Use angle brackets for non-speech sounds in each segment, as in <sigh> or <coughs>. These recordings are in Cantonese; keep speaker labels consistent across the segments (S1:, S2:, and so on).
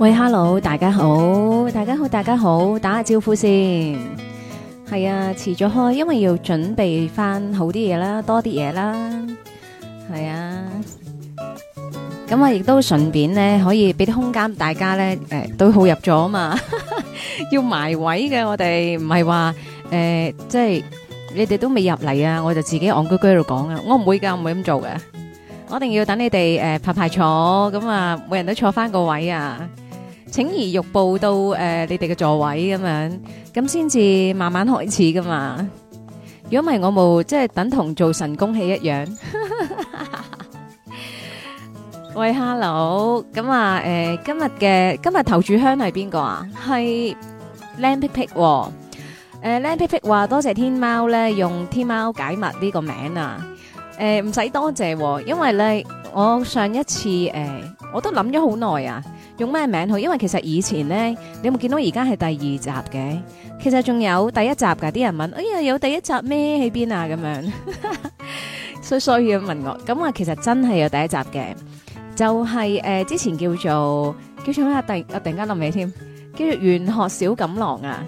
S1: 喂，Hello，大家好，大家好，大家好，打下招呼先。係啊，遲咗開，因為要準備翻好啲嘢啦，多啲嘢啦。係啊，咁我亦都順便咧，可以俾啲空間大家咧，誒都好入咗啊嘛，要埋位嘅我哋唔係話誒，即係你哋都未入嚟啊，我就自己戇居居喺度講啊，我唔會噶，唔會咁做嘅，我一定要等你哋誒排排坐，咁啊每人都坐翻個位啊。請移玉步到誒，你哋嘅座位咁樣，咁先至慢慢開始噶嘛。如果唔係，我冇即係等同做神功戲一樣。喂，Hello，咁啊，誒，今日嘅今日頭柱香係邊個啊？係靚皮皮喎。誒，靚皮皮話多謝天貓咧，用天貓解密呢個名啊。誒，唔使多謝喎，因為咧，我上一次誒，我都諗咗好耐啊。用咩名好？因為其實以前咧，你有冇見到而家係第二集嘅？其實仲有第一集噶，啲人問：哎呀，有第一集咩喺邊啊？咁樣，所 <laughs> 以問我咁啊，其實真係有第一集嘅，就係、是、誒、呃、之前叫做叫做咩啊？突啊，突然諗起添，叫做，叫做《玄學小錦囊》啊。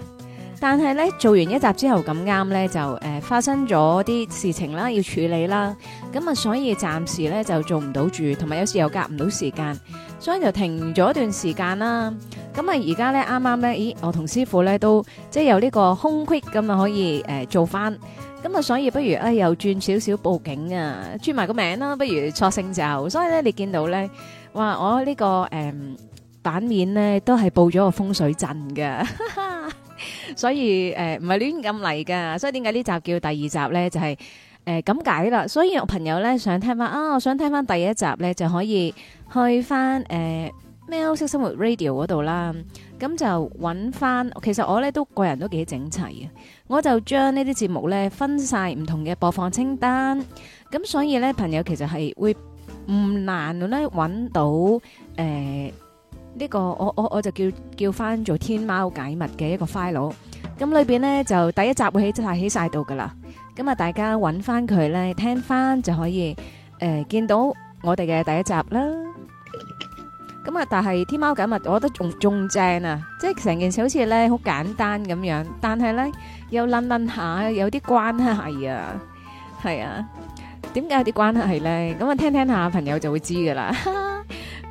S1: 但係咧做完一集之後咁啱咧，就誒、呃、發生咗啲事情啦，要處理啦。咁啊，所以暫時咧就做唔到住，同埋有時又夾唔到時間。所以就停咗一段時間啦，咁啊而家咧，啱啱咧，咦，我同師傅咧都即係有呢個空隙，咁啊可以誒做翻，咁啊所以不如啊又轉少少報警啊，轉埋個名啦，不如索性就，所以咧你見到咧，哇我呢個誒版面咧都係報咗個風水陣
S2: 㗎，
S1: 所以誒唔係亂咁嚟噶，所以點解呢集叫第二集咧就係。誒，咁解啦，所以我朋友咧想聽翻啊，我、哦、想聽翻第一集咧就可以去翻誒喵式生活 radio 嗰度啦。咁、嗯嗯、就揾翻，其實我咧都個人都幾整齊嘅，我就將呢啲節目咧分晒唔同嘅播放清單。咁所以咧，朋友其實係會唔難咧揾到誒呢、呃這個我我我就叫叫翻做天喵解密嘅一個 file。咁裏邊咧就第一集會起真係起晒度噶啦。咁啊，大家揾翻佢咧，聽翻就可以，誒見到我哋嘅第一集啦。咁啊，但係《天喵解密》我覺得仲仲正啊，即係成件事好似咧好簡單咁樣，但係咧又撚撚下有啲關係啊，係啊，點解有啲關係咧？咁啊，聽聽下朋友就會知噶啦。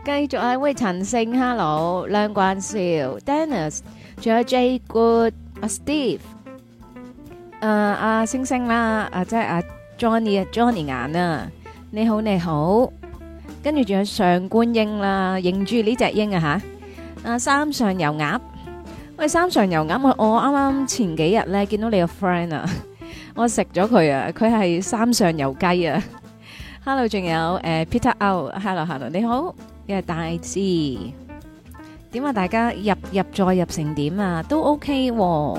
S1: 繼續啊，喂，陳勝，Hello，亮冠 Sir，Dennis，仲有 J，Good，Steve。誒，阿星星啦，啊，即係阿 Johnny，Johnny 眼啊，你好你好，跟住仲有上官英啦，認住呢隻鷹啊吓，啊三上油鴨，喂三上油鴨，我我啱啱前幾日咧見到你個 friend 啊，我食咗佢啊，佢係三上油雞啊，Hello，仲有誒 Peter O，Hello Hello，你好，你係大志，點啊大家入入再入成點啊，都 OK 喎。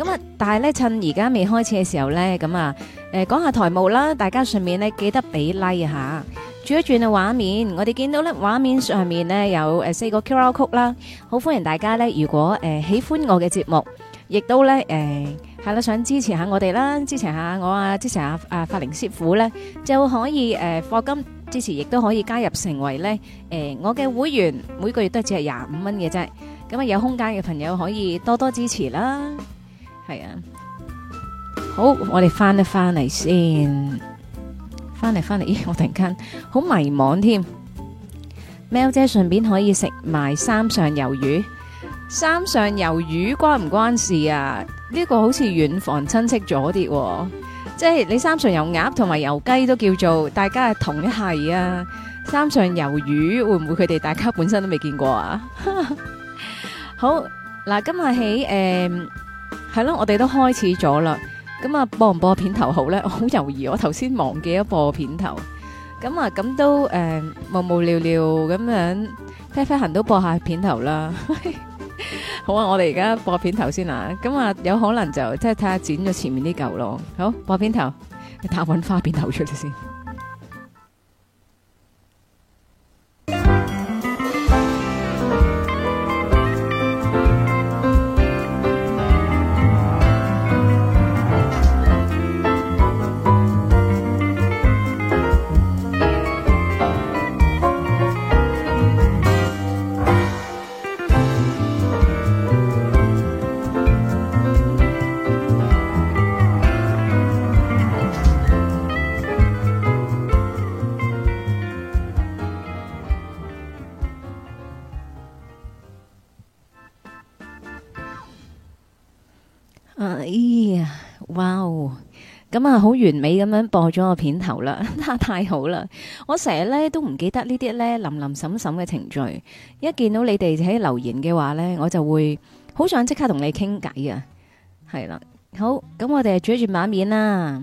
S1: 咁啊！但係咧，趁而家未開始嘅時候咧，咁啊，誒講下台務啦。大家順便咧記得俾 like 下。轉一轉嘅畫面，我哋見到咧畫面上面咧有誒四個 QR Code 啦。好歡迎大家咧，如果誒喜歡我嘅節目，亦都咧誒係啦，想支持下我哋啦，支持下我啊，支持下阿法寧師傅咧，就可以誒課金支持，亦都可以加入成為咧誒我嘅會員，每個月都係只係廿五蚊嘅啫。咁啊，有空間嘅朋友可以多多支持啦。係啊，好，我哋翻一翻嚟先，翻嚟翻嚟，咦，我突然間好迷茫添。喵姐順便可以食埋三上魷魚，三上魷魚關唔關事啊？呢個好似遠房親戚咗啲，即係你三上油鴨同埋油雞都叫做大家係同一係啊。三上魷魚會唔會佢哋大家本身都未見過啊？好，嗱，今日起誒。係咯，我哋都開始咗啦。咁啊，播唔播片頭好咧？我好猶豫，我頭先忘記咗播片頭。咁啊，咁都誒、呃，無無聊聊咁樣，飛飛行都播一下片頭啦。 <laughs> 好啊，我哋而家播片頭先啊。咁啊，有可能就即係睇下剪咗前面啲舊咯。好，播片頭，你彈揾花片頭出嚟先。咁啊，好完美咁樣播咗個片頭啦，太好啦！我成日咧都唔記得呢啲咧淋淋沈沈嘅程序，一見到你哋喺留言嘅話咧，我就會好想即刻同你傾偈啊，係啦，好，咁我哋煮住馬面啦。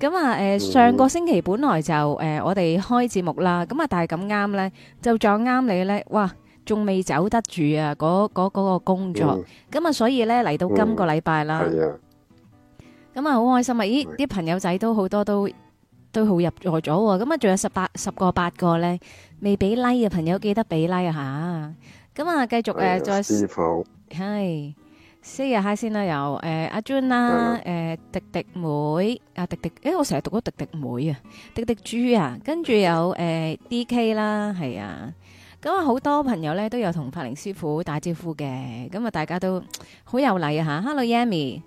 S1: 咁啊，誒，上個星期本來就誒，我哋開節目啦，咁啊，但係咁啱咧，就撞啱你咧，哇，仲未走得住啊，嗰嗰嗰個工作，咁啊，所以咧嚟到今個禮拜啦，咁啊，好開心啊，咦，啲朋友仔都好多都都好入座咗喎，咁啊，仲有十八十個八個咧，未俾 like 嘅朋友記得俾 like 吓，咁啊，繼續誒，再，係。四日嗨先啦，有誒阿 John 啦，誒、啊呃、迪迪妹、欸、啊，迪迪，誒我成日讀咗迪迪妹啊，迪迪豬啊，跟住有、呃、D K 啦，係啊，咁啊好多朋友咧都有同法寧師傅打招呼嘅，咁啊大家都好有禮啊嚇，Hello Yami，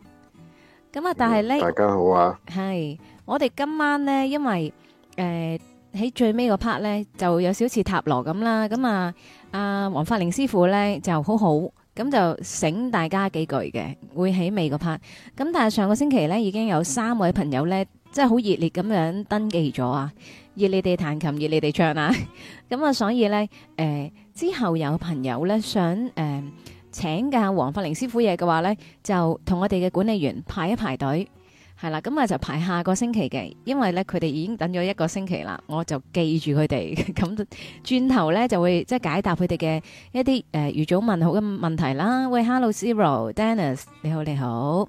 S1: 咁啊、嗯、但係咧，大
S2: 家好啊，
S1: 係，我哋今晚咧因為誒喺、呃、最尾個 part 咧就有少似塔羅咁啦，咁、嗯、啊阿黃法寧師傅咧就好好。咁就醒大家幾句嘅，會喺尾嗰 part。咁但係上個星期咧，已經有三位朋友咧，即係好熱烈咁樣登記咗啊！熱烈地彈琴，熱烈地唱啊！咁啊，所以咧，誒、呃、之後有朋友咧想誒、呃、請教黃法寧師傅嘢嘅話咧，就同我哋嘅管理員排一排隊。係啦，咁啊就排下個星期嘅，因為咧佢哋已經等咗一個星期啦，我就記住佢哋，咁轉頭咧就會即係、就是、解答佢哋嘅一啲誒預早問好嘅問題啦。喂，Hello Zero Dennis，你好你好，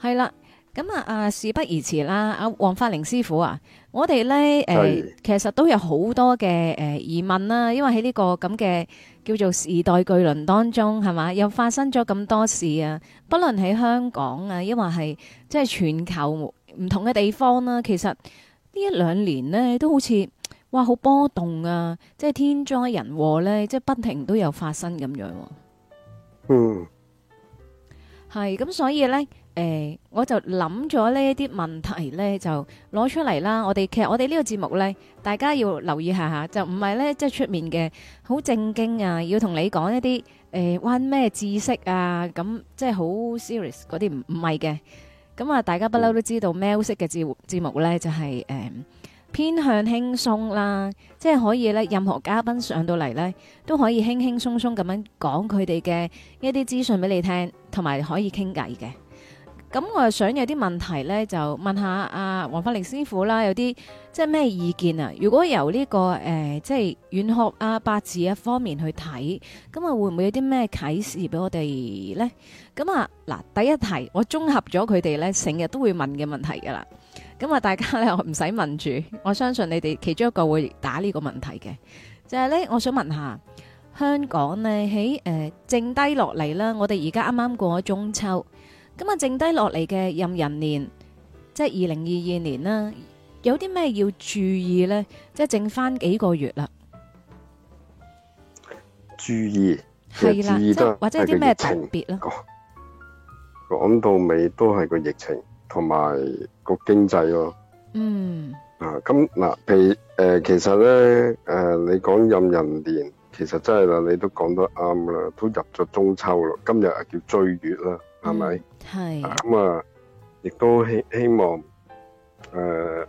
S1: 係啦，咁啊啊事不宜遲啦，阿黃法寧師傅啊，我哋咧誒其實都有好多嘅誒、呃、疑問啦，因為喺呢個咁嘅。叫做時代巨輪當中係嘛，又發生咗咁多事啊！不論喺香港啊，亦或係即係全球唔同嘅地方啦，其實呢一兩年呢，都好似哇好波動啊！即係天災人禍呢，即係不停都有發生咁樣啊。嗯，係咁，所以呢。誒，我就諗咗呢一啲問題呢，就攞出嚟啦。我哋其實我哋呢個節目呢，大家要留意下下，就唔係呢，即係出面嘅好正經啊，要同你講一啲誒，玩咩知識啊，咁、嗯、即係好 serious 嗰啲唔唔係嘅。咁、嗯、啊，大家不嬲都知道、嗯、喵式嘅節節目呢，就係、是、誒、呃、偏向輕鬆啦、啊，即係可以呢，任何嘉賓上到嚟呢，都可以輕輕鬆鬆咁樣講佢哋嘅一啲資訊俾你聽，同埋可以傾偈嘅。咁我又想有啲問題咧，就問下阿、啊、黃法寧師傅啦，有啲即係咩意見啊？如果由呢、這個、呃、即係玄學啊八字啊方面去睇，咁啊會唔會有啲咩啟示俾我哋咧？咁啊嗱，第一題我綜合咗佢哋咧成日都會問嘅問題噶啦。咁啊，大家咧我唔使問住，我相信你哋其中一個會打呢個問題嘅。就係、是、咧，我想問下香港咧喺誒剩低落嚟啦，我哋而家啱啱過咗中秋，咁啊，剩低落嚟嘅壬寅年，即係二零二二年啦。有啲咩要注意咧？即係剩返幾個月啦。
S3: 注意係啦，或者啲咩特別啦？講到尾都係個疫情同埋個經濟咯。嗯啊，咁嗱，譬誒、呃，其實咧誒、呃，你講壬寅年，其實真係啦，你都講得啱啦，都入咗中秋咯。今日啊，叫追月啦。係咪？係、嗯、咁啊，亦都希希望誒、呃，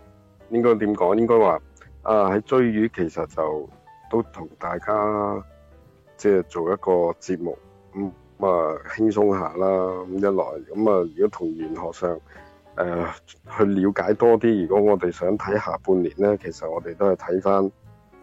S3: 應該點講？應該話啊，喺追雨，其實就都同大家即係、就是、做一個節目咁、嗯、啊，輕鬆下啦。咁、嗯、一來咁啊，如果同玄學上誒、呃、去了解多啲，如果我哋想睇下半年咧，其實我哋都係睇翻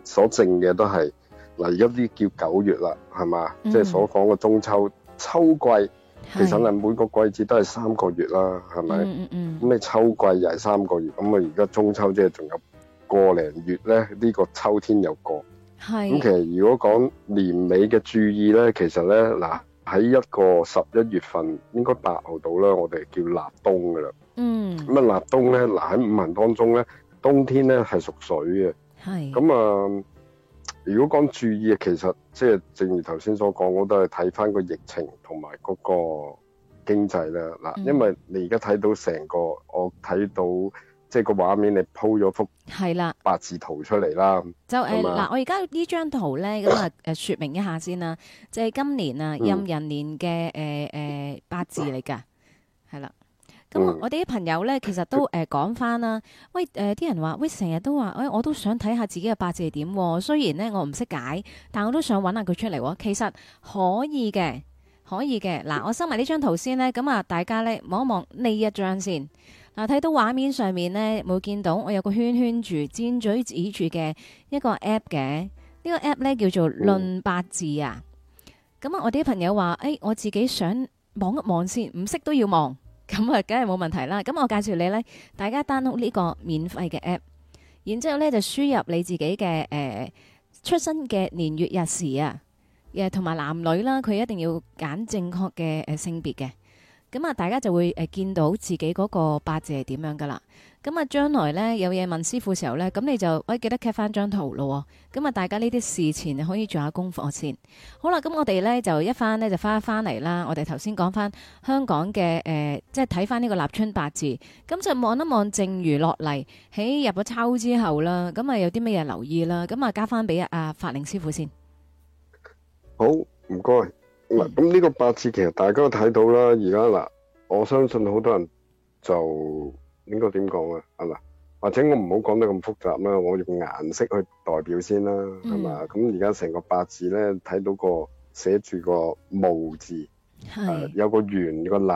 S3: 所剩嘅都係而家已經叫九月啦，係嘛？即係所講嘅中秋，秋季。其實咧每個季節都係三個月啦，係咪？咁、嗯、你、嗯嗯嗯、秋季又係三個月，咁啊而家中秋即係仲有個零月咧，呢、呢個秋天又過。
S1: 咁、嗯、其
S3: 實如果講年尾嘅注意咧，其實咧嗱喺一個十一月份應該八號到啦，我哋叫立冬㗎喇。嗯。咁啊立冬咧，嗱喺五行當中咧，冬天咧係屬水嘅。係。咁、嗯、啊。嗯如果講注意啊，其實即係正如頭先所講，我都係睇翻個疫情同埋嗰個經濟啦。嗱，因為你而家睇到成個，嗯、我睇到即係、就是、個畫面，你鋪咗幅係啦八字圖出嚟啦。就誒嗱、呃呃，我
S1: 而家呢張圖咧咁啊誒，説明一下先啦，即、就、係、是、今年啊，壬寅年嘅誒誒八字嚟㗎，係啦。咁我哋啲朋友呢，其實都誒講翻啦。喂，誒、呃、啲人話，喂成日都話，誒我都想睇下自己嘅八字點。雖然呢，我唔識解，但我都想搵下佢出嚟，哦。其實可以嘅，可以嘅嗱。我收埋呢張圖先呢。咁啊，大家呢，望一望呢一張先嗱。睇到畫面上面呢，冇見到我有個圈圈住箭嘴指住嘅一個 app 嘅呢，呢個 app 呢，叫做論八字啊。咁啊，我哋啲朋友話誒、哎，我自己想望一望先，唔識都要望。咁、嗯、啊，梗係冇問題啦！咁、嗯、我介紹你咧，大家 download 呢個免費嘅 app，然之後咧就輸入你自己嘅誒、呃、出生嘅年月日時啊，誒同埋男女啦，佢一定要揀正確嘅誒、呃、性別嘅。咁啊，大家就會誒見到自己嗰個八字係點樣噶啦。咁啊，將來呢有嘢問師傅嘅時候呢，咁你就喂、哎、記得 cut 翻張圖咯。咁啊，大家呢啲事前可以做下功課先。好啦，咁我哋呢，就一翻呢，就翻一翻嚟啦。我哋頭先講翻香港嘅誒、呃，即係睇翻呢個立春八字。咁就望一望，正如落嚟，喺入咗秋之後啦，咁啊有啲乜嘢留意啦？咁啊加翻俾阿法寧師傅先。
S3: 好，唔該。嗱、嗯，咁呢個八字其實大家都睇到啦，而家嗱，我相信好多人就應該點講啊？係嗱，或者我唔好講得咁複雜啦，我用顏色去代表先啦，係、嗯、嘛？咁而家成個八字咧，睇到個寫住個冇字，誒、呃、有個圓有個立，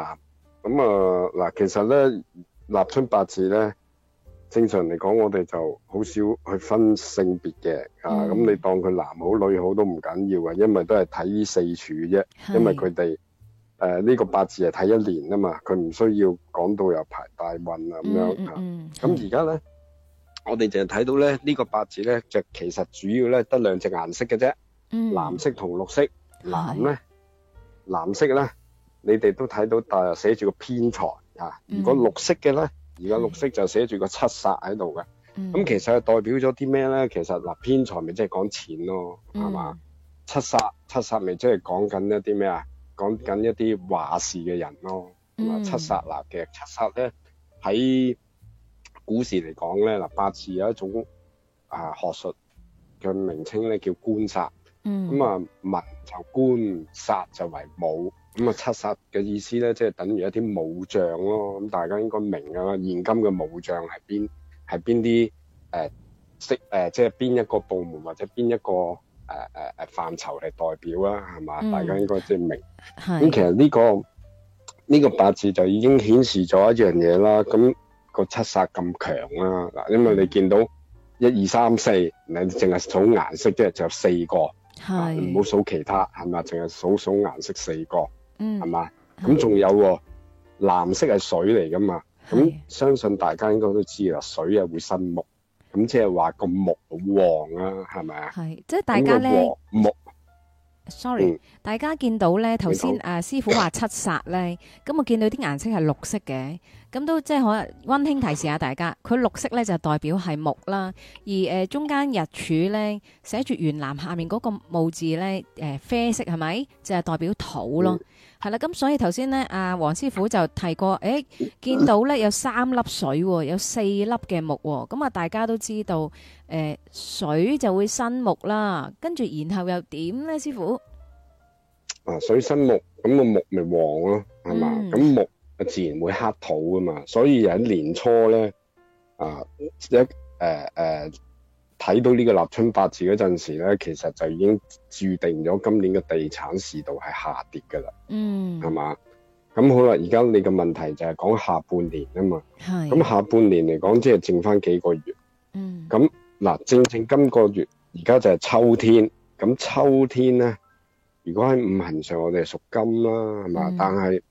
S3: 咁啊嗱，其實咧立春八字咧。正常嚟講，我哋就好少去分性別嘅、mm -hmm. 啊！咁你當佢男好女好都唔緊要啊，因為都係睇四柱啫。因為佢哋誒呢個八字係睇一年啊嘛，佢唔需要講到有排大運、mm -hmm. 啊咁樣咁而家咧，我哋淨係睇到咧呢個八字咧，就其實主要咧得兩隻顏色嘅啫，藍色同綠色。Mm
S2: -hmm. 藍咧，
S3: 藍色咧，你哋都睇到但係寫住個偏財啊。如果綠色嘅咧，mm -hmm. 而家綠色就寫住個七殺喺度嘅，咁其實係代表咗啲咩咧？其實嗱，偏財咪即係講錢咯，係、嗯、嘛？七殺，七殺咪即係講緊一啲咩啊？講緊一啲話事嘅人咯。嗯、七殺嗱，其實七殺咧喺古時嚟講咧，嗱，八字有一種啊學術嘅名稱咧叫官殺，咁、嗯、啊、嗯、文就官，殺就為武。咁啊，七煞嘅意思咧，即係等於一啲武將咯。咁大家應該明㗎喇，現今嘅武將係邊係邊啲？誒識誒，即係邊一個部門或者邊一個誒誒誒範疇嚟代表啦，係嘛、嗯？大家應該即係明。咁、嗯、其實呢個呢個八字就已經顯示咗一樣嘢啦。咁個七煞咁強啦，嗱，因為你見到一二三四，你淨係數顏色即係就有四個，
S2: 係唔好
S3: 數其他係嘛？淨係數數顏色四個。
S2: 嗯，係嘛？咁仲
S3: 有喎、哦，藍色係水嚟噶嘛？咁相信大家應該都知啦，水啊會生木，咁即係話個木好黃啊，係咪啊？係，即係大家咧，那個、木
S1: ，sorry，嗯、大家見到咧頭先誒師傅話七煞咧，咁我見到啲顏色係綠色嘅，咁都即係可溫馨提示下大家，佢綠色咧就代表係木啦，而誒、呃、中間日柱咧寫住元藍下面嗰個木字咧誒、呃、啡色係咪？就係代表土咯。嗯係啦，咁所以頭先咧，阿黃師傅就提過，誒，見到咧有三粒水，有四粒嘅木，咁啊，大家都知道，誒，水就會生木啦，跟住然後又點咧，師傅？
S3: 啊，水生木，咁個木咪黃咯，係嘛？咁木啊，自然會克土噶嘛，所以喺年初咧，啊，一誒誒。睇到呢個立春八字嗰陣時咧，其實就已經註定咗今年嘅地產市道係下跌㗎啦。嗯，係嘛？咁好啦，而家你嘅問題就係講下半年啊嘛。係。咁下半年嚟講，即係剩翻幾個月。嗯。咁嗱，正正今個月而家就係秋天。咁秋天咧，如果喺五行上，我哋係屬金啦，係嘛？但係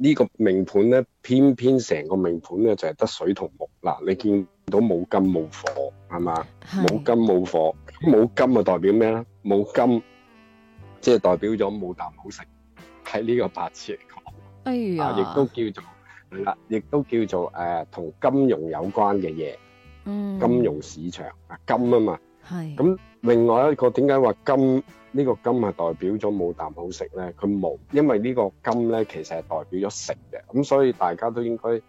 S3: 呢個命盤咧，偏偏成個命盤咧就係得水同木嗱，你見到冇金冇火，係嘛？冇金冇火，冇金啊，代表咩咧？冇金，即係代表咗冇啖好食，喺呢個八字嚟講。
S1: 哎呀，亦都
S3: 叫做係啦，亦都叫做誒，同金融有關嘅嘢。嗯，金融市場啊，金啊嘛。係。
S2: 咁
S3: 另外一個，點解話金呢個金係代表咗冇啖好食咧？佢冇，因為呢個金咧，其實係代表咗食嘅。咁所以大家都應該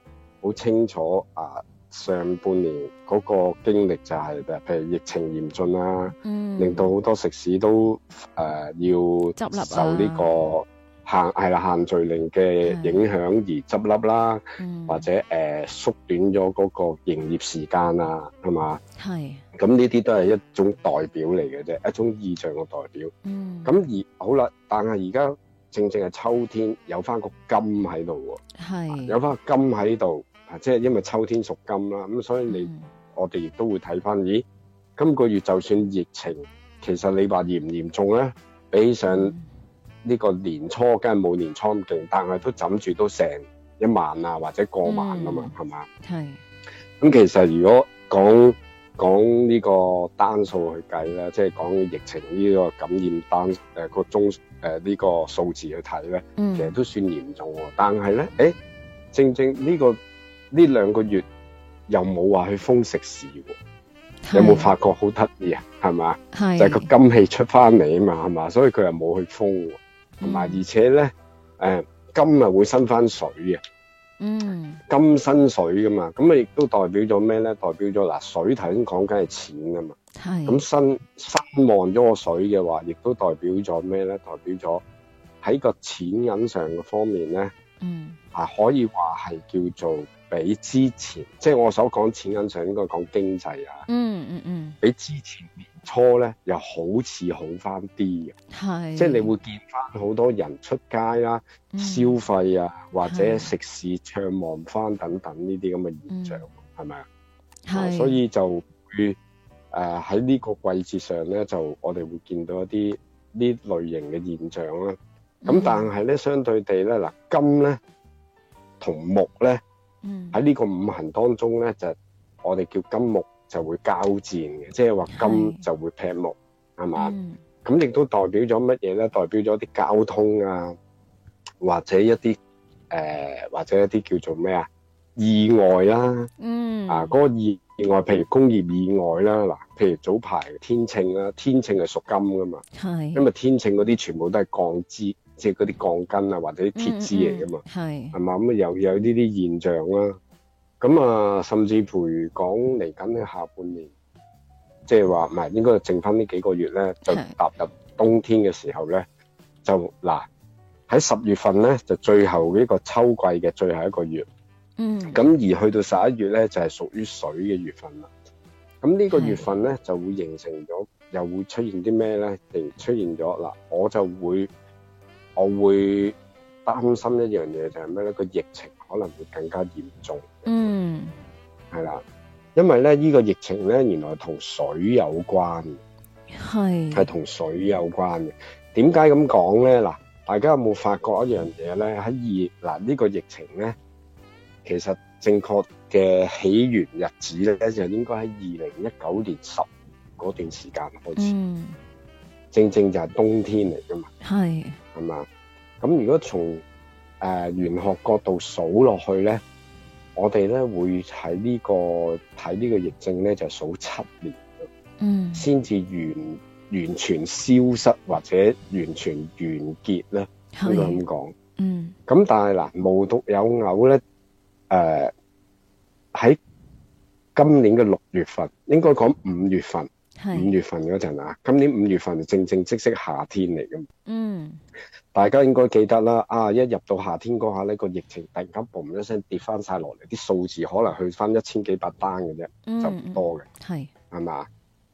S3: 好清楚啊。上半年嗰、那個經歷就係、是，譬如疫情嚴峻啦、啊嗯，令到好多食肆都誒、呃、要執笠啊，受呢個限係啦，限聚令嘅影響而執笠啦，或者誒、呃、縮短咗嗰個營業時間啊，係嘛？係。咁呢啲都係一種代表嚟嘅啫，一種意象嘅代表。咁、嗯、而好啦，但係而家正正係秋天有翻個金喺度喎，有翻個金喺度。即、就、係、是、因為秋天屬金啦、啊，咁所以你我哋亦都會睇返，咦？今個月就算疫情，其實你話嚴唔嚴重咧？比起上呢個年初，梗係冇年初咁勁，但係都枕住都成一萬啊，或者過萬啊嘛，係、嗯、嘛？係。咁其實如果講講呢個單數去計咧，即、就、係、是、講疫情呢個感染單誒個、呃、中誒呢、呃這個數字去睇咧，其實都算嚴重喎、啊嗯。但係咧，誒、欸、正正呢、這個。呢兩個月又冇話去封食肆喎，有冇發覺好得意啊？係、就係、嘛，就個金氣出翻嚟啊嘛，係嘛，所以佢又冇去封喎。同、嗯、埋而且咧，誒、呃、金啊會生翻水嘅，嗯，金生水噶嘛，咁啊亦都代表咗咩咧？代表咗嗱水頭先講緊係錢㗎嘛，係咁生生望咗個水嘅話，亦都代表咗咩咧？代表咗喺個錢銀上嘅方面咧，嗯啊可以話係叫做。比之前，即係我所講錢銀上應該講經濟啊。嗯嗯嗯，比之前年初咧，又好似好翻啲。
S2: 即係你
S3: 會見翻好多人出街啦、啊嗯、消費啊，或者食肆暢旺翻等等呢啲咁嘅現象，係咪啊？所以就喺呢、呃、個季節上咧，就我哋會見到一啲呢類型嘅現象啦、啊。咁、嗯、但係咧，相對地咧，嗱金咧同木咧。喺、嗯、呢個五行當中咧，就我哋叫金木就會交戰嘅，即係話金就會劈木，係嘛？咁亦、嗯、都代表咗乜嘢咧？代表咗啲交通啊，或者一啲誒、呃，或者一啲叫做咩啊？意外啦、啊，嗯，啊嗰、那個意意外，譬如工業意外啦，嗱，譬如早排天秤啦，天秤係屬金噶嘛，係，因為天秤嗰啲全部都係鋼枝。即係嗰啲鋼筋啊，或者啲鐵枝嚟嘅嘛，係，係嘛？咁，又、嗯、有呢啲現象啦、啊。咁啊，甚至譬如講嚟緊嘅下半年，即係話唔係應該剩翻呢幾個月咧，就踏入冬天嘅時候咧，就嗱喺十月份咧，就最後呢個秋季嘅最後一個月，嗯，咁而去到十一月咧，就係、是、屬於水嘅月份啦。咁呢個月份咧，就會形成咗，又會出現啲咩咧？突出現咗嗱，我就會。我會擔心一樣嘢就係咩咧？個疫情可能會更加嚴重。嗯，係啦，因為咧呢個疫情咧，原來同水有關，係係同水有關嘅。點解咁講咧？嗱，大家有冇發覺一樣嘢咧？喺二嗱呢個疫情咧，其實正確嘅起源日子咧，就應該喺二零一九年十月嗰段時間開始。嗯。正正就係冬天嚟噶嘛，係係嘛，咁如果從誒、呃、玄學角度數落去咧，我哋咧會喺呢、呢個睇呢個疫症咧就數七年，嗯，先至完完全消失或者完全完結咧，咁樣講，嗯，咁但係嗱無獨有偶咧，誒、呃、喺今年嘅六月份，應該講五月份。五月份嗰陣啊，今年五月份就正正式式夏天嚟㗎。嗯，大家應該記得啦。啊，一入到夏天嗰下呢個疫情突然間嘣一聲跌返晒落嚟，啲數字可能去返一千幾百單嘅啫、嗯，就唔多嘅。係係嘛，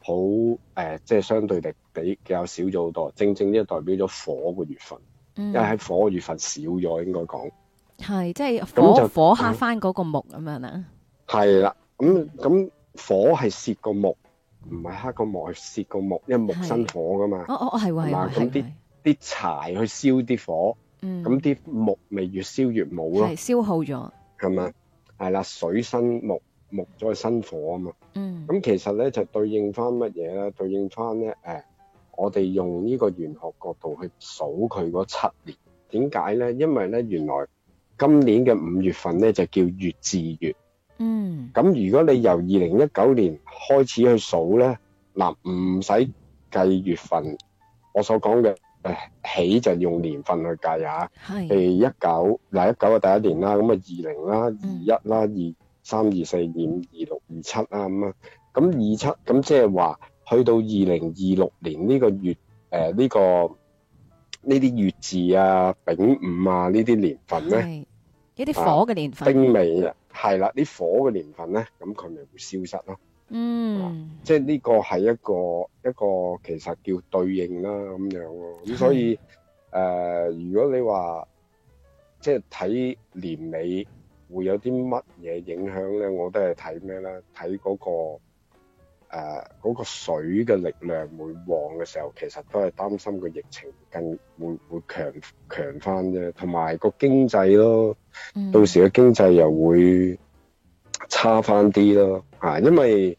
S3: 好，誒、呃、即係相對地比較少咗好多，正正呢就代表咗火個月份，嗯、因為喺火個月份少咗應該講。
S1: 係即係火就火下翻嗰個木咁樣啦。
S3: 係、嗯、啦，咁咁、嗯嗯嗯、火係蝕個木。唔係黑個木，係蝕個木，因為木生火噶嘛。哦哦哦，係喎，係喎，係。咁啲啲柴去燒啲火，咁、嗯、啲木咪越燒越冇咯。係消耗咗。係嘛？係啦，水生木，木再生火啊嘛。嗯。咁其實咧就對應翻乜嘢咧？對應翻咧誒，我哋用呢個玄學角度去數佢嗰七年。點解咧？因為咧原來今年嘅五月份咧就叫月治月。嗯，咁如果你由二零一九年開始去數咧，嗱唔使計月份，我所講嘅誒起就用年份去計啊，係一九，嗱一九係第一年啦，咁啊二零啦，二一啦，二三二四二五二六二七啊咁啊，咁二七咁即係話去到二零二六年呢個月誒呢個呢啲月字啊丙午、啊呢啲年份咧，
S1: 有啲火嘅年份，丁
S3: 未啊。係啦，啲火嘅年份咧，咁佢咪會消失咯。嗯，即係呢個係一個一個其實叫對應啦咁樣咯、啊。咁所以誒、嗯呃，如果你話即係睇年尾會有啲乜嘢影響咧，我都係睇咩咧？睇嗰、嗰個。誒、啊、嗰、那個水嘅力量會旺嘅時候，其實都係擔心個疫情更會會強強翻啫，同埋個經濟咯，嗯、到時個經濟又會差翻啲咯，啊，因為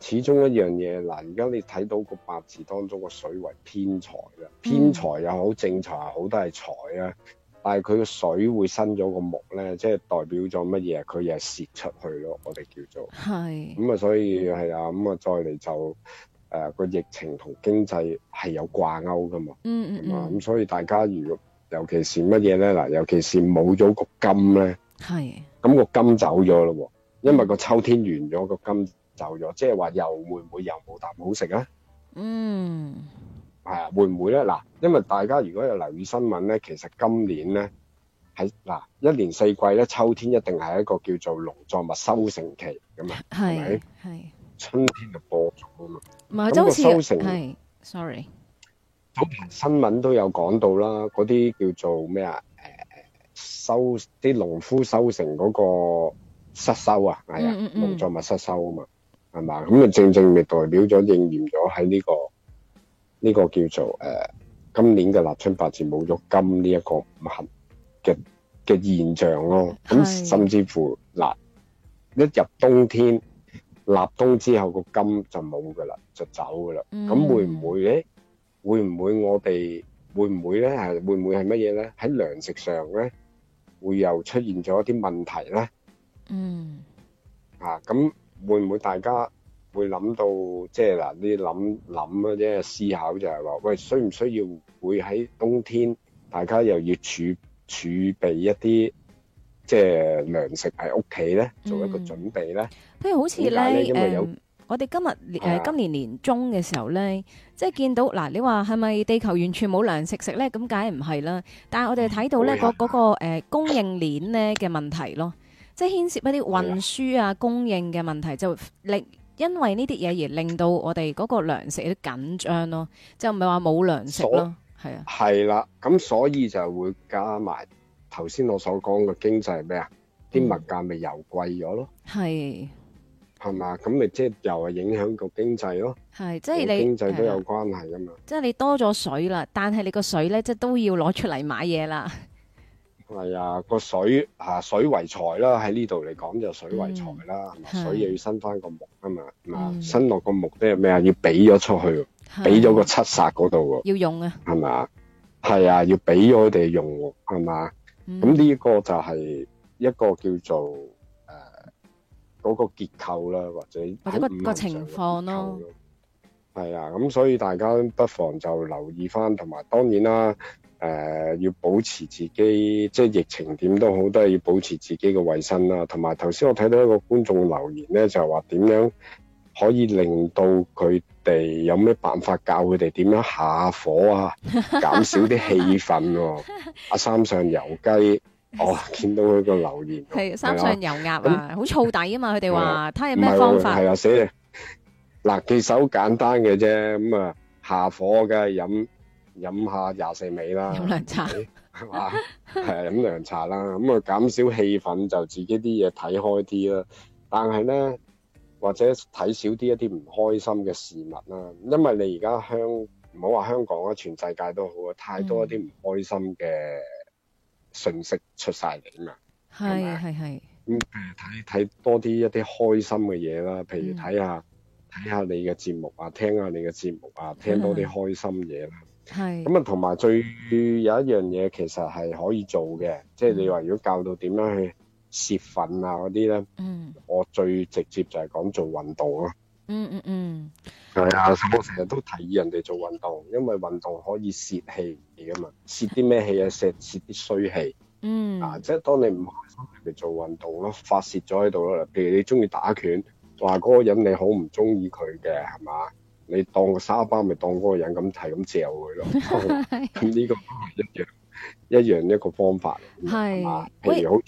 S3: 始終一樣嘢嗱，而家你睇到個八字當中、那個水為偏財啦，偏財又好，正財又好，都係財啊。但係佢個水會生咗個木咧，即係代表咗乜嘢？佢又係洩出去咯，我哋叫做係咁啊，所以係啊，咁、嗯、啊，再嚟就誒個、呃、疫情同經濟係有掛鈎噶嘛，嗯嗯嗯，咁、嗯、所以大家如果尤其是乜嘢咧嗱，尤其是冇咗個金咧，係咁、個金走咗咯，因為個秋天完咗個金走咗，即係話又會唔會又冇啖好食啊？嗯。係啊，會唔會咧？嗱，因為大家如果有留意新聞咧，其實今年咧喺嗱一年四季咧，秋天一定係一個叫做農作物收成期咁啊，係咪係春天就播咗啊
S1: 嘛，唔係即係收成係，sorry，
S3: 早前新聞都有講到啦，嗰啲叫做咩啊？誒，收啲農夫收成嗰個失收啊，係啊，農作物失收啊嘛，係嘛？咁啊，正正咪代表咗應驗咗喺呢個。呢個叫做，誒，今年嘅立春八字冇咗金呢一個唔幸嘅嘅現象咯，咁甚至乎嗱，一入冬天立冬之後個金就冇㗎喇，就走㗎喇，咁會唔會咧？會唔會我哋，會唔會咧？係會唔會係乜嘢咧？喺糧食上咧會又出現咗一啲問題咧？嗯啊，咁會唔會大家？會諗到即係嗱，你諗諗啊，即係思考就係話，喂，需唔需要會喺冬天大家又要儲儲備一啲即係糧食喺屋企咧，做一個準備咧。譬如好似咧，誒，
S1: 我哋今日誒今年年中嘅時候咧，即係見到嗱，你話係咪地球完全冇糧食食咧？咁梗係唔係啦？但係我哋睇到咧，嗰嗰個誒供應鏈咧嘅問題咯，即係牽涉一啲運輸啊、供應嘅問題，就令，因為呢啲嘢而令到我哋嗰個糧食都緊張咯，就唔係話冇糧食咯，
S3: 係啊。係啦，咁所以就會加埋頭先我所講嘅經濟咩啊？啲物價咪又貴咗咯。係，係嘛？咁咪即係又係影響個經濟咯。
S1: 係，即係你經濟都有
S3: 關係噶嘛？
S1: 即係你多咗水啦，但係你個水咧，即係都要攞出嚟買嘢啦。
S3: 係啊，嗰個水吓、啊、水為財啦，喺呢度嚟講就水為財啦。嗯、水又要生翻個木啊嘛，的的生落個木即係咩啊？要俾咗出去，俾咗個七煞嗰度啊，要用啊，係嘛？係啊，要俾咗佢哋用，係嘛？咁呢個就係一個叫做誒嗰、呃嗰個結構啦，或者或者個個情況咯。係啊，咁所以大家不妨就留意翻，同埋當然啦。誒、呃，要保持自己即係疫情點都好，都係要保持自己嘅衛生啦、啊。同埋頭先我睇到一個觀眾留言咧，就話、是、點樣可以令到佢哋有咩辦法，教佢哋點樣下火啊，減少啲氣氛阿、啊 <laughs> 啊、三上油雞，哦，見到佢個留言
S1: 係、啊啊、三上油鴨啊，好、嗯、燥底啊嘛。佢哋話睇下咩方法，係啊，
S3: 死嗱、啊，其實好簡單嘅啫。咁、嗯、啊，下火嘅飲。飲下廿四味啦，飲涼
S1: 茶係嘛？
S3: 係飲涼茶啦。咁啊，減少氣氛，就自己啲嘢睇開啲啦。但係咧，或者睇少啲一啲唔開心嘅事物啦，因為你而家香唔好話香港啊，全世界都好啊，太多一啲唔開心嘅信息出晒嚟啊嘛。
S1: 係係係
S3: 咁誒，睇睇、嗯、多啲一啲開心嘅嘢啦，譬如睇下睇、嗯、下你嘅節目啊，聽下你嘅節目、啊、節目啊，聽多啲開心嘢啦。係咁啊，同埋最有一樣嘢，其實係可以做嘅，即係你話如果教到點樣去泄憤啊嗰啲咧，嗯、mm.，我最直接就係講做運動咯，嗯嗯嗯，係啊，所以我成日都提議人哋做運動，因為運動可以泄氣嚟嘅嘛。泄啲咩氣啊？泄泄啲衰氣，嗯，啊，即係當你唔開心咪做運動咯，發泄咗喺度咯，譬如你中意打拳，話嗰個人你好唔中意佢嘅，係嘛？你當個沙包，咪當嗰個人咁，係咁嚼佢咯。咁 <laughs> 呢 <laughs> 個一樣一樣一個方法。
S2: 係。 <laughs> 譬如好似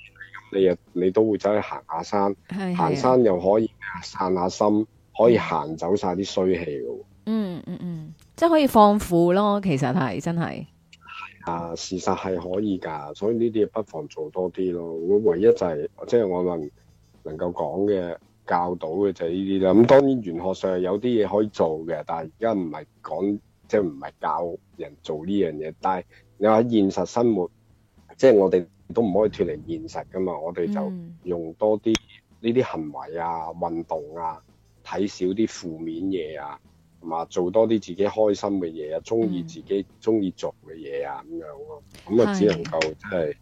S2: 你咁，
S3: 你又你都會走去行下山。係。行山又可以散下心，可以行走晒啲衰氣嘅喎。
S1: 嗯嗯嗯，即係可以放負咯，其實係真係。
S3: 係啊，事實係可以㗎，所以呢啲嘢不妨做多啲咯。我唯一就係、係、即係我能能夠講嘅。教到嘅就係呢啲啦，咁當然玄學上有啲嘢可以做嘅，但係而家唔係講，即係唔係教人做呢樣嘢。但係你話喺現實生活，即係我哋都唔可以脫離現實噶嘛，我哋就用多啲呢啲行為啊、運動啊，睇少啲負面嘢啊，同埋做多啲自己開心嘅嘢啊，中意自己中意做嘅嘢啊，嗯，咁樣咯，咁啊只能夠即係。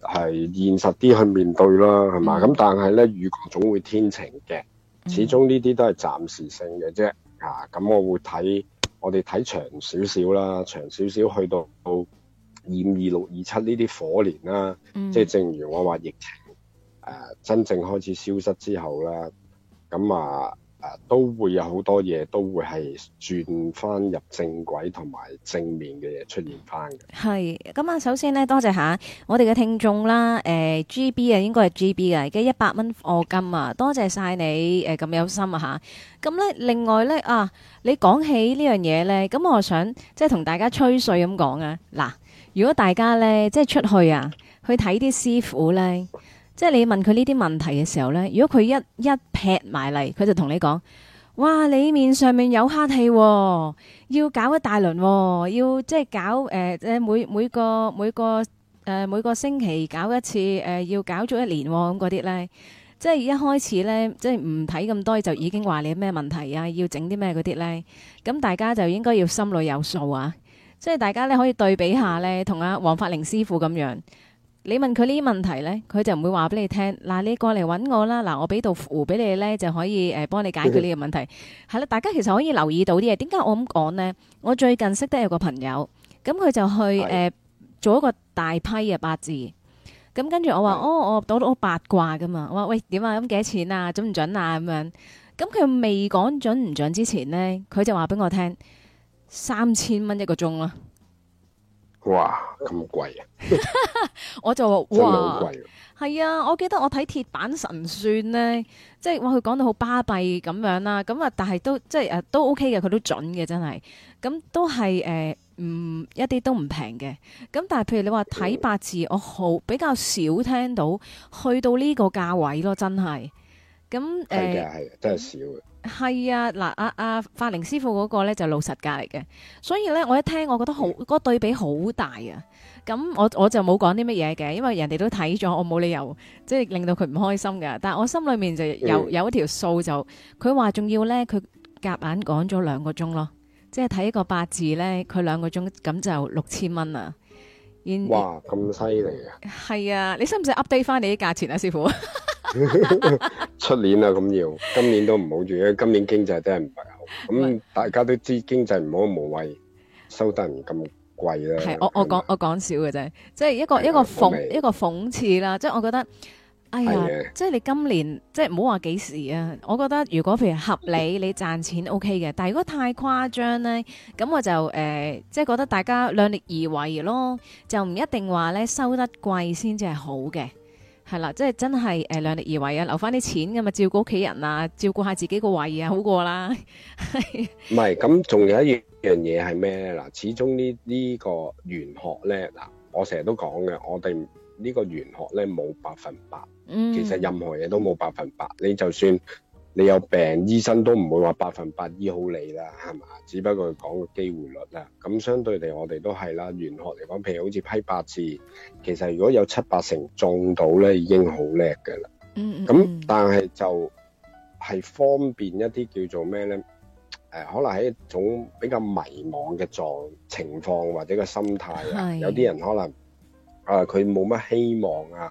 S3: 係現實啲去面對啦，係嘛？咁但係咧，雨過總會天晴嘅，始終呢啲都係暫時性嘅啫、嗯啊啊嗯。啊，咁我會睇我哋睇長少少啦，長少少去到到二五、二六、二七呢啲火年啦。即係正如我話疫情誒真正開始消失之後啦，咁啊～都會有好多嘢，都會係轉翻入正軌同埋正面嘅嘢出現翻嘅。
S1: 係咁啊，首先呢，多謝下我哋嘅聽眾啦。誒，G B 啊，GB, 應該係 G B 啊，而家一百蚊貨金啊，多謝晒你誒，咁、呃、有心啊吓。咁呢，另外呢，啊，你講起呢樣嘢呢，咁我想即係同大家吹水咁講啊。嗱，如果大家呢，即係出去啊，去睇啲師傅呢。即係你問佢呢啲問題嘅時候呢，如果佢一一劈埋嚟，佢就同你講：哇，你面上面有黑氣，哦，要搞一大輪，哦，要即係搞誒誒、呃、每每個每個誒、呃、每個星期搞一次，誒、呃、要搞足一年咁嗰啲呢，即係一開始呢，即係唔睇咁多就已經話你有咩問題啊，要整啲咩嗰啲呢。咁大家就應該要心裏有數啊，即係大家咧可以對比一下呢，同阿黃法寧師傅咁樣。你問佢呢啲問題呢，佢就唔會話俾你聽。嗱，你過嚟揾我啦，嗱，我俾道符俾你呢，就可以誒幫你解決呢個問題。係啦，大家其實可以留意到啲嘢。點解我咁講呢？我最近識得有個朋友，咁佢就去、呃、做一個大批嘅八字。咁跟住我話：哦，我攞到八卦噶嘛。我話：喂，點啊？咁幾多錢啊？準唔準啊？咁樣。咁佢未講準唔準之前呢，佢就話俾我聽三千蚊一個鐘咯。
S3: 哇，咁貴啊！
S1: <laughs> 我就話哇，真係好貴啊！係啊，我記得我睇鐵板神算咧，即係哇，佢講到好巴閉咁樣啦，咁啊，但係都即係誒都 OK 嘅，佢都準嘅，真係，咁都係誒，唔、呃嗯、一啲都唔平嘅，咁但係譬如你話睇八字，我好比較少聽到去到呢個價位咯，真係，咁誒係嘅係
S3: 嘅，真係少。
S1: 係啊，嗱、啊，阿、啊、阿法寧師傅嗰個咧就係、老實價嚟嘅，所以咧我一聽我覺得好嗰、嗰個對比好大啊，咁我我就冇講啲乜嘢嘅，因為人哋都睇咗，我冇理由即係、就係、令到佢唔開心㗎。但係我心裏面就有、嗯、有一條數就，佢話仲要咧，佢夾硬講咗兩個鐘咯，即係睇一個八字咧，佢兩個鐘咁就六千蚊啊，哇
S3: 咁犀利啊，
S1: 係啊，你使唔使 update 翻你啲價錢啊，師傅？ <laughs>
S3: 出 <laughs> 年啊，咁要，今年都唔好住，今年經濟真係唔係好，咁大家都知經濟唔好，無謂收得唔咁貴啦。係，我
S1: 我講我講笑嘅啫，即係一個一個諷一個諷刺啦，即係我覺得，哎呀，即係你今年即係唔好話幾時啊？我覺得如果譬如合理， <laughs> 你賺錢 OK 嘅，但係如果太誇張咧，咁我就誒、呃，即係覺得大家量力而為咯，就唔一定話咧收得貴先至係好嘅。係啦，即係真係，誒、呃，量力而為啊，留翻啲錢咁嘛，照顧屋企人啊，照顧下自己個胃啊，好過啦。
S3: 唔 <laughs> 係，咁仲有一樣嘢係咩咧？嗱，始終、這個、呢呢個玄學咧，嗱，我成日都講嘅，我哋呢個玄學咧冇百分百，嗯，其實任何嘢都冇百分百，你就算。你有病，醫生都唔會話百分百醫好你啦，係嘛？只不過講個機會率啦。咁相對嚟，我哋都係啦。玄學嚟講，譬如好似批八字，其實如果有七八成中到咧、嗯，已經好叻㗎啦。嗯，嗯，嗯。咁，但係就係方便一啲叫做咩咧？誒、呃，可能係一種比較迷茫嘅狀情況或者個心態啊。有啲人可能啊，佢冇乜希望啊，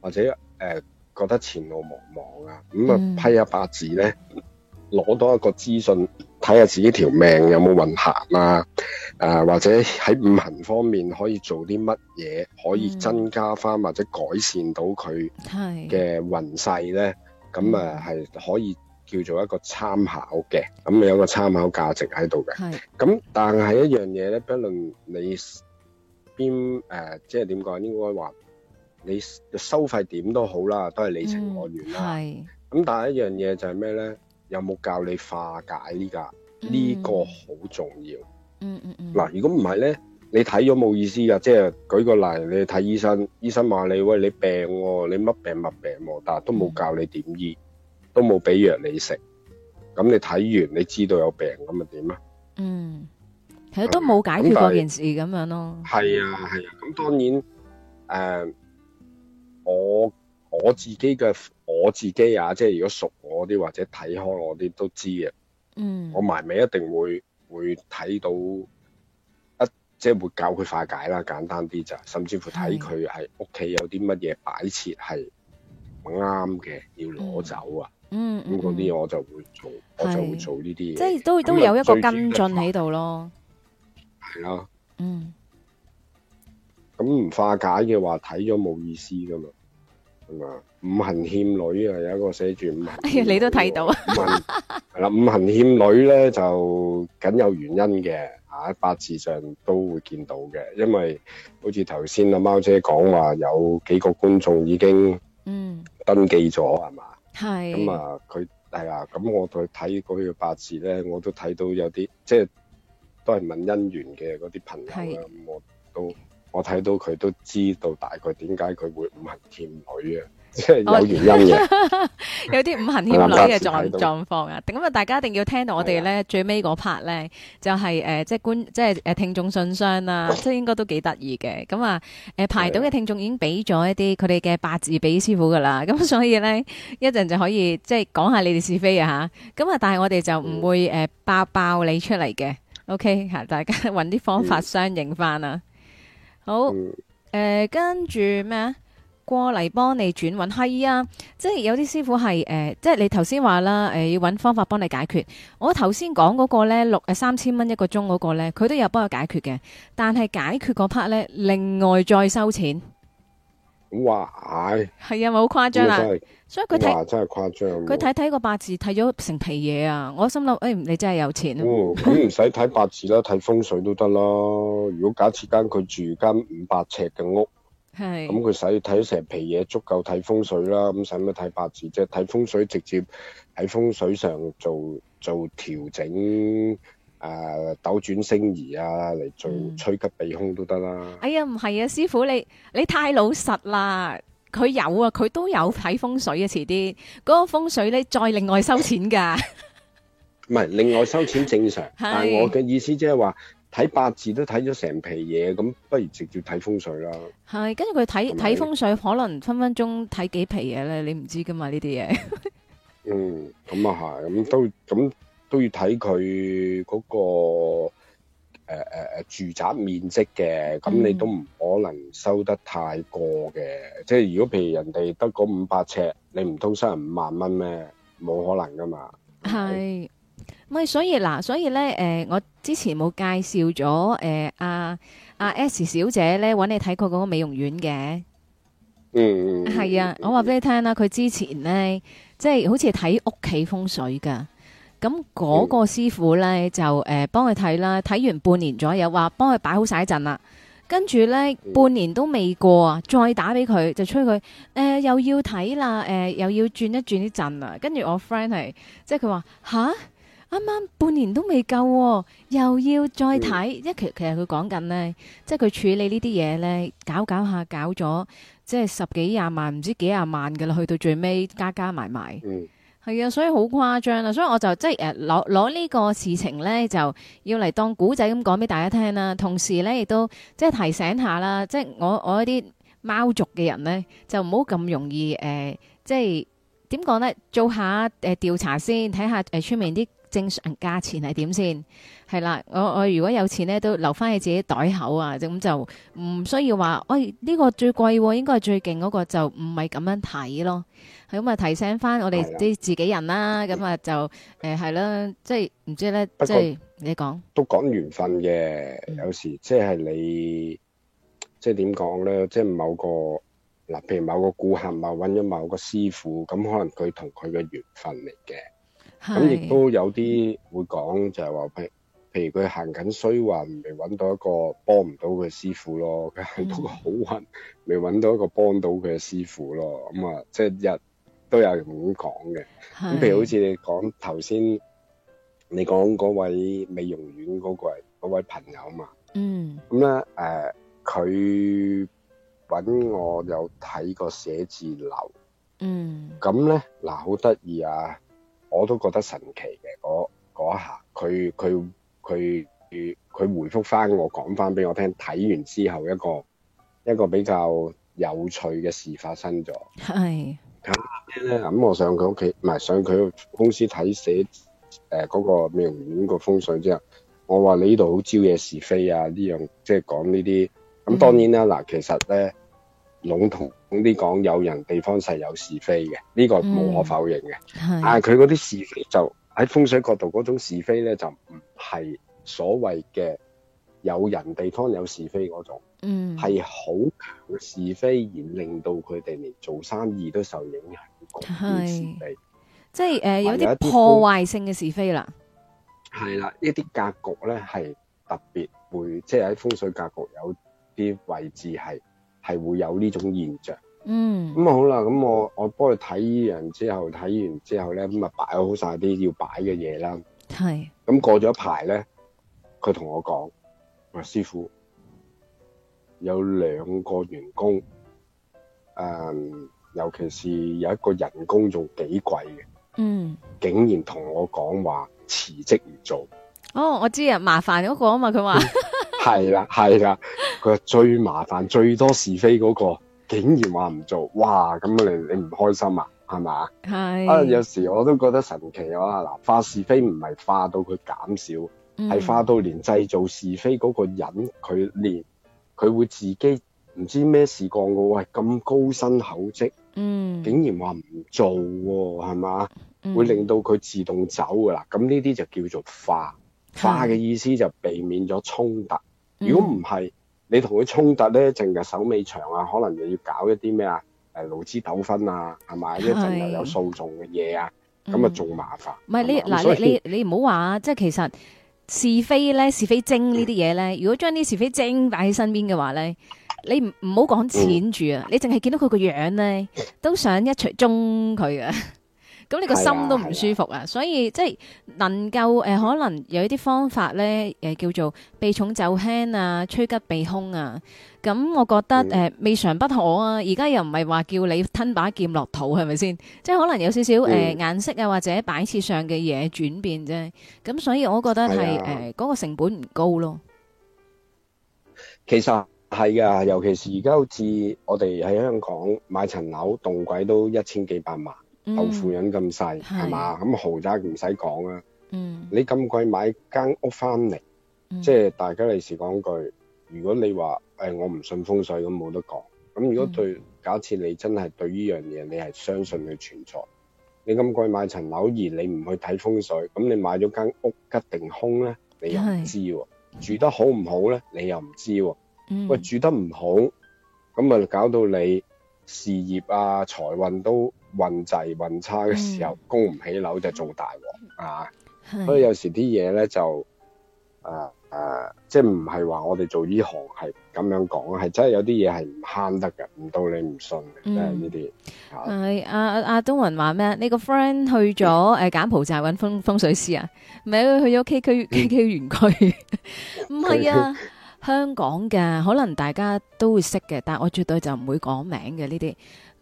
S3: 或者誒。呃覺得前路茫茫啊，咁啊批下八字咧，攞、嗯、到一個資訊，睇下自己條命有冇運行啊誒、呃、或者喺五行方面可以做啲乜嘢，可以增加翻、嗯、或者改善到佢嘅運勢咧，咁啊係可以叫做一個參考嘅，咁有個參考價值喺度嘅。咁但係一樣嘢咧，不論你邊誒，即係點講，就是、應該話。你收費點都好啦，都係你情我願啦。係、嗯。咁但係一樣嘢就係咩咧？有冇教你化解呢、呢個？呢、嗯呢個好重要。嗯嗯嗯。嗱、嗯，如果唔係咧，你睇咗冇意思呀。即係舉個例，你睇醫生，醫生話你喂，你病喎、啊，你乜病乜病喎、啊，但係都冇教你點醫，嗯、都冇俾藥你食。咁你睇完，你知道有病咁咪點啊？嗯。
S1: 其實都冇解決嗰、嗯、件事咁樣咯。係
S3: 啊係啊，咁、啊啊、當然誒。呃我我自己嘅我自己啊，即係如果熟我啲或者睇開我啲都知嘅。嗯，我埋尾一定會會睇到一即係會教佢化解啦，簡單啲就，甚至乎睇佢係屋企有啲乜嘢擺設係唔啱嘅，要攞走啊。嗯，咁嗰啲我就會做，我就會做呢啲嘢，即係都都有一個跟進喺度咯。係咯、啊，嗯。咁、嗯、唔化解嘅話睇咗冇意思噶嘛，係嘛？五行欠女啊，有一個寫住五行。
S1: 哎呀，你都睇到啊？五 <laughs> 嗱，
S3: 五行欠女咧就梗有原因嘅，喺、啊、八字上都會見到嘅。因為好似頭先阿貓姐講話有幾個觀眾已經嗯登記咗，係、嗯、嘛？
S1: 係咁、嗯嗯、啊，
S3: 佢係啦。咁、啊、我再睇過去嘅八字咧，我都睇到有啲即係都係問姻緣嘅嗰啲朋友，咁我都。我睇到佢都知道大概點解佢會五行欠女啊，即、哦、係 <laughs> 有原因，
S1: 有啲五行欠女嘅狀狀況啊。咁啊，大家一定要聽到我哋咧最尾嗰 part 咧，就係、是、誒，即係觀，即係誒，就是、聽眾信箱啦，即係應該都幾得意嘅。咁啊，誒、 <coughs> 啊、排到嘅聽眾已經俾咗一啲佢哋嘅八字俾師傅噶啦，咁所以咧一陣就可以即係講下你哋是非啊吓。咁啊，但係我哋就唔會誒、嗯、爆爆你出嚟嘅，OK 吓，大家搵啲方法相應翻啊。嗯好誒、呃，跟住咩啊？過嚟幫你轉運係啊！即係有啲師傅係誒、呃，即係你頭先話啦，誒、呃、要揾方法幫你解決。我頭先講嗰個咧六誒三千蚊一個鐘嗰個咧，佢都有幫我解決嘅，但係解決嗰 part 咧，另外再收錢。
S3: 哇！係
S1: 係啊，冇誇張啦，所以佢睇
S3: 真係誇張。佢睇
S1: 睇個八字睇咗成皮嘢啊！我心諗，誒、哎，你真係有
S3: 錢啊！佢唔使睇八字啦，睇風水都得啦。如果假設間佢住間五百尺嘅屋，
S2: 係，咁
S3: 佢使睇成皮嘢，足夠睇風水啦。咁使乜睇八字啫？睇風水直接喺風水上做做調整。誒、啊，斗轉星移啊，嚟做趨吉避凶都得啦、啊。
S1: 哎呀，唔係啊，師傅你你太老實啦。佢有啊，佢都有睇風水啊，遲啲嗰個風水咧，再另外收錢噶。
S3: 唔 <laughs> 係另外收錢正常， <laughs> 但係我嘅意思即係話睇八字都睇咗成皮嘢，咁不如直接睇風水啦。
S1: 係，跟住佢睇睇風水，可能分分鐘睇幾皮嘢咧，你唔知噶嘛呢啲嘢。 <laughs> 嗯，
S3: 咁啊係，咁都咁。都要睇佢嗰個誒誒誒，住宅面積嘅，咁你都唔可能收得太過嘅。即係如果譬如人哋得嗰五百尺，你唔通收人五萬蚊咩？冇可能㗎嘛。
S1: 係，唔係所以嗱，所以咧誒，我之前冇介紹咗誒阿阿 S 小姐咧搵你睇過嗰個美容院嘅。嗯。
S2: 係啊，
S1: 我話俾你聽啦，佢之前咧即係好似睇屋企風水㗎。咁、那、嗰個師傅呢，就誒幫佢睇啦，睇、呃、完半年左右話幫佢擺好晒陣啦，跟住呢，半年都未過啊，再打俾佢就催佢誒、呃、又要睇啦，誒、呃、又要轉一轉啲陣啦，跟住我 friend 係即係佢話吓啱啱半年都未夠、啊，又要再睇，即、嗯、其其實佢講緊呢，即係佢處理呢啲嘢，呢，搞搞下搞咗即係十幾廿萬唔知幾廿萬噶啦，去到最尾加加埋埋。嗯係啊，所以好誇張啊，所以我就即係誒攞攞呢個事情咧，就要嚟當古仔咁講俾大家聽啦。同時咧，亦都即係提醒下啦，即係我我一啲貓族嘅人咧，就唔好咁容易誒，即係點講咧？做下誒調查先，睇下誒出面啲正常價錢係點先。係啦，我我如果有錢咧，都留翻喺自己袋口啊，咁就唔需要話，喂，呢個最貴，應該係最勁嗰個，就唔係咁樣睇咯。咁、嗯、咪提醒翻我哋啲自己人啦，咁啊就誒係啦，即係唔知咧，即係你講，
S3: 都講緣分嘅，有時即係你即係點講咧，即係、就是、某個嗱，譬如某個顧客咪揾咗某個師傅，咁可能佢同佢嘅緣分嚟嘅，
S2: 咁亦
S3: 都有啲會講就係話，譬如譬如佢行緊衰運，未揾到一個幫唔到佢師傅咯，佢行到個好運，未、嗯、揾到一個幫到佢嘅師傅咯，咁啊即係日。嗯都有咁講嘅，
S2: 咁譬如好似
S3: 你講頭先，你講嗰位美容院嗰個人嗰位朋友啊嘛，
S2: 咁
S3: 咧誒，佢揾我有睇過寫字樓，嗯，咁咧嗱好得意啊，我都覺得神奇嘅，嗰一下佢，佢佢佢佢回覆翻我講翻俾我聽，睇完之後一個一個比較有趣嘅事發生咗，係。咁、嗯、咁我上佢屋企，唔係上佢公司睇寫誒嗰個美容院個風水之後，我話你呢度好招惹是非啊！呢樣即係講呢啲咁，當然啦嗱，其實咧籠統啲講，有人地方係有是非嘅，呢、這個無可否認嘅。但係佢嗰啲是非就喺風水角度嗰種是非咧，就唔係所謂嘅。有人地方有是非嗰種，嗯，係好強嘅是非，而令到佢哋連做生意都受影響，
S1: 咁樣即係誒有啲破壞性嘅是非啦。
S3: 係啦，呢啲、呃、格、格局咧係特別會，即係喺風水格局有啲位置係係會有呢種現象。嗯，咁啊好啦，咁我我幫佢睇完之後，睇完之後咧咁啊擺好晒啲要擺嘅嘢啦。係，咁過咗一排咧，佢同我講。哇！師傅有兩個員工，誒、嗯，尤其是有一個人工仲幾貴嘅，嗯，竟然同我講話辭職唔做。
S1: 哦，我知啊，麻煩嗰個啊嘛，佢話
S3: 係啦係啦，佢 <laughs> 話、 <laughs> 啊啊啊、最麻煩最多是非嗰、嗰個，竟然話唔做，哇！咁你你唔開心啊，係咪？係啊，有時我都覺得神奇啊嗱，化是非唔係化到佢減少。係化到連製造是非嗰個人，佢、嗯、連佢會自己唔知咩事講嘅，喂咁高薪厚職，嗯，竟然話唔做喎、哦，係嘛、嗯，會令到佢自動走噶啦。咁呢啲就叫做化，化嘅意思就避免咗衝突。如果唔係你同佢衝突咧，淨係手尾長啊，可能又要搞一啲咩啊，誒勞資糾紛啊，係咪一陣又有訴訟嘅嘢啊？咁啊仲麻煩。唔係你嗱你你
S1: 你唔好話，即係其實。是非咧，是非精呢啲嘢咧，如果將啲是非精擺喺身邊嘅話咧，你唔唔好講錢住啊、嗯，你淨係見到佢個樣咧，都想一錘中佢啊！咁你個心都唔舒服啊，所以即係能夠誒，可能有一啲方法咧，誒叫做避重就輕啊，趨吉避凶啊。咁我覺得誒未嘗不可啊。而家又唔係話叫你吞把劍落肚，係咪先？即係可能有少少誒顏色啊，或者擺設上嘅嘢轉變啫。咁所以我覺得係誒嗰個成本唔高咯。
S3: 其實係噶，尤其是而家好似我哋喺香港買層樓，動輒都一千幾百萬。豆腐人咁細係嘛？咁、嗯、豪宅唔使講啦。嗯，你咁貴買間屋翻嚟、嗯，即係大家利是講句。如果你話誒、欸、我唔信風水咁冇得講。咁如果對、嗯，假設你真係對呢樣嘢，你係相信佢存在。你咁貴買層樓而你唔去睇風水，咁你買咗間屋吉定凶咧？你又唔知喎、啊。住得好唔好咧？你又唔知喎、啊嗯。喂，住得唔好，咁咪搞到你事業啊財運都～運滯運差嘅時候，嗯、供唔起樓就做大鑊啊！所以有時啲嘢咧就啊啊，即係唔係話我哋做呢行係咁樣講、嗯、啊，係真係有啲嘢係唔慳得嘅，唔到你唔信嘅，即係呢啲。
S1: 係阿阿東雲話咩？你個 friend 去咗誒柬埔寨搵風風水師去 KK,、嗯、區 <laughs> 啊？唔係去咗 K 區 K 區園區，
S3: 唔係
S1: 啊，香港噶， <laughs> 可能大家都會識嘅，但我絕對就唔會講名嘅呢啲。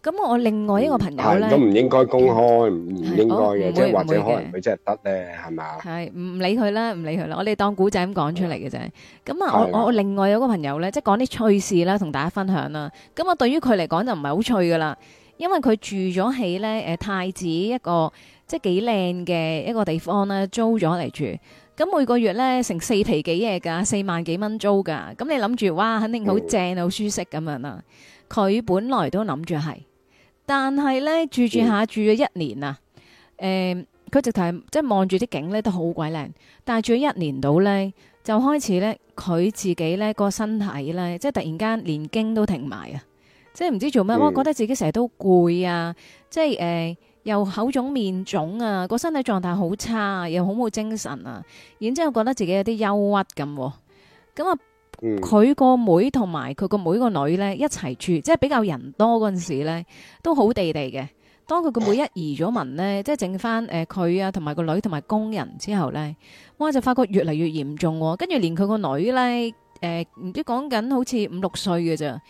S1: 咁我另外一個朋友咧，都唔應
S3: 該公開，唔應該嘅，即係或者可能佢真係得咧，係嘛？
S1: 係，唔理佢啦，唔理佢啦，我哋當古仔咁講出嚟嘅啫。咁啊，我我另外有個朋友咧，即係講啲趣事啦，同大家分享啦。咁啊，對於佢嚟講就唔係好趣噶啦，因為佢住咗喺咧誒太子一個，即係幾靚嘅一個地方咧，租咗嚟住。咁每個月咧成四皮幾嘢㗎，四萬幾蚊租㗎。咁你諗住，哇，肯定好正啊，好舒適咁樣啦。佢本來都諗住係。但係咧住住下住咗一年啊，誒、嗯呃，佢直頭即係望住啲景咧都好鬼靚，但係住咗一年到咧就開始咧佢自己咧個身體咧即係突然間連經都停埋啊，即係唔知做咩，我、嗯、覺得自己成日都攰啊，即係誒、呃、又口腫面腫啊，個身體狀態好差，又好冇精神啊，然之後覺得自己有啲憂鬱咁，咁啊。嗯佢個妹同埋佢個妹個女呢一齊住，即係比較人多嗰陣時呢，都好地地嘅。當佢個妹一移咗民呢，即係剩翻誒佢啊，同埋個女同埋工人之後呢，哇就發覺越嚟越嚴重，哦。跟住連佢個女呢，誒、呃、唔知講緊好似五六歲嘅咋，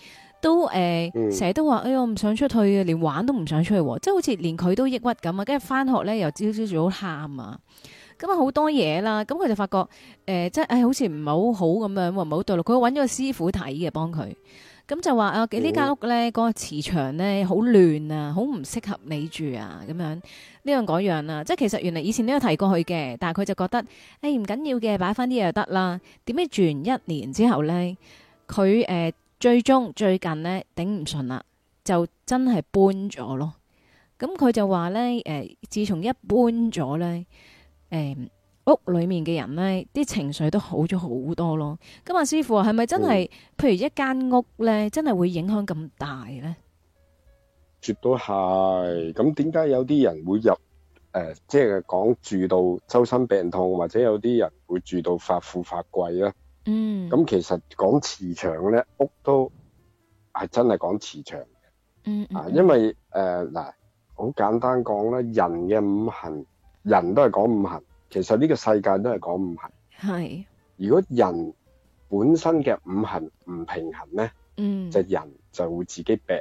S1: 都誒成日都話哎呀唔想出去嘅，連玩都唔想出去，即係好似連佢都抑鬱咁啊。跟住翻學呢，又朝朝早喊啊！咁啊，好多嘢啦。咁佢就發覺誒，即係誒，好似唔係好好咁樣，唔係好對路。佢揾咗個師傅睇嘅，幫佢咁就話、哦、啊，呢間屋呢，嗰、那個磁場呢，好亂啊，好唔適合你住啊，咁樣呢樣嗰樣啦、啊。即係其實原嚟以前都有提過去嘅，但係佢就覺得誒唔、哎、唔緊要嘅，擺翻啲嘢就得啦。點知住完一年之後呢，佢誒、呃、最終最近呢，頂唔順啦，就真係搬咗咯。咁佢就話呢，誒、呃，自從一搬咗呢。」誒、嗯，屋裏面嘅人咧，啲情緒都好咗好多咯。咁阿師傅啊，係咪真係、嗯，譬如一間屋咧，真係會影響咁大咧？
S3: 絕對係。咁點解有啲人會入誒，即係講住到周身病痛，或者有啲人會住到發富發貴咧？嗯。咁其實講磁場咧，屋都係真係講磁場。嘅、
S2: 嗯嗯，嗯。啊，因
S3: 為誒嗱，好、呃、簡單講咧，人嘅五行。人都係講五行，其實呢個世界都係講五行。係如果人本身嘅五行唔平衡咧，嗯，就是、人就會自己病。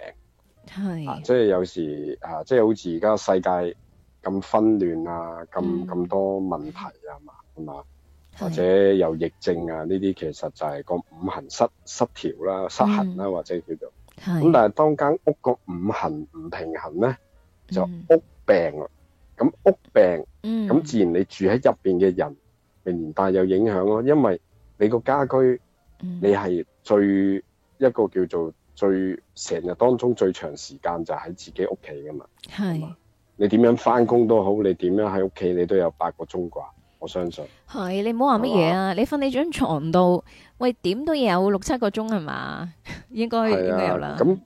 S1: 係，即、啊、係、
S3: 就是、有時啊，即、就、係、是、好似而家世界咁紛亂啊，咁咁、嗯、多問題啊嘛，係嘛，或者有疫症啊呢啲，這些其實就係個五行失失調啦、失衡啦、嗯，或者叫做咁、啊。但係當間屋個五行唔平衡咧，就屋病咁屋病，
S2: 咁自然
S3: 你住喺入邊嘅人，明年大有影響咯、啊。因為你個家居，嗯、你係最一個叫做最成日當中最長時間就喺自己屋企㗎嘛。係。你點樣返工都好，你點樣喺屋企，你都有八個鐘啩。我相信。
S1: 係，你唔好話乜嘢啊？你瞓你張床度，喂，點都有六七個鐘係嘛？應該咁樣啦。咁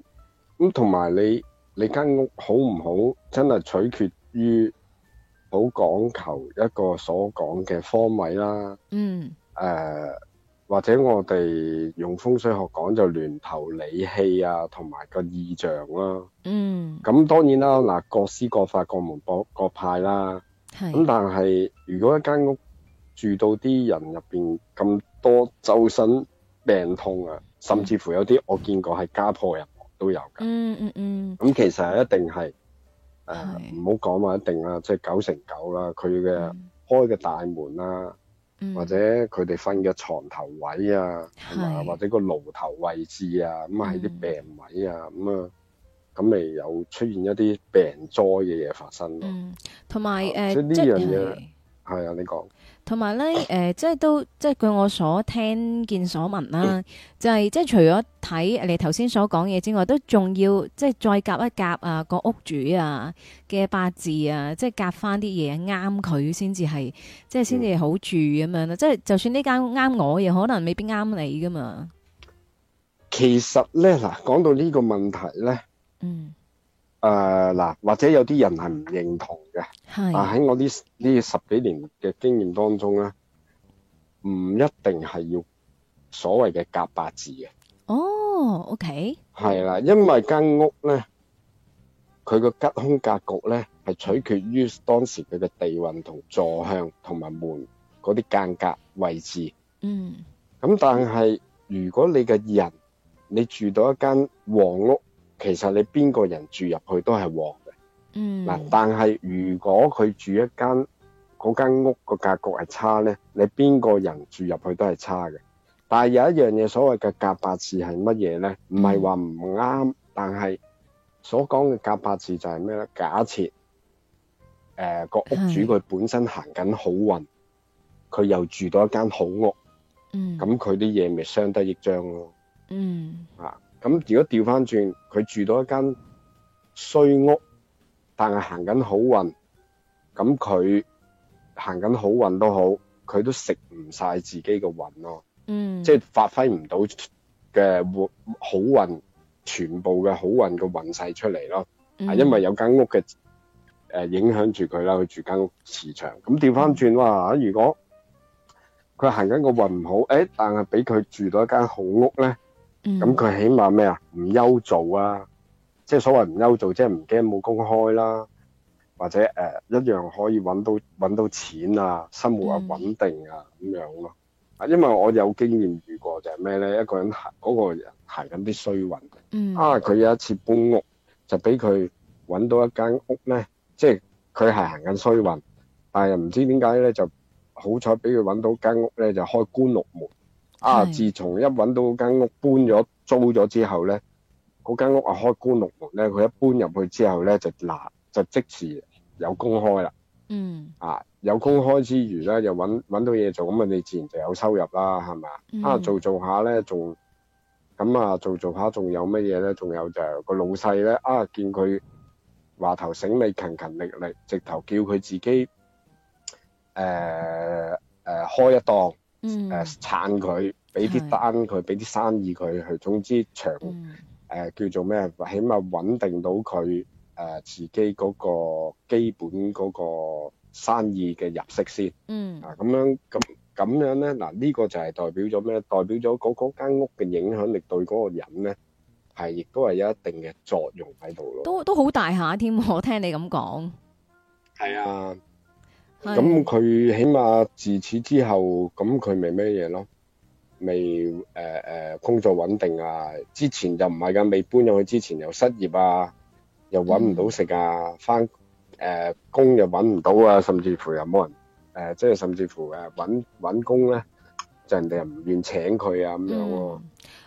S3: 咁同埋你你間屋好唔好，真係取決於。好講求一個所講嘅方位啦，嗯，呃、或者我哋用風水學講就巒頭理氣啊，同埋個異象啦，嗯，咁當然啦，嗱各師各法各門各派啦，咁，但係如果一間屋住到啲人入面咁多周身病痛啊，甚至乎有啲我見過係家破人亡都有㗎，
S2: 嗯嗯嗯，
S3: 咁、嗯、其實一定係。誒、uh,，唔好講話一定啦，即係九成九啦。佢嘅開嘅大門啦，啊嗯，或者佢哋瞓嘅床頭位啊，或者個爐頭位置啊，咁啊喺啲病位啊，咁、嗯、啊，咁有出現一啲病災嘅嘢發生。嗯，
S1: 同埋誒，uh, uh, 即係呢樣嘢，
S3: 係、就、啊、是，你講。
S1: 同埋咧，誒、呃，即係都，即係據我所聽見所聞啦、啊嗯，就係、是、即係除咗睇你頭先所講嘢之外，都仲要即係再夾一夾啊，個屋主啊嘅八字啊，即係夾返啲嘢啱佢先至係，即係先至好住咁樣啦。即、嗯、係、就是、就算呢間屋啱我，又可能未必啱你㗎嘛。
S3: 其實咧，嗱，講到呢個問題咧，嗯。誒嗱，或者有啲人係唔認同嘅，但喺我呢呢十幾年嘅經驗當中咧，唔一定係要所謂嘅夾八字嘅。
S1: 哦，OK，
S3: 係啦，因為間屋咧，佢個吉凶格局咧，係取決於當時佢嘅地運同坐向同埋門嗰啲間隔位置。嗯，咁但係如果你嘅人，你住到一間黃屋。其實你邊個人住入去都係旺嘅，嗯，嗱、啊，但係如果佢住一間嗰間屋個格局係差咧，你邊個人住入去都係差嘅。但係有一樣嘢，所謂嘅夾八字係乜嘢咧？唔係話唔啱，但係所講嘅夾八字就係咩咧？假設誒、呃、個屋主佢本身行緊好運，佢又住到一間好屋，嗯，咁佢啲嘢咪相得益彰咯，嗯，啊。咁如果調翻轉，佢住到一間衰屋，但係行緊好運，咁佢行緊好運都好，佢都食唔晒自己嘅運咯。嗯，即係發揮唔到嘅好運全部嘅好運嘅運勢出嚟咯。係、嗯、因為有間屋嘅影響住佢啦，佢住間屋磁場咁調翻轉話，如果佢行緊個運唔好，欸、但係俾佢住到一間好屋咧。咁佢起碼咩啊？唔憂做啊，即係所謂唔憂做，即係唔驚冇工開啦，或者、呃、一樣可以揾到揾到錢啊，生活啊，穩定啊咁樣咯。啊，因為我有經驗遇過就係咩咧，一個人行嗰個人行緊啲衰運。嗯、mm -hmm.。啊，佢有一次搬屋就俾佢揾到一間屋咧，即係佢係行緊衰運，但係又唔知點解咧就好彩俾佢揾到一間屋咧就開官六門。啊！自從一揾到間屋搬咗租咗之後咧，嗰間屋啊開官祿門咧，佢一搬入去之後咧就嗱就即時有工開啦。嗯、mm -hmm. 啊，啊有工開之餘咧，又揾揾到嘢做，咁啊你自然就有收入啦，係咪啊？啊做做下咧，仲咁啊做做下仲有乜嘢咧？仲有就係個老細咧啊，見佢話頭醒尾勤勤力力，直頭叫佢自己誒誒、呃呃、開一檔。誒，撐佢，俾啲單佢，俾啲生意佢，去，總之長，誒，叫做咩？起碼穩定到佢誒自己嗰個基本嗰個生意嘅入息先。嗯。啊，咁樣，咁咁樣咧，嗱呢個就係代表咗咩？代表咗嗰嗰間屋嘅影響力對嗰個人咧，係亦都係有一定嘅作用喺度咯。都
S1: 都好大下添，我聽你咁講。
S3: 係啊。咁佢起碼自此之後，咁佢咪咩嘢咯？未、呃呃、工作穩定啊！之前就唔係噶，未搬入去之前又失業啊，又揾唔到食啊，返、嗯呃、工又揾唔到啊，甚至乎又冇人即係、呃、甚至乎誒揾揾工咧，人就人哋又唔願請佢啊咁、嗯、樣喎。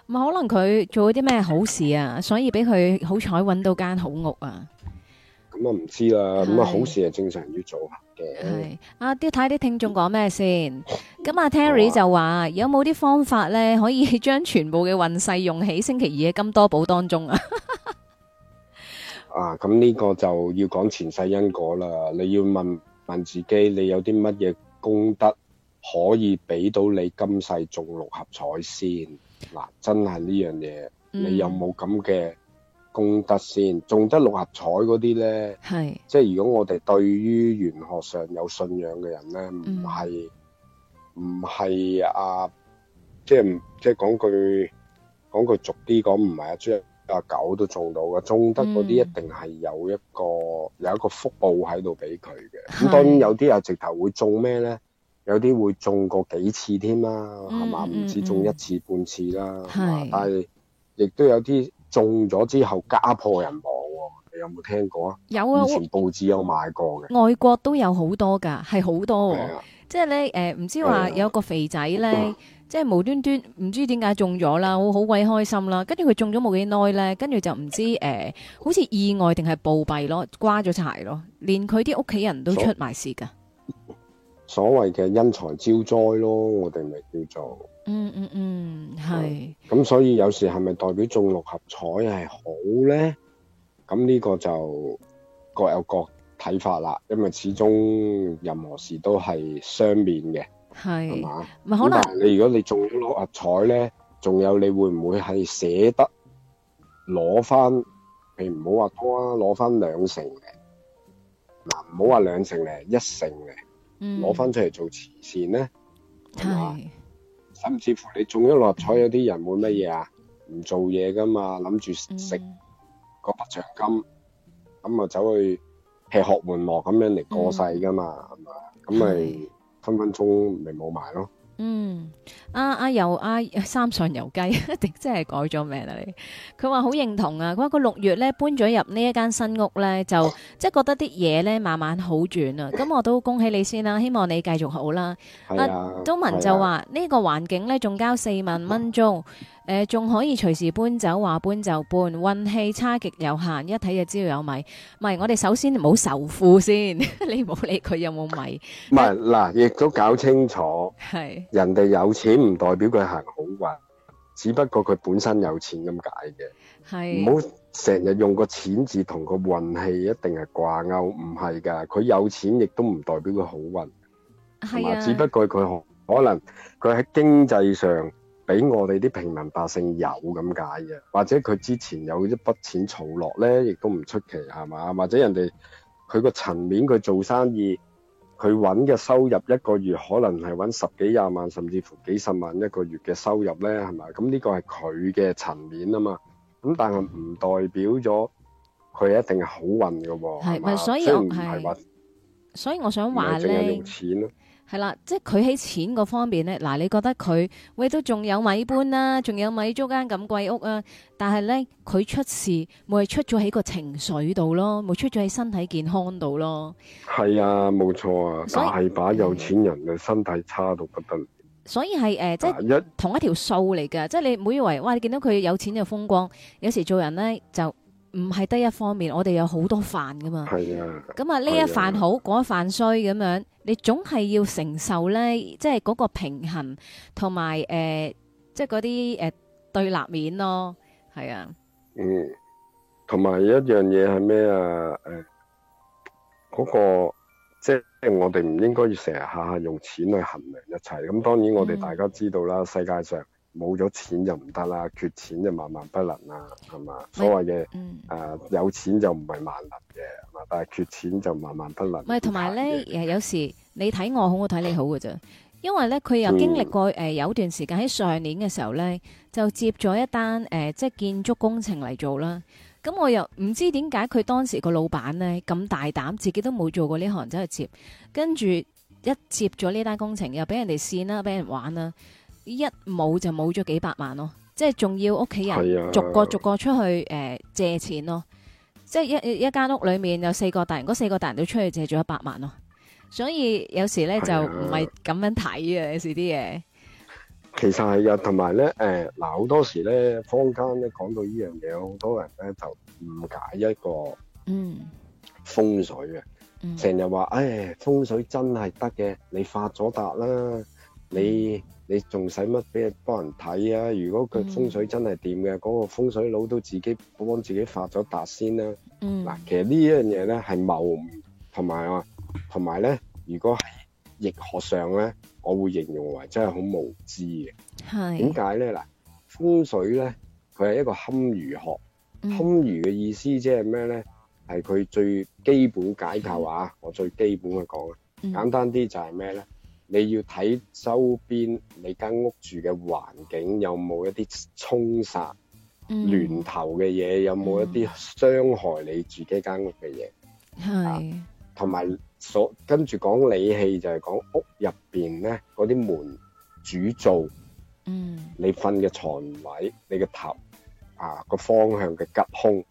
S1: 唔係可能佢做咗啲咩好事啊，所以俾佢好彩揾到間好屋啊！
S3: 咁啊唔知啦，咁啊好事係正常要做嘅。係，
S1: 阿啲睇啲聽眾講咩先？咁啊，Terry 就話有冇啲方法咧，可以將全部嘅運勢用喺星期二嘅金多寶當中
S3: 啊？啊，咁呢個就要講前世因果啦。你要問問自己，你有啲乜嘢功德可以俾到你今世做六合彩先。嗱，真係呢樣嘢，你有冇咁嘅？中得先，中得六合彩嗰啲咧，即係如果我哋對於玄學上有信仰嘅人咧，唔係唔係啊，即係唔，即係講句講句俗啲講唔係啊，阿豬阿狗都中到嘅，中得嗰啲一定係有一個、嗯、有一個福報喺度俾佢嘅。咁當然有啲啊直頭會中咩咧，有啲會中過幾次添啦，係、嗯、嘛？唔止中一次半次啦，但係亦都有啲。中咗之後家破人亡喎、哦，你有冇聽過啊？有啊，以前報紙有賣過嘅。
S1: 外國都有好多噶，係好多、哦。係即係咧誒，唔、就是呃、知話有個肥仔咧、啊，即係無端端唔知點解中咗啦、呃，好好鬼開心啦。跟住佢中咗冇幾耐咧，跟住就唔知誒，好似意外定係暴斃咯，瓜咗柴咯，連佢啲屋企人都出埋事㗎。
S3: 所謂嘅因財招災咯，我哋咪叫做。
S1: 嗯嗯嗯，係、嗯。
S3: 咁、嗯、所以有時係咪代表中六合彩係好咧？咁呢個就各有各睇法啦。因為始終任何事都係雙面嘅。
S1: 係。係嘛？
S3: 咁但係你如果你中咗六合彩咧，仲有你會唔會係捨得攞翻？你唔好話多啦，攞翻兩成嘅。嗱、啊，唔好話兩成咧，一成嘅攞翻出嚟做慈善咧，係甚至乎你中咗六合彩，有啲人會乜嘢啊？唔做嘢噶嘛，諗住食個筆獎金，咁啊走去吃喝玩樂咁樣嚟過世噶嘛，咁、嗯、咪分分鐘咪冇埋咯。
S1: 嗯，阿阿又，阿、啊啊、三上游雞，一定 <laughs> 真係改咗名啦、啊？你佢話好認同啊！佢話個六月咧搬咗入呢一間新屋咧，就即係 <laughs> 覺得啲嘢咧慢慢好轉啊。咁我都恭喜你先啦，希望你繼續好啦。阿 <laughs> 宗、啊 yeah, 文就話、yeah. 呢個環境咧，仲交四萬蚊租。 <laughs> 誒，仲可以隨時搬走，話搬就搬。運氣差極有限，一睇就知道有米。唔係，我哋首先唔好仇富先，你唔好理佢有冇米。
S3: 唔係嗱，亦都搞清楚，係，人哋有錢唔代表佢行好運，只不過佢本身有錢咁解嘅。係，唔好成日用個錢字同個運氣一定係掛鈎，唔係㗎。佢有錢亦都唔代表佢好運，係啊。只不過佢可能佢喺經濟上。俾我哋啲平民百姓有咁解嘅，或者佢之前有一筆錢儲落咧，亦都唔出奇係嘛？或者人哋佢個層面佢做生意，佢揾嘅收入一個月可能係揾十幾廿萬，甚至乎幾十萬一個月嘅收入咧，係嘛？咁呢個係佢嘅層面啊嘛。咁但係唔代表咗佢一定係好運㗎喎。係咪？所以唔係話，
S1: 所以我想話咧，用錢。係啦，即係佢喺錢個方面咧，嗱、啊，你覺得佢喂都仲有米搬啦、啊，仲有米租間咁貴屋啊？但係咧佢出事，咪出咗喺個情緒度咯，咪出咗喺身體健康度咯。
S3: 係啊，冇錯啊，大把有錢人嘅身體差到不得了。
S1: 所以係誒、呃，即係同一條數嚟噶，即係你唔好以為哇，你見到佢有錢就風光，有時做人咧就。唔係得一方面，我哋有好多範㗎嘛。係啊。
S2: 咁啊，呢一範
S1: 好，嗰一範衰，咁樣你總係要承受咧，即係嗰個平衡同埋誒，即係嗰啲誒對立面咯。係啊。嗯。
S3: 同埋一樣嘢係咩啊？誒，嗰個即係我哋唔應該要成日下下用錢去衡量一切。咁當然我哋大家知道啦，世界上。冇咗錢就唔得啦，缺錢就萬萬不能啦，係嘛、嗯？所謂嘅誒有錢就唔係萬能嘅，但係缺錢就萬萬不能。
S1: 唔係同埋咧，誒有時你睇我好，我睇你好嘅啫。因為咧，佢又經歷過誒、嗯呃、有段時間喺上年嘅時候咧，就接咗一單誒、呃、即係建築工程嚟做啦。咁、嗯嗯、我又唔知點解佢當時個老闆咧咁大膽，自己都冇做過呢行，走去接。跟住一接咗呢單工程，又俾人哋跣啦，俾人玩啦。一冇就冇咗幾百萬咯，即係仲要屋企人逐個逐個出去誒、啊、借錢咯，即係一一間屋裏面有四個大人，嗰四個大人都出去借咗一百萬咯，所以有時咧就唔係咁樣睇啊，有時啲嘢。
S3: 其實係嘅，同埋咧誒，嗱、呃、好多時咧坊間咧講到呢樣嘢，好多人咧就誤解一個嗯風水嘅，成日話誒風水真係得嘅，你發咗達啦。你你仲使乜俾人幫人睇啊？如果風的的、嗯那個風水真係掂嘅，嗰個風水佬都自己幫自己發咗達先、啊嗯、啦。嗱，其實件事呢一樣嘢咧係謬，同埋啊，同埋咧，如果係易學上咧，我會形容為真係好無知嘅。係點解咧？嗱，風水咧，佢係一個堪輿學，堪輿嘅意思即係咩咧？係佢最基本解構啊！嗯、我最基本嘅講啊，簡單啲就係咩咧？你要睇周邊你間屋住嘅環境有冇一啲沖煞、巒頭嘅嘢，嗯，有冇一啲傷害你自己間屋嘅嘢，係、嗯，同埋所跟住講理氣就係講屋入邊咧嗰啲門主灶，嗯，你瞓嘅床位，你嘅頭啊個方向嘅吉凶，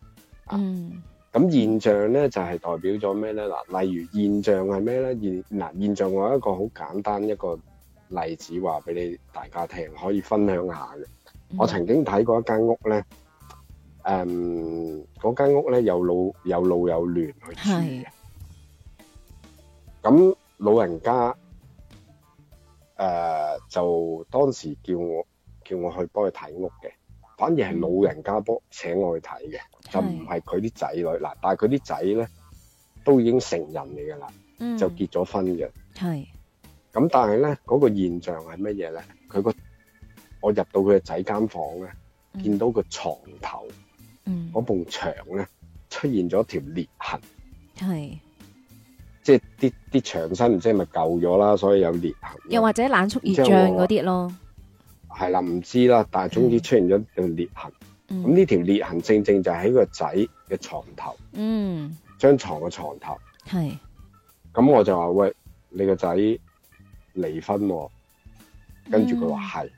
S3: 嗯。咁現象咧就係代表咗咩咧？嗱，例如現象係咩咧？現嗱現象我有一個好簡單一個例子話俾你大家聽，可以分享下嘅。我曾經睇過一間屋咧，誒嗰間屋咧有老有老有亂去住嘅。咁老人家誒就當時叫我叫我去幫佢睇屋嘅。反而係老人家聘請我去睇嘅、嗯，就唔係佢啲仔女嗱，但係佢啲仔咧都已經成人嚟噶啦，就結咗婚嘅。係
S2: 咁，
S3: 咁但係咧嗰個現象係乜嘢咧？佢、嗰個我入到佢嘅仔間房咧、嗯，見到個床頭，嗯，嗰埲牆咧出現咗條裂痕，係即係啲啲牆身，唔知係咪舊咗啦？所以有裂
S1: 痕、啊，又或者冷縮熱脹嗰啲咯。
S3: 係啦、啊，唔知啦，但係終於出現咗條裂痕。咁呢條裂痕正正就喺個仔嘅床頭。
S1: 嗯，
S3: 張床嘅床頭。
S1: 係。
S3: 咁我就話喂，你個仔離婚，
S2: 跟住佢話
S3: 係。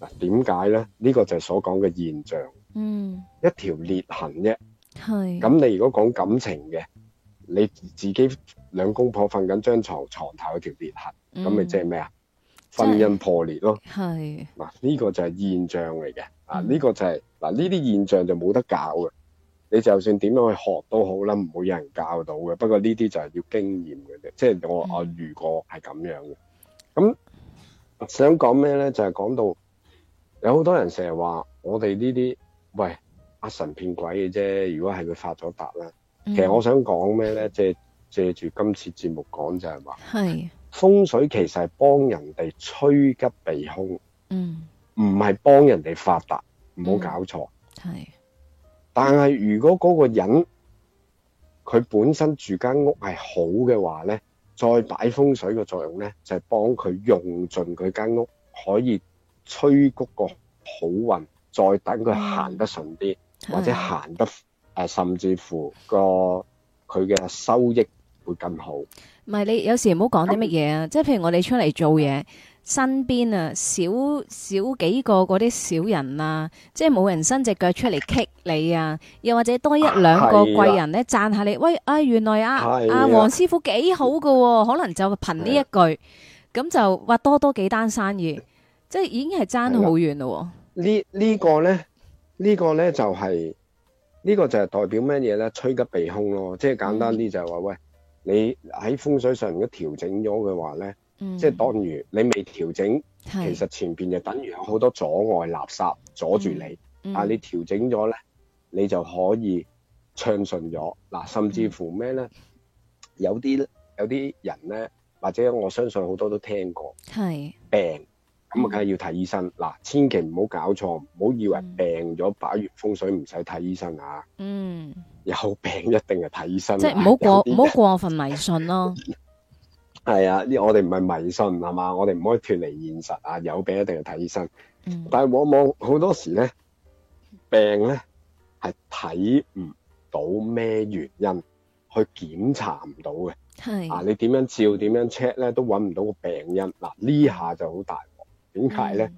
S3: 嗱、嗯，點解咧？呢、這個就係所講嘅現象。嗯。一條裂痕啫。係。咁你如果講感情嘅，你自己兩公婆瞓緊張床，床頭有條裂痕，咁你即係咩啊？婚姻破裂咯，係嗱呢個就係現象嚟嘅，啊、嗯、呢、這個就係嗱，呢啲現象就冇得教嘅，你就算點樣去學都好啦，唔會有人教到嘅。不過呢啲就係要經驗嘅啫，即、就、係、是、我、嗯、我遇過係咁樣嘅。咁想講咩咧？就係、是、講到有好多人成日話我哋呢啲，喂呃神騙鬼嘅啫。如果係佢發咗達咧，其實我想講咩咧？借借住今次節目講就係話。是風水其實係幫人哋趨吉避凶，嗯，唔係幫人哋發達，唔、嗯、好搞錯。係，但係如果嗰個人佢本身住間屋係好嘅話咧，再擺風水嘅作用咧，就係幫佢用盡佢間屋可以催谷個好運，再等佢行得順啲，或者行得誒，甚至乎個佢嘅收益。會更好，
S1: 唔係你有時唔好講啲乜嘢啊，即、嗯、係譬如我哋出嚟做嘢，身邊啊少少幾個嗰啲小人啊，即係冇人伸隻腳出嚟棘你啊，又或者多一兩個貴人咧讚、啊啊、下你，喂啊原來阿阿黃師傅幾好噶、啊，可能就憑呢一句咁、啊、就話多多幾單生意，即係已經係爭好
S3: 遠咯。是啊這這個、呢、這個、呢個咧呢個咧就係、是、呢、這個就係代表乜嘢咧？趨吉避凶咯，即係簡單啲就係、是、話、嗯、喂。你喺風水上如果調整咗嘅話咧、嗯，即係當如你未調整，其實前邊就等於有好多阻礙垃圾阻住你。啊、嗯，但你調整咗咧，你就可以暢順咗。嗱、嗯啊，甚至乎咩咧、嗯？有啲有啲人咧，或者我相信好多都聽過，係病咁啊，梗係要睇醫生。嗱、嗯啊，千祈唔好搞錯，唔、嗯、好以為病咗擺完風水唔使睇醫生啊。嗯。有病一定係睇醫生，即係唔好過唔好 <laughs> 過分迷信咯。係啊，呢我哋唔係迷信係嘛，我哋唔可以脫離現實啊。有病一定係睇醫生，嗯，但係往往好多時咧，病咧係睇唔到咩原因，去檢查唔到嘅係啊。你點樣照，點樣 check 咧，都搵唔到個病因。嗱，啊，呢下就好大鑊，點解咧？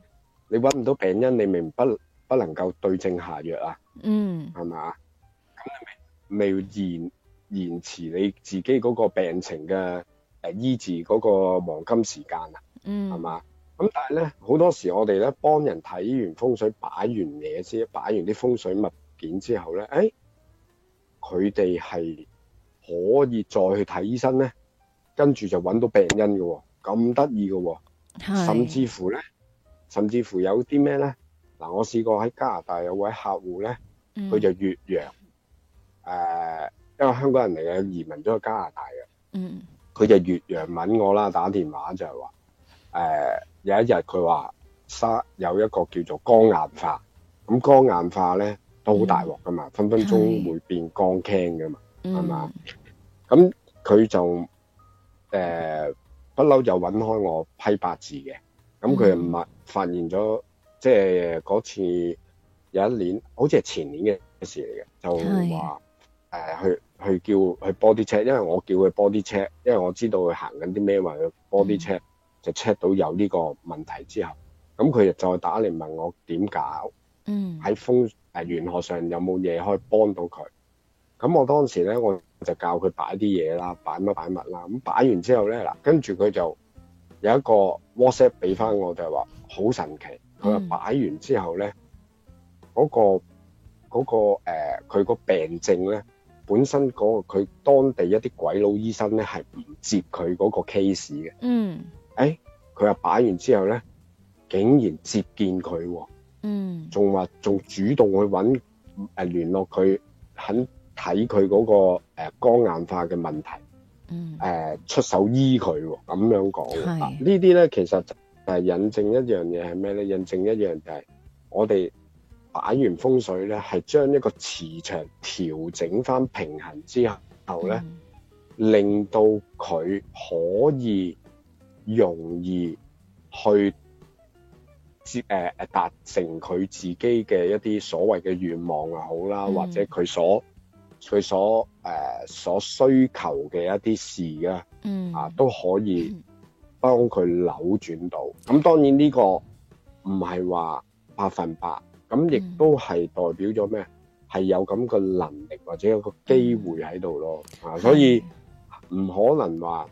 S3: 你搵唔到病因，你明不不能夠對症下藥啊？
S2: 嗯，
S3: 係咪？未延延遲你自己嗰個病情嘅誒醫治嗰個黃金時間啊，嗯，係咪？咁但係咧，好多時我哋咧幫人睇完風水擺完嘢先，擺完啲風水物件之後咧，誒、哎，佢哋係可以再去睇醫生咧，跟住就揾到病因嘅喎、哦，咁得意嘅喎，
S2: 甚至
S3: 乎咧，甚至乎有啲咩咧？嗱、啊，我試過喺加拿大有位客戶咧，佢就越洋。嗯誒、呃，因為香港人嚟嘅移民咗去加拿大嘅，嗯，佢就越洋揾我啦，打電話就係話誒有一日佢話沙有一個叫做光硬化，咁、嗯、光硬化咧都好大鑊㗎嘛，分、嗯、分鐘會變光 can 㗎嘛，係、嗯、嘛？咁佢就誒不嬲就揾開我批八字嘅，咁佢又發發現咗，即係嗰次有一年好似係前年嘅事嚟嘅，就話。嗯嗯誒去去叫去 body check，因為我叫佢 body check，因為我知道佢行緊啲咩嘛，去 body check 就 check 到有呢個問題之後，咁佢就打嚟問我點搞，嗯，喺風誒玄學上有冇嘢可以幫到佢？咁我當時咧，我就教佢擺啲嘢啦，擺乜擺物啦，咁擺完之後咧嗱，跟住佢就有一個 WhatsApp 俾翻我，就係話好神奇，佢話擺完之後咧嗰、嗰個嗰佢、嗰個、呃、佢個病症咧。本身嗰個佢當地一啲鬼佬醫生咧係唔接佢嗰個 case 嘅。嗯。誒、
S2: 欸，
S3: 佢話擺完之後咧，竟然接見佢、哦。嗯。仲話仲主動去搵誒、呃、聯絡佢，肯睇佢嗰個肝、呃、硬化嘅問題。嗯。誒、呃、出手醫佢咁、哦、樣講。係。啊、這些呢啲咧其實誒引證的一樣嘢係咩咧？引證一樣就係我哋。擺完風水咧，係將一個磁場調整翻平衡之後咧、嗯，令到佢可以容易去接誒誒，達成佢自己嘅一啲所謂嘅願望又好啦、嗯，或者佢所佢所誒、呃、所需求嘅一啲事啊，嗯啊都可以幫佢扭轉到。咁當然呢個唔係話百分百。咁亦都係代表咗咩？係有咁嘅能力或者有個機會喺度咯啊！所以唔可能話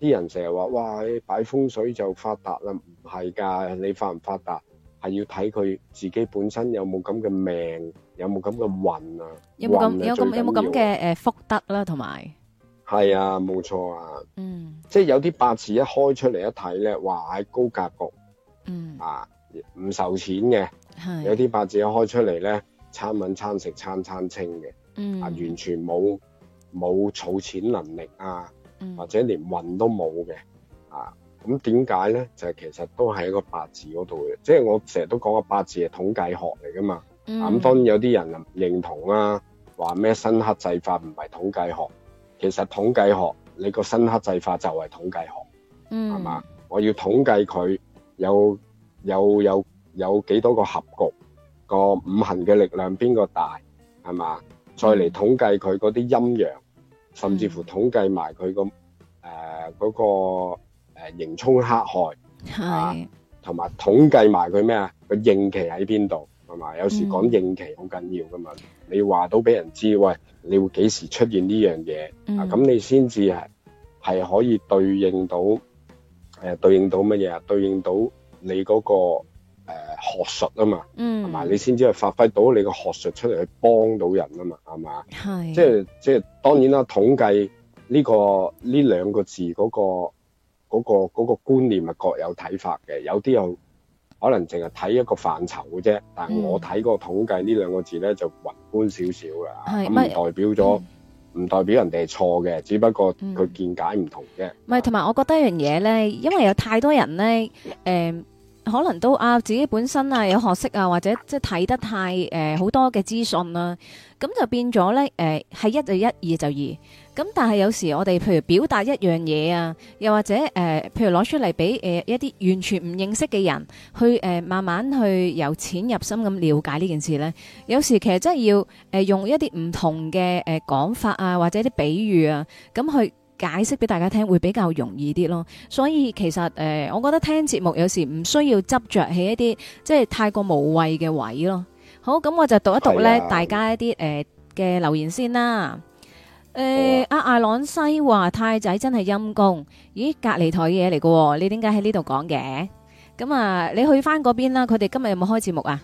S3: 啲人成日話哇，擺風水就發達啦，唔係㗎。你發唔發達係要睇佢自己本身有冇咁嘅命，有冇咁嘅運啊？有冇咁有冇有冇咁嘅
S1: 誒福德啦？同埋
S3: 係啊，冇錯啊。嗯，即係有啲八字一開出嚟一睇咧，話係高格局，嗯啊，唔受錢嘅。有啲八字一開出嚟咧，餐揾餐食，餐餐清嘅，嗯，啊完全冇冇儲錢能力啊，嗯、或者連運都冇嘅，啊咁點解咧？就係其實都係一個八字嗰度嘅，即、就、係、是、我成日都講個八字係統計學嚟噶嘛，
S2: 咁、嗯、當
S3: 然有啲人唔認同啦，啊，話咩新黑制法唔係統計學，其實統計學你個新黑制法就係統計學，係、嗯、嘛？我要統計佢有有有。有有有幾多個合局，個五行嘅力量邊個大係嘛？再嚟統計佢嗰啲陰陽，甚至乎統計埋佢個誒嗰個誒刑沖克害係，同埋統計埋佢咩啊？個應期喺邊度係嘛？有時講應期好緊要㗎嘛，你話到畀人知，喂，你會幾時出現呢樣嘢啊？咁你先至係係可以對應到誒對應到乜嘢啊？對應到你嗰個。誒、呃，學術啊嘛，係、嗯、嘛，你先至係發揮到你個學術出嚟去幫到人啊嘛，係嘛，即係即係當然啦，統計呢、這個呢兩個字嗰、那個嗰、那個、那個那個觀念，係各有睇法嘅，有啲又可能淨係睇一個範疇嘅啫。但係我睇個統計呢兩個字咧，就宏觀少少咁唔代表咗唔、嗯、代表人哋係錯嘅，只不過佢見解唔同啫。唔、
S1: 嗯、係，同埋我覺得一樣嘢咧，因為有太多人咧，誒、呃。可能都啊，自己本身啊有學識啊，或者即係睇得太誒好、呃、多嘅資訊啦，咁就變咗咧誒係一就一，二就二。咁但係有時我哋譬如表達一樣嘢啊，又或者誒、呃、譬如攞出嚟俾誒一啲完全唔認識嘅人去誒、呃、慢慢去由淺入深咁了解呢件事咧，有時其實真係要誒、呃、用一啲唔同嘅誒講法啊，或者啲比喻啊，咁去。解釋俾大家聽會比較容易啲咯，所以其實誒、呃，我覺得聽節目有時唔需要執着起一啲即係太過無謂嘅位咯。好，咁、嗯、我就讀一讀咧大家一啲誒嘅留言先啦。誒、呃啊、阿阿朗西話太仔真係陰公，咦？隔離台嘢嚟㗎喎，你點解喺呢度講嘅？咁啊，你去翻嗰邊啦，佢哋今日有冇開節目啊？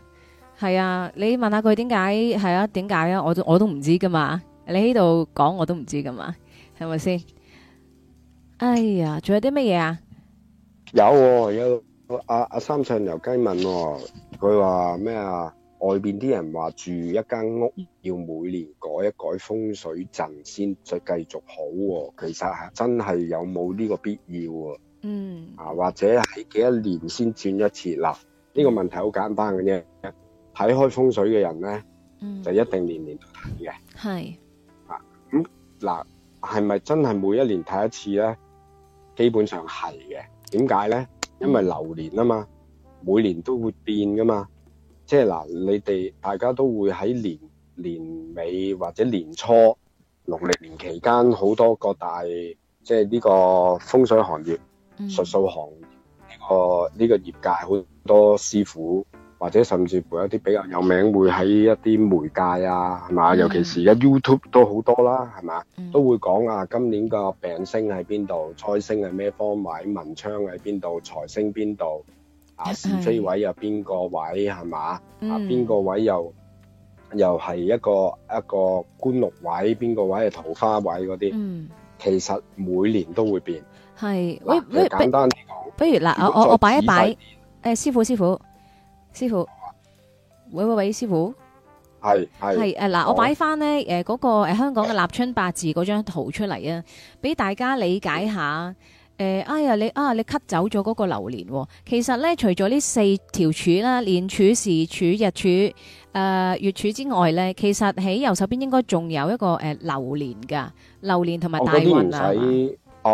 S1: 係啊，你問下佢點解係啊？點解啊？我都我都唔知噶嘛，你喺度講我都唔知噶嘛，係咪先？ <laughs> 哎呀，仲有啲乜嘢啊？
S3: 有有阿阿三上牛雞問，佢話咩啊？啊三問哦、他說什麼外邊啲人話住一間屋要每年改一改風水陣先再繼續好、哦，其實係真係有冇呢個必要、啊？嗯，啊或者係幾多年先轉一次？嗱、呢、這個問題好簡單嘅啫，睇開風水嘅人咧、嗯，就一定年年都睇嘅。係啊，
S1: 咁、
S3: 嗯、嗱，係咪真係每一年睇一次咧？基本上係嘅，點解咧？
S1: 因為流年啊
S3: 嘛，每年都會變噶嘛，即係嗱，你哋大家都會喺年年尾或者年初，農曆年期間好多各大，即係呢個風水行業、術數行業呢個呢個業界好多師傅。或者甚至乎有一啲比較有名，會喺一啲媒介啊，係嘛、嗯？尤其是而家 YouTube 都好多啦，係嘛、嗯？都會講啊，今年個病星喺邊度，財星係咩方位，文昌喺邊度，財星邊度，啊是非位又邊個位係嘛、嗯？啊邊個位又又係一個一個官祿位，邊個位係桃花位嗰啲。嗯，其實每年都會變。
S1: 係，簡單講，不如嗱，我、啊、我我擺一擺，誒、呃，師傅師傅。師傅，喂喂喂，師傅，
S3: 係係係誒，嗱、啊，我擺
S1: 翻呢誒嗰個誒香港嘅立春八字嗰張圖出嚟啊，俾大家理解一下。誒、呃，哎呀，你啊你 cut 走咗嗰個流年、哦。其實咧，除咗呢四條柱啦，年柱、時柱、日柱、誒、呃、月柱之外咧，其實喺右手邊應該仲有一個誒流年噶，流年同埋大運、哦哦、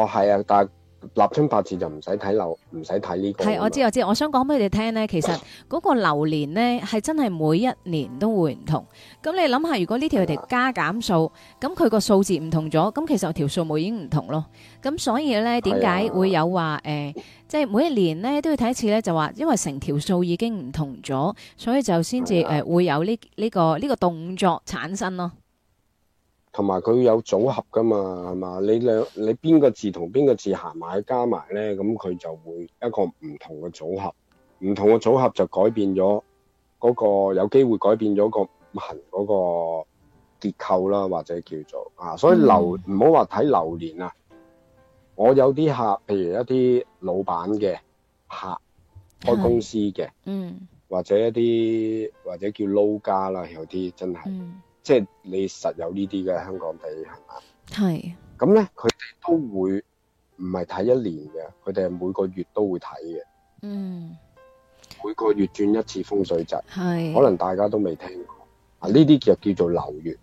S1: 啊。
S3: 哦係啊大。立春八字就唔使睇流，唔使睇呢個。係，我知
S1: 我知。我想講俾你哋你聽咧，其實嗰個流年咧係真係每一年都會唔同。咁你諗下，如果呢條條加減數，咁佢個數字唔同咗，咁其實條數目已經唔同咯。咁所以咧，點解會有話誒，即係每一年咧都要睇一次咧？就話因為成條數已經唔同咗，所以就先至誒會有呢呢個呢個動作產生咯。
S3: 同埋佢有組合㗎嘛，係嘛？你兩你邊個字同邊個字行埋加埋咧，咁佢就會一個唔同嘅組合，唔同嘅組合就改變咗嗰個有機會改變咗個文嗰個結構啦，或者叫做啊，所以流唔好話睇流年啊。我有啲客，譬如一啲老闆嘅客，開公司嘅，
S2: 嗯，
S3: 或者一啲或者叫撈家啦，有啲真係。嗯即係你實有呢啲嘅香港地係嘛？
S2: 係
S3: 咁咧，佢哋都會唔係睇一年嘅，佢哋係每個月都會睇嘅。嗯，每個月轉一次風水陣，係可能大家都未聽過啊。呢啲叫叫做流月，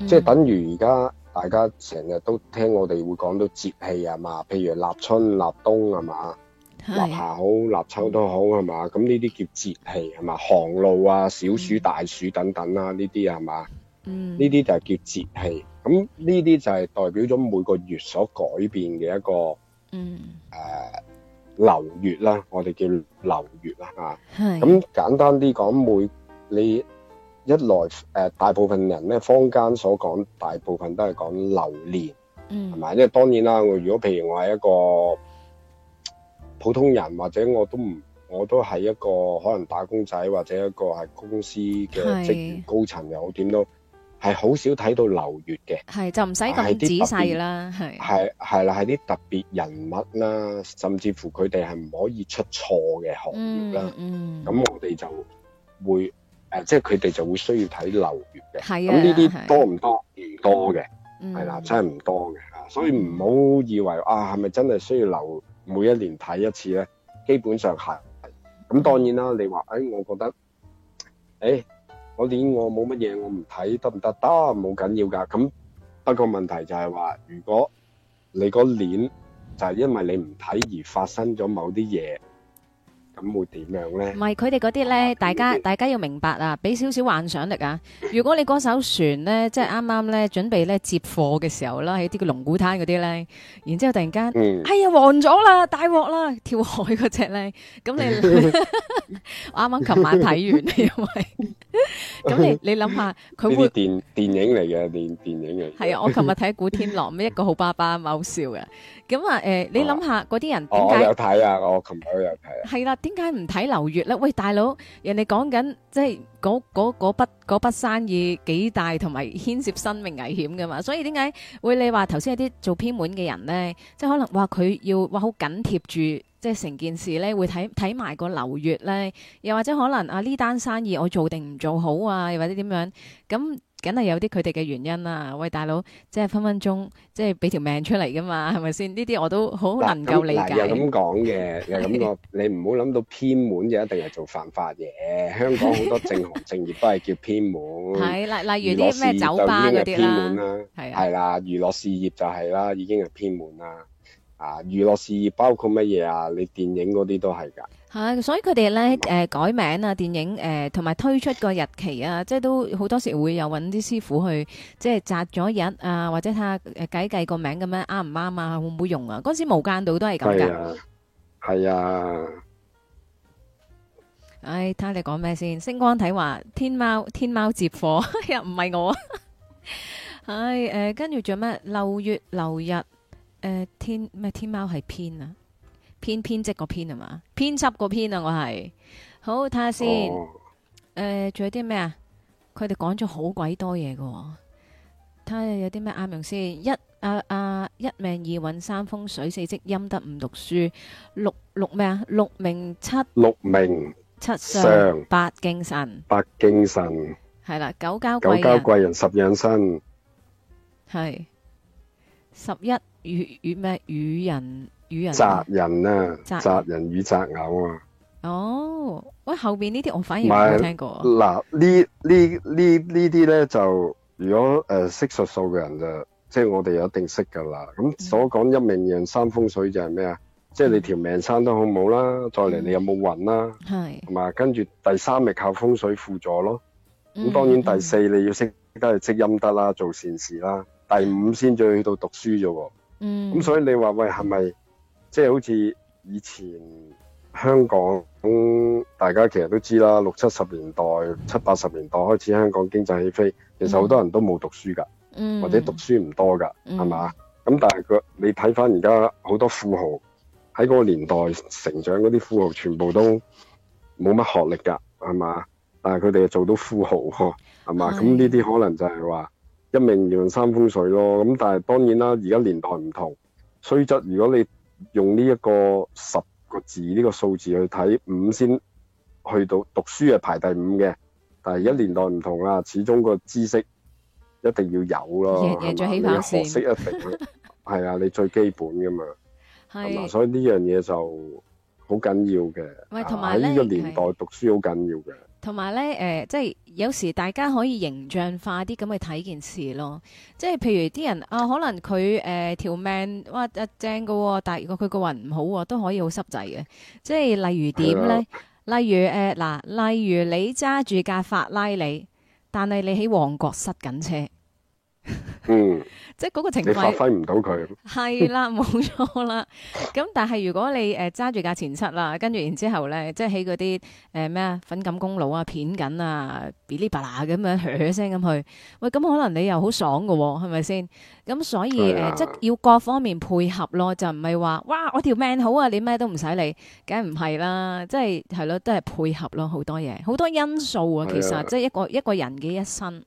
S3: 嗯、即係等於而家大家成日都聽我哋會講到節氣係嘛？譬如立春、立冬係嘛？
S2: 立夏
S3: 好、立秋都好係嘛？咁呢啲叫節氣係嘛？寒露啊、小暑、大暑等等啊，呢啲係嘛？嗯，呢啲就係叫節氣，咁呢啲就係代表咗每個月所改變嘅一個，嗯，
S2: 誒、呃、
S3: 流月啦，我哋叫流月啦吓。係。咁、啊、簡單啲講每你一來，誒、呃，大部分人咧，坊間所講，大部分都係講流年，係、嗯、咪？因為當然啦，我如果譬如我係一個普通人，或者我都唔，我都係一個可能打工仔，或者一個係公司嘅職員高層又好，有點都。係好少睇到流月嘅，
S1: 係就唔使咁仔細啦，係
S3: 係係啦，係啲特別人物啦，甚至乎佢哋係唔可以出錯嘅行業啦。咁、嗯嗯、我哋就會誒，即係佢哋就會需要睇流月嘅。
S1: 咁呢啲多唔多？唔、啊啊、多嘅，
S3: 係、嗯、啦、啊，真係唔多嘅。所以唔好以為啊，係咪真係需要流每一年睇一次咧？基本上係咁，咁當然啦。你話誒、哎，我覺得誒。哎嗰年我冇乜嘢，我唔睇得唔得？得，冇緊要㗎。咁不過問題就係話，如果你嗰年就係因為你唔睇而發生咗某啲嘢。咁會點樣咧？
S1: 唔係佢哋嗰啲咧，大家大家要明白啊，俾少少幻想力啊！如果你嗰艘船咧，即係啱啱咧準備咧接貨嘅時候啦，喺啲叫龍鼓灘嗰啲咧，然之後突然間、嗯，哎呀，黃咗啦，大鑊啦，跳海嗰隻咧，咁你， <laughs> <laughs> 我啱啱琴晚睇完，因為，
S3: 咁 <laughs> 你
S1: 你諗下，佢會
S3: 電電影嚟嘅，電電影嘅，係 <laughs> 啊，我琴
S1: 日睇古天樂咩一個好爸爸，咪好笑嘅。咁、呃、啊，誒，你諗下嗰啲人點解？我有
S3: 睇啊，我琴日都有睇、啊。係
S1: 啦，點解唔睇流月咧？喂，大佬，人哋講緊即係嗰嗰嗰筆嗰筆生意幾大，同埋牽涉生命危險噶嘛，所以點解會你話頭先有啲做偏門嘅人咧，即係可能話佢要話好緊貼住即係成件事咧，會睇睇埋個流月咧，又或者可能啊呢單生意我做定唔做好啊，又或者點樣咁？梗係有啲佢哋嘅原因啦、啊，喂，大佬，即係分分鐘即係俾條命出嚟噶嘛，係咪先？呢啲我都好能夠理解。係咁
S3: 講嘅，又咁講，啊、 <laughs> 你唔好諗到偏門就一定係做犯法嘢。香港好多正行正業都係叫偏門。係啦，例例如啲咩酒吧嗰啲啦，偏門啦，係啦，娛樂事業就係、啊、啦係、啊就係，已經係偏門啦。啊，娛樂事業包括乜嘢啊？你電影嗰啲都係㗎。
S1: 係、啊，所以佢哋咧，誒、呃、改名啊，電影誒，同、呃、埋推出個日期啊，即係都好多時候會有搵啲師傅去，即係擇咗日啊，或者睇下計計個名咁樣啱唔啱啊，會唔會用啊？嗰、啊、時無間道都係咁噶，
S3: 係啊，唉、啊，睇、哎、
S1: 下你講咩先？星光睇話天貓天貓接貨又唔係我，唉、 <laughs> 哎，誒、呃，跟住仲有咩六月六日誒、呃、天咩天貓係偏啊？編編輯個編係嘛，編輯個編啊，我係好睇下先。誒、哦，仲、呃、有啲咩啊？佢哋講咗好鬼多嘢噶。睇下有啲咩啱用先，一阿阿、啊啊、一命二運三風水四積陰德五讀書六六咩啊？六名七六名七相上八敬神
S3: 八敬神
S1: 係啦。九交貴人九交貴
S3: 人十養生
S1: 係十一雨雨咩雨人。與人擇
S3: 人啊，擇人與、啊、擇偶啊。哦，
S1: 喂，後邊呢啲我反而冇聽過。嗱，
S3: 呢呢呢呢啲咧就，如果誒、呃、識術數嘅人就，即係我哋有一定識噶啦。咁所講一命二運三風水就係咩啊？即係你條命生得好唔好啦，再嚟你有冇運啦，係、嗯，同埋跟住第三咪靠風水輔助咯。
S2: 咁、嗯嗯嗯、當然
S3: 第四你要識得係積陰德啦，做善事啦。第五先至去到讀書啫喎。嗯。咁所以你話喂係咪？是即、就、係、是、好似以前香港咁、嗯，大家其實都知啦。六七十年代、七八十年代開始，香港經濟起飛，其實好多人都冇讀書㗎、嗯，
S2: 或者讀
S3: 書唔多㗎，係、嗯、嘛？咁但係個你睇翻而家好多富豪喺嗰個年代成長嗰啲富豪，全部都冇乜學歷㗎，係嘛？但係佢哋做到富豪，係嘛？咁呢啲可能就係話一命二運三風水咯。咁但係當然啦，而家年代唔同，雖則如果你。用呢一個十個字呢、這個數字去睇五先去到讀，讀書係排第五嘅，但係一年代唔同啦，始終個知識一定要有咯，贏贏在起跑線，學識一定係 <laughs> 啊，你最基本噶嘛，
S1: 係，所以
S3: 這呢樣嘢就好緊要嘅，
S1: 同埋呢個年代
S3: 讀書好緊要嘅。
S1: 同埋咧，誒、呃，即係有時大家可以形象化啲咁去睇件事咯。即係譬如啲人啊，可能佢誒、呃、條命哇誒、啊、正嘅、哦，但如果佢個運唔好喎、哦，都可以好濕滯嘅。即係例如點咧、啊？例如誒嗱、呃，例如你揸住架法拉利，但係你喺旺角塞緊車。嗯， <laughs> 即係嗰個情況，你發揮
S3: 唔到佢，係啦，
S1: 冇錯啦。咁但係如果你誒揸住架前七啦，跟住然之後咧，即係起嗰啲誒咩啊，粉錦功勞啊，片錦啊，噼哩啪啦咁樣噓聲咁去，喂，咁可能你又好爽噶，係咪先？咁所以誒、呃，即係要各方面配合咯，就唔係話哇，我條命好啊，你咩都唔使理。」梗係唔係啦，即係係咯，都係配合咯，好多嘢，好多因素啊，其實是即係一個一個人嘅一生。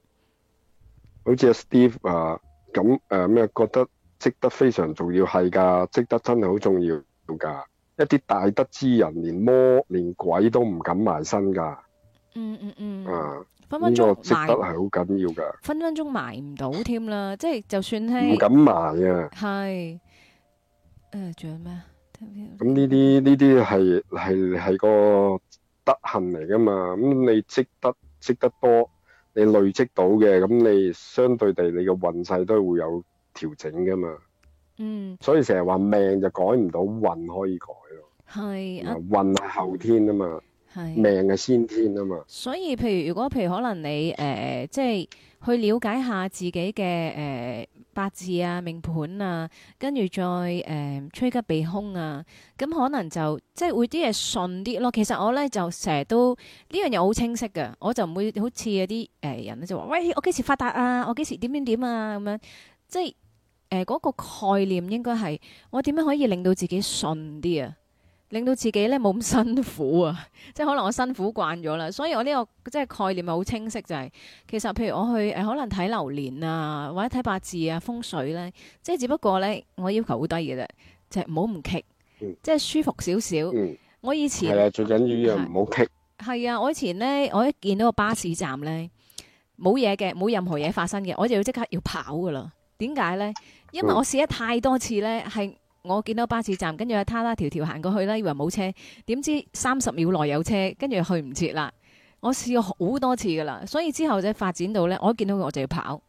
S3: 好似阿 Steve 啊，咁誒咩？覺得積德非常重要係噶，積德真係好重要噶。一啲大德之人，連魔連鬼都唔敢埋身噶。嗯嗯嗯。啊，分分鐘積德係好緊要噶。
S1: 分分鐘埋唔到添啦，即係就算係唔敢
S3: 埋啊。
S1: 係誒，
S3: 仲有咩？咁呢啲呢啲係係係個德行嚟噶嘛？咁你積德積得多，你累積到嘅，咁你相對地你嘅運勢都會有調整噶嘛。嗯，所以成日話命就改唔到，運可以改咯。
S1: 係啊，
S3: 運係後天啊嘛。命係先天啊嘛，
S1: 所以譬如如果譬如可能你誒、呃、即係去了解下自己嘅誒、呃、八字啊命盤啊，跟住再誒趨吉避凶啊，咁可能就即係會啲嘢順啲咯。其實我咧就成日都呢樣嘢好清晰噶，我就唔會好似有啲誒人咧就話，喂，我幾時發達啊，我幾時點點點啊咁樣，即係誒嗰個概念應該係我點樣可以令到自己順啲啊。令到自己咧冇咁辛苦啊！即係可能我辛苦慣咗啦，所以我呢、這個即係概念係好清晰，就係、是、其實譬如我去可能睇流年啊，或者睇八字啊、風水咧，即係只不過咧我要求好低嘅啫，就係唔好唔棘，即係舒服少少、嗯。我以前係啊，
S3: 最緊要唔好棘。
S1: 係啊，我以前咧，我一見到個巴士站咧，冇嘢嘅，冇任何嘢發生嘅，我就要即刻要跑噶啦。點解咧？因為我試咗太多次咧，係。我見到巴士站，跟住喺他啦條條行過去啦，以為冇車，點知三十秒內有車，跟住去唔切啦。我試過好多次噶啦，所以之後就係發展到咧，我一見到佢我就要跑。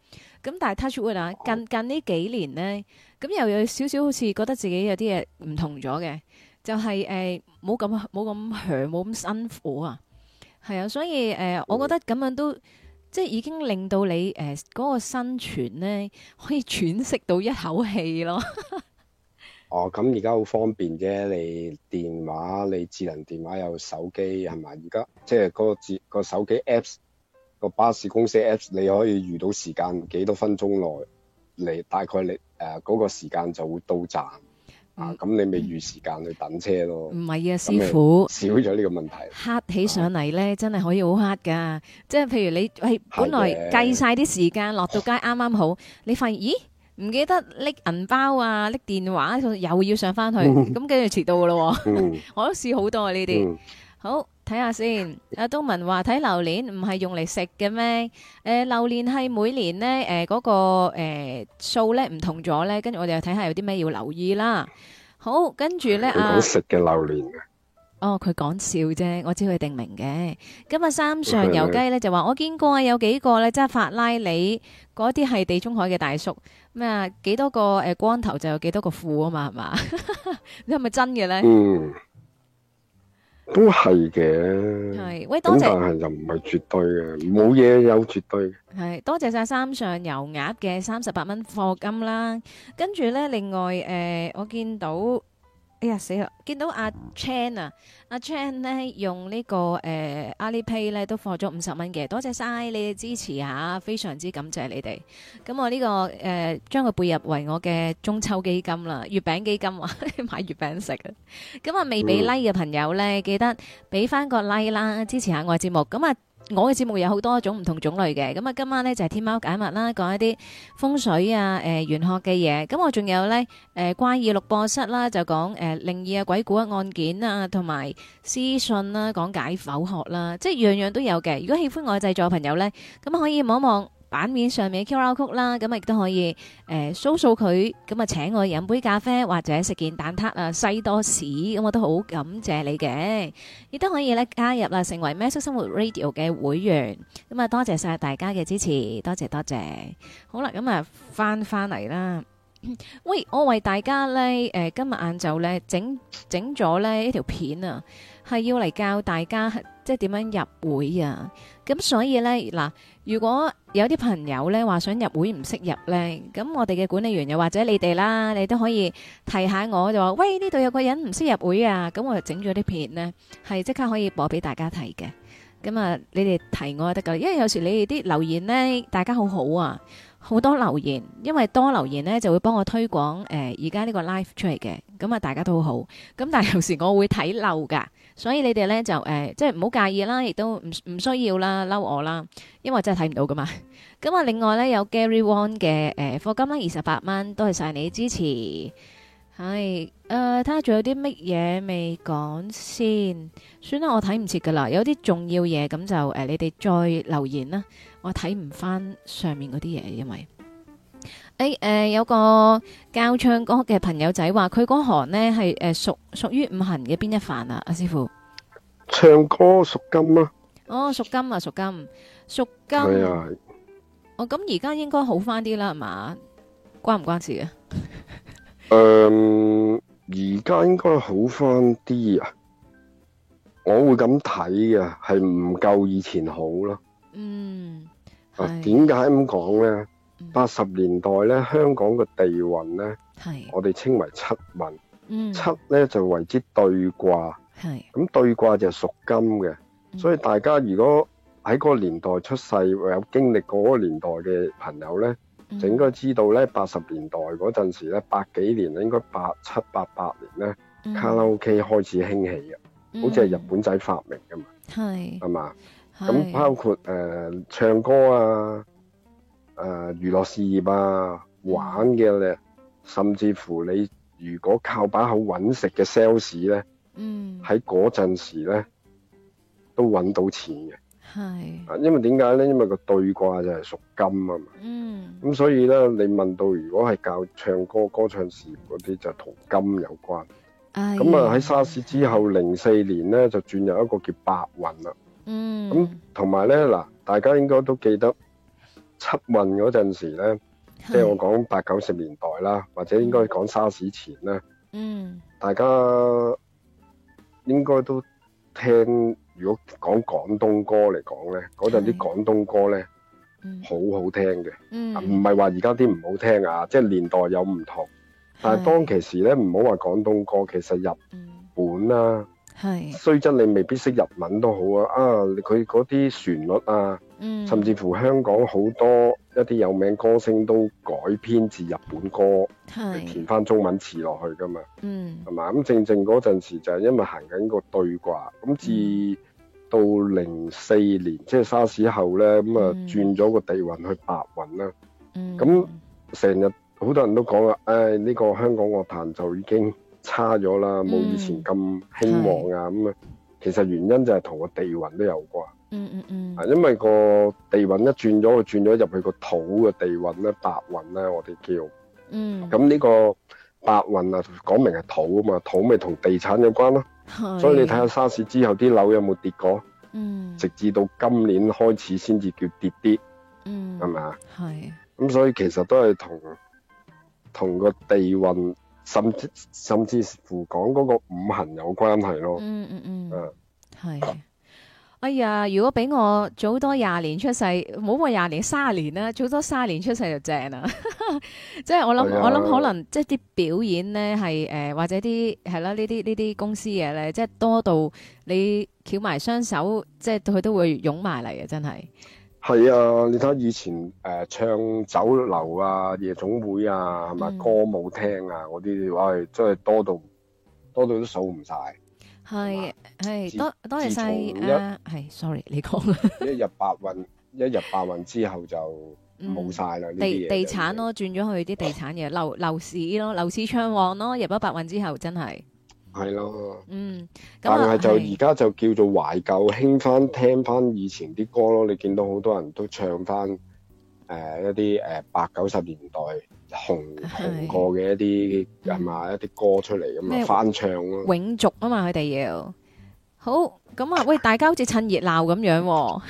S1: 咁但係 Touchwood 啦，近近呢幾年呢，咁又有少少好似覺得自己有啲嘢唔同咗嘅，就係誒冇咁冇咁響，冇咁辛苦啊，係啊，所以誒，呃嗯、我覺得咁樣都即係已經令到你誒嗰、呃嗰個生存呢，可以喘息到一口氣咯。 <laughs>
S3: 哦，咁而家好方便啫，你電話，你智能電話有手機係咪？而家即係嗰個智個手機 Apps，個巴士公司 Apps，你可以預到時間幾多分鐘內嚟，大概你嗰、呃嗰個時間就會到站、嗯、啊。咁你咪預時間去等車咯。唔係啊，師傅少咗呢個問題、
S1: 啊。黑起上嚟咧，真係可以好黑㗎。即係譬如你喂，本來計晒啲時間，落到街啱啱好， <laughs> 你發現咦？唔記得拎銀包啊，拎電話又要上翻去，咁跟住遲到咯、啊。 <laughs> <laughs> 我都試多、啊、 <laughs> 好多呢啲，好睇下先。阿東文話睇榴蓮唔係用嚟食嘅咩？誒、呃，榴蓮係每年呢誒嗰、呃那個誒數咧唔同咗咧，跟住我哋睇下有啲咩要留意啦。好，跟住咧啊。好食嘅榴蓮。哦，佢講笑啫，我知佢定名嘅。咁啊三上游雞咧就話，我見過有幾個咧，即係法拉利嗰啲係地中海嘅大叔，咩幾多個誒光頭就有幾多個富啊嘛，係嘛？你係咪真嘅咧？嗯，
S3: 都係嘅。係喂，多謝。咁但又唔係絕對嘅，冇嘢有絕對。
S1: 係多謝晒三上游鴨嘅三十八蚊課金啦，跟住咧另外誒，我見到。哎呀死啦！見到阿、啊、Chan 啊，阿、啊、Chan 呢，用、這個呃 Alipay、呢個誒 Alipay 咧都放咗五十蚊嘅，多謝曬你哋支持吓，非常之感謝你哋。咁我呢、這個誒、呃、將佢背入為我嘅中秋基金啦，月餅基金啊， <laughs> 買月餅食啦。咁啊未俾 like 嘅朋友呢，記得俾翻個 like 啦，支持下我嘅節目。咁啊～我嘅節目有好多種唔同種類嘅，咁啊今晚呢，就係、是、天喵解密啦，講一啲風水啊、誒、呃、玄學嘅嘢，咁我仲有呢，誒怪異録播室啦，就講誒靈異啊、鬼故啊、案件啊，同埋屍訊啦、啊，講解剖學啦，即係樣樣都有嘅。如果喜歡我嘅製作朋友呢，咁可以望一望。版面上面嘅 QR Code 啦，咁亦都可以誒掃掃佢，咁、呃、啊請我飲杯咖啡或者食件蛋撻啊，西多士，咁我都好感謝你嘅，亦都可以咧加入啦，成為喵式生活 Radio 嘅會員，咁啊多謝晒大家嘅支持，多謝多謝，好啦，咁啊翻翻嚟啦，喂，我為大家咧誒、呃、今日晏晝咧整整咗咧一條片啊，係要嚟教大家即係點樣入會啊。咁所以呢，嗱，如果有啲朋友呢話想入會唔識入呢，咁我哋嘅管理員又或者你哋啦，你都可以提下我就，就話喂呢度有個人唔識入會啊，咁我就整咗啲片呢，係即刻可以播俾大家睇嘅。咁啊，你哋提我得噶，因為有時你哋啲留言呢，大家好好啊，好多留言，因為多留言呢就會幫我推廣誒而家呢個 live 出嚟嘅。咁啊，大家都好好，咁但係有時我會睇漏噶。所以你哋咧就誒、呃，即係唔好介意啦，亦都唔唔需要啦，嬲我啦，因為真係睇唔到噶嘛。咁啊，另外咧有 Gary Won 嘅誒課金啦，二十八蚊，多謝晒你支持。係誒，睇下仲有啲乜嘢未講先，算啦，我睇唔切噶啦，有啲重要嘢咁就誒、呃，你哋再留言啦，我睇唔翻上面嗰啲嘢，因為。誒、哎，誒、呃，有個教唱歌嘅朋友仔話，佢嗰行咧係誒屬屬於五行嘅邊一範啊？阿、啊、師傅，
S3: 唱歌屬金啊？
S1: 哦，屬金啊，屬金，屬金。係啊，哦，咁而家應該好返啲啦，係嘛？關唔關事啊？誒
S3: <laughs> 呃，而家應該好返啲啊？我會咁睇嘅，係唔夠以前好咯。嗯，啊，點解咁講咧？八十年代咧，香港嘅地運咧，我哋稱為七運、嗯，七咧就為之兌卦，咁兌卦就係屬金嘅、嗯。所以大家如果喺嗰個年代出世，有經歷過嗰個年代嘅朋友咧，嗯、就應該知道咧，八十年代嗰陣時咧，八幾年咧，應該八七八八年咧、嗯，卡拉 OK 開始興起嘅、
S2: 嗯，好似係日
S3: 本仔發明㗎嘛，係嘛？咁包括誒、呃、唱歌啊。誒、呃，娛樂事業啊，玩嘅咧、嗯，甚至乎你如果靠把口揾食嘅 sales 咧，嗯，喺嗰陣時咧都揾到錢嘅，係，啊，因為點解咧？因為個兌卦就係屬金啊嘛，嗯，咁所以咧，你問到如果係教唱歌、歌唱事業嗰啲就同金有關，
S2: 咁啊喺
S3: 沙士之後零四年咧就轉入一個叫白雲啦，嗯，咁同埋咧嗱，大家應該都記得。七運嗰陣時咧，即係我講八九十年代啦，或者應該講沙士前咧、嗯，大家應該都聽。如果講廣東歌嚟講咧，嗰陣啲廣東歌咧好好聽嘅，唔係話而家啲唔好聽啊。即係年代有唔同，但係當其時咧，唔好話廣東歌，其實日本啦、啊。嗯。係衰你未必識日文都好啊！啊，佢嗰啲旋律啊、嗯，甚至乎香港好多一啲有名歌星都改編自日本歌，填翻中文詞落去噶嘛。嗯，係嘛？咁正正嗰陣時就係因為行緊個對卦，咁至到零四年即係、就是、沙士後咧，咁啊轉咗個地運去白雲啦。嗯，咁成日好多人都講啦、啊，誒、哎、呢、這個香港樂壇就已經差咗啦，冇以前咁興旺啊！咁、嗯、啊，其實原因就係同個地運都有關。嗯嗯嗯。啊、嗯，因為個地運一轉咗，佢轉咗入去個土嘅地運咧，白運咧，我哋叫。嗯。咁呢個白運啊，講明係土啊嘛，土咪同地產有關咯、
S2: 啊。所以你睇下
S3: 沙士之後啲樓有冇跌過？嗯。直至到今年開始先至叫跌啲。嗯。係咪啊？係。咁所以其實都係同同個地運。甚至甚至乎講嗰個五行有關係咯。嗯嗯嗯，係、嗯嗯、哎
S1: 呀，如果俾我早多廿年出世，唔好話廿年，卅年啦、啊，早多卅年出世就正啦、 <laughs> 哎。即係我諗，我諗可能即係啲表演呢係誒、呃、或者啲係啦呢啲呢啲公司嘢呢，即係多到你翹埋雙手，即係佢都會擁埋嚟嘅，真係。
S3: 係啊，你睇以前誒、呃、唱酒樓啊、夜總會啊、係咪、嗯、歌舞廳啊嗰啲，哇、哎，真係多到多到都數唔晒。
S1: 係係，多多謝晒。誒、啊。Sorry 你講。
S3: 一入白雲，一入白雲之後就冇曬啦。地地產
S1: 咯、啊，轉咗去啲地產嘢，樓樓市咯，樓市暢旺咯，入咗白雲之後真係。
S3: 係咯、嗯，嗯，但係就而家就叫做懷舊，興、嗯、翻聽翻以前啲歌咯。你見到好多人都唱翻誒、呃、一啲誒八九十年代紅紅過嘅一啲係嘛一啲歌出嚟咁啊翻唱咯、啊，
S1: 永續啊嘛佢哋要好咁啊、嗯、喂！大家好似趁熱鬧咁樣、哦，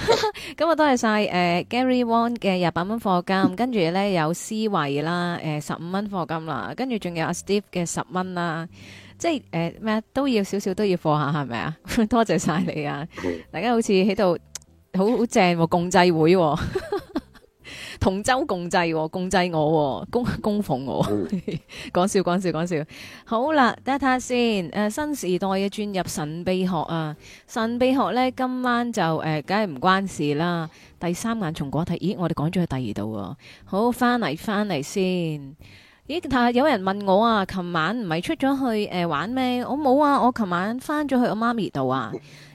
S1: 咁 <laughs> 啊、嗯、 <laughs> <laughs> 多謝晒誒、呃、Gary Won 嘅廿八蚊課金，跟住咧有思維啦，誒十五蚊課金啦，跟住仲有、啊、Steve 嘅十蚊啦。即係誒咩都要少少都要放下係咪啊？是是 <laughs> 多謝晒你啊！ <laughs> 大家好似喺度好好正喎，哦，共濟會，哦， <laughs> 同舟共濟，哦，共濟，我供供奉我。講笑講笑講笑，笑。好啦，等一睇下先。誒、呃，新時代嘅轉入神秘學啊！神秘學咧，今晚就誒，梗係唔關事啦。第三眼從果睇，咦？我哋講咗去第二度喎，哦。好，翻嚟翻嚟先。咦？有人問我啊，琴晚唔係出咗去誒玩咩？我冇啊，我琴晚翻咗去我媽咪度啊。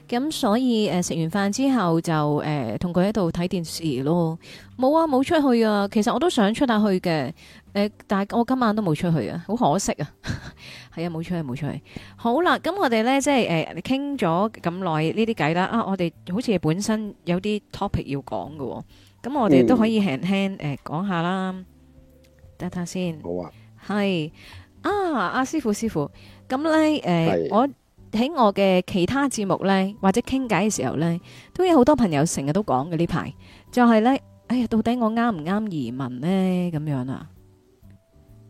S1: 咁所以誒食完飯之後就誒同佢喺度睇電視咯。冇啊，冇出去啊。其實我都想出下去嘅誒，但係我今晚都冇出去啊，好可惜啊。係 <laughs> 啊，冇出去，冇出去。好啦，咁我哋咧即係誒傾咗咁耐呢啲偈啦。啊，我哋好似本身有啲 topic 要講嘅喎，咁我哋都可以輕輕、呃、講下啦。等下先，好啊，係啊，阿、啊、師傅，師傅咁咧。誒、呃，我喺我嘅其他節目咧，或者傾偈嘅時候咧，都有好多朋友成日都講嘅呢排就係咧。哎呀，到底我啱唔啱移民呢？這樣」咁樣啊，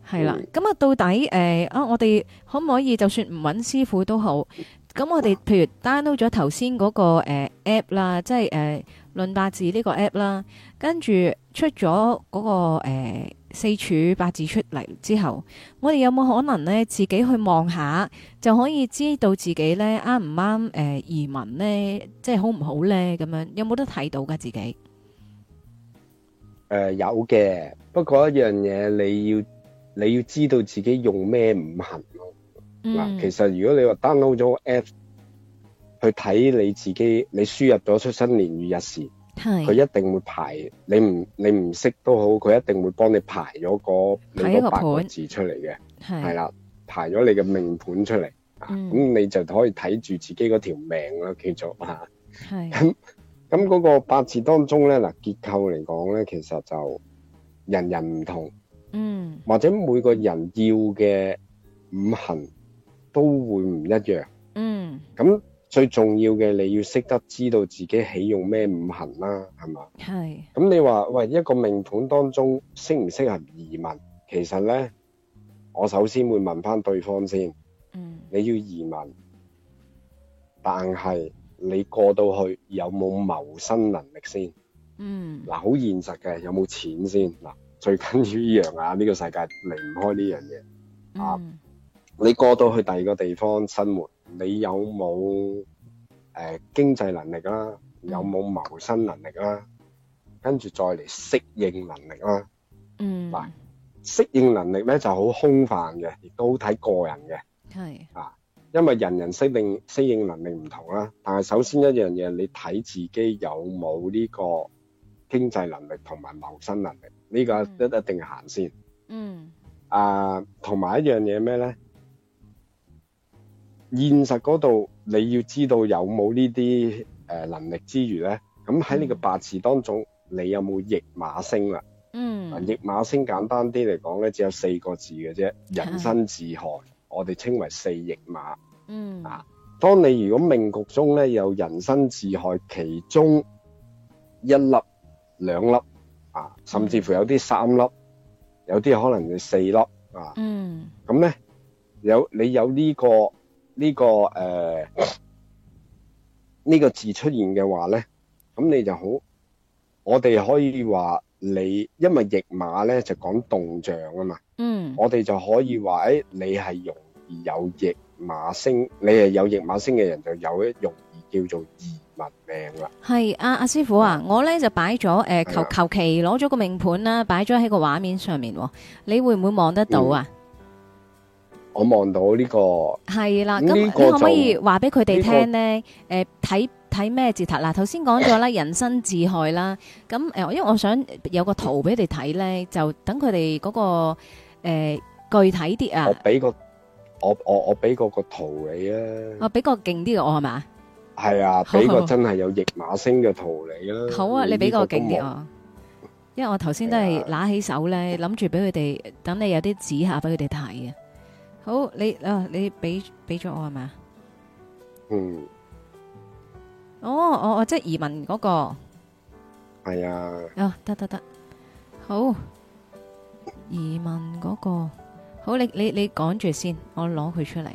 S1: 係啦。咁、嗯、啊，到底誒啊、呃，我哋可唔可以就算唔揾師傅都好？咁我哋譬如 download 咗頭先嗰個誒、呃、app 啦，即係誒論八字呢個 app 啦，跟住出咗嗰、那個誒。呃四柱八字出嚟之後，我哋有冇可能咧自己去望下就可以知道自己咧啱唔啱？呃、移民咧，即係好唔好咧？咁樣有冇得睇到噶自己？
S3: 呃、有嘅，不過一樣嘢你要你要知道自己用咩五行咯。嗱、嗯，其實如果你話 download 咗 app 去睇你自己，你輸入咗出生年月日時。係佢一定會排你唔你唔識都好，佢一定會幫你排咗嗰你嗰八個字出嚟嘅，係啦，排咗你嘅命盤出嚟，咁、嗯啊、你就可以睇住自己嗰條命啦、啊，叫做吓。係咁咁嗰個八字當中咧，嗱結構嚟講咧，其實就人人唔同，
S2: 嗯，
S3: 或者每個人要嘅五行都會唔一樣，
S2: 嗯，
S3: 咁、嗯。最重要嘅你要識得知道自己起用咩五行啦，係嘛？係。咁你話喂一個命盤當中適唔適合移民？其實咧，我首先會問翻對方先。嗯。你要移民，但係你過到去有冇謀生能力先？嗯。嗱，好現實嘅，有冇錢先？嗱，最緊要依樣啊！呢個世界離唔開呢樣嘢。嗯。你過到去第二個地方生活。你有冇誒、呃、經濟能力啦、啊？有冇謀生能力啦、啊嗯？跟住再嚟適應能力啦、啊。嗯。嗱，適應能力咧就好空泛嘅，亦都好睇個人嘅。係。啊，因為人人適應適應能力唔同啦、啊。但係首先一樣嘢，你睇自己有冇呢個經濟能力同埋謀生能力，呢個一、嗯、一定行先。嗯。啊，同埋一樣嘢咩咧？現實嗰度你要知道有冇呢啲誒能力之餘咧，咁喺呢個八字當中，你有冇驛馬星啦、啊？嗯，驛馬星簡單啲嚟講咧，只有四個字嘅啫，寅申巳亥，我哋稱為四驛馬。嗯，啊，當你如果命局中咧有寅申巳亥，其中一粒、兩粒啊，甚至乎有啲三粒，有啲可能你四粒啊。嗯，咁咧有你有呢個。呢、這個誒，呢、呃這個字出現嘅話咧，咁你就好，我哋可以話你，因為驛馬咧就講動像啊嘛。嗯，我哋就可以話誒、哎，你係容易有驛馬星，你係有驛馬星嘅人，就有一容易叫做移民命
S1: 啦。係啊，阿、啊、師傅啊，我咧就擺咗誒，求求其攞咗個命盤啦、啊，擺咗喺個畫面上面、啊，你會唔會望得到啊？嗯
S3: 我望到呢、這個係啦，咁、嗯這個、你可唔可以話俾佢哋聽
S1: 呢？誒、呃，睇睇咩字塔啦？頭先講咗啦， <laughs> 人身自害啦。咁誒，因為我想有個圖俾佢哋睇咧，就等佢哋嗰個誒、呃、具體啲啊。我
S3: 俾個我我我俾嗰個，個圖你啊。我
S1: 俾個勁啲嘅我係嘛？
S3: 係啊，俾個真係有驛馬星嘅圖你啦。好啊，你俾個勁啲我。
S1: 因為我頭先都係攋起手咧，諗住俾佢哋等你有啲指下俾佢哋睇啊。好，你啊，你俾俾咗我係咪？嗯。哦，哦，哦，即係移民嗰個。
S3: 係啊。
S1: 哦，得得得，好，
S3: 移
S1: 民嗰個，好，你你你講住先，我攞佢出嚟。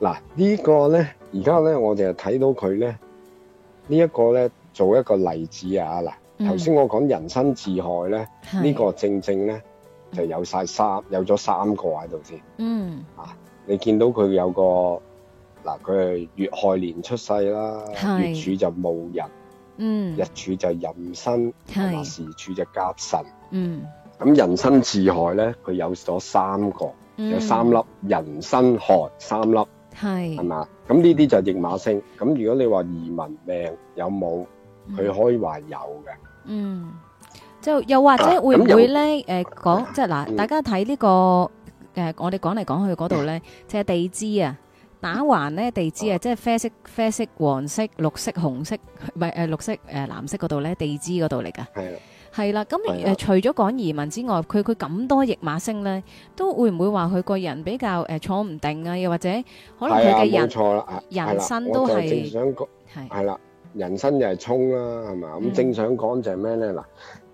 S3: 嗱，呢個咧，而家咧，我哋睇到佢咧，呢一個咧，做一個例子啊！嗱，頭先我講人身自害咧，嗯，呢個正正咧。就有晒三，有咗三個喺度先。嗯。啊，你見到佢有個嗱，佢、啊、係乙亥年出世啦，月柱就戊日，嗯，日柱就壬申，係時柱就甲辰，嗯。咁壬申自亥咧，佢有咗三個，嗯、有三粒壬申害三粒，係，係嘛？咁呢啲就驛馬星。咁如果你話移民命有冇，佢可以話有嘅。嗯。
S1: 嗯就又或者會唔會咧？誒講即係嗱，大家睇呢個誒，我哋講嚟講去嗰度咧，即係地支啊，打橫咧地支啊，即係啡色、啡色、黃色、綠色、紅色，唔係誒綠色誒藍色嗰度咧，地支嗰度嚟噶。係啦，係啦。咁誒除咗講移民之外，佢佢咁多驛馬星咧，都會唔會話佢個人比較誒坐唔定啊？又或者可能佢嘅人
S3: 生人生都係係啦，人生又係衝啦，係嘛？咁正想講就係咩咧？嗱。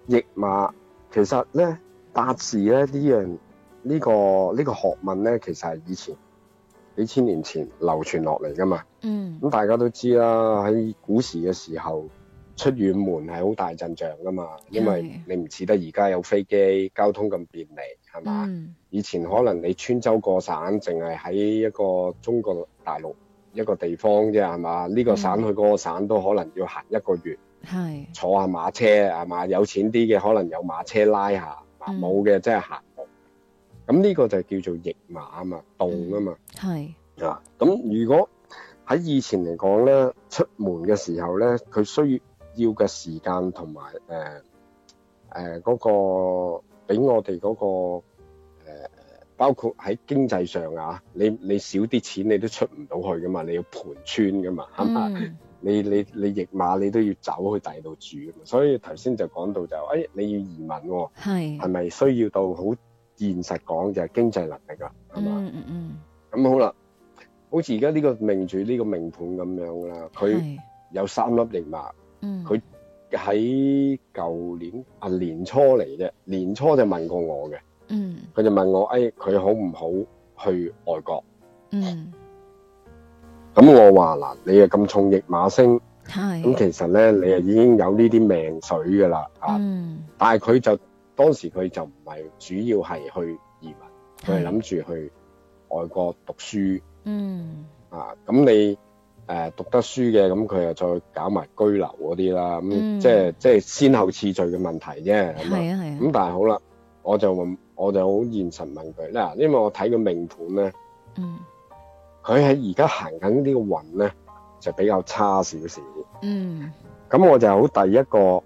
S3: 驛馬，其實咧，八字咧呢樣呢、呢個呢、呢個學問咧，其實係以前幾千年前流傳落嚟噶嘛。嗯。咁大家都知啦、啊，喺古時嘅時候，出遠門係好大陣仗噶嘛，因為你唔似得而家有飛機交通咁便利，係嘛、嗯？以前可能你穿州過省，淨係喺一個中國大陸一個地方啫，係嘛？呢、呢個省去嗰個省都可能要行一個月。係坐下馬車嘛，有錢啲嘅可能有馬車拉下，冇嘅即係行路。咁呢個就叫做驛馬啊嘛，動啊嘛。係、嗯、啊，咁如果喺以前嚟講咧，出門嘅時候咧，佢需要嘅時間同埋誒誒嗰個俾我哋嗰、嗰個誒、呃，包括喺經濟上啊，你你少啲錢你都出唔到去噶嘛，你要盤川噶嘛，係、嗯、嘛。你你你驛馬你都要走去第二度住嘛，所以頭先就講到就，哎，你要移民喎、哦，係咪需要到好現實講就係經濟能力啊，
S2: 係、嗯、嘛？
S3: 嗯嗯咁好啦，好似而家呢個命主呢、這個命盤咁樣啦，佢有三粒驛馬，嗯，佢喺舊年啊年初嚟啫，年初就問過我嘅，嗯，佢就問我，哎，佢好唔好去外國？嗯。咁我話嗱，你又咁重驛馬星，咁其實咧你又已經有呢啲命水噶啦，嗯，但係佢就當時佢就唔係主要係去移
S2: 民，佢係諗
S3: 住去外國讀書，嗯，啊，咁你誒，呃、讀得書嘅，咁佢又再搞埋居留嗰啲啦，咁即係即係先後次序嘅問題啫，係啊係啊，咁但係好啦，我就問，我就好現實問佢，嗱，因為我睇個命盤咧，嗯。佢喺而家行緊呢個運咧，就比較差少少。
S2: 嗯。
S3: 咁我就好第一個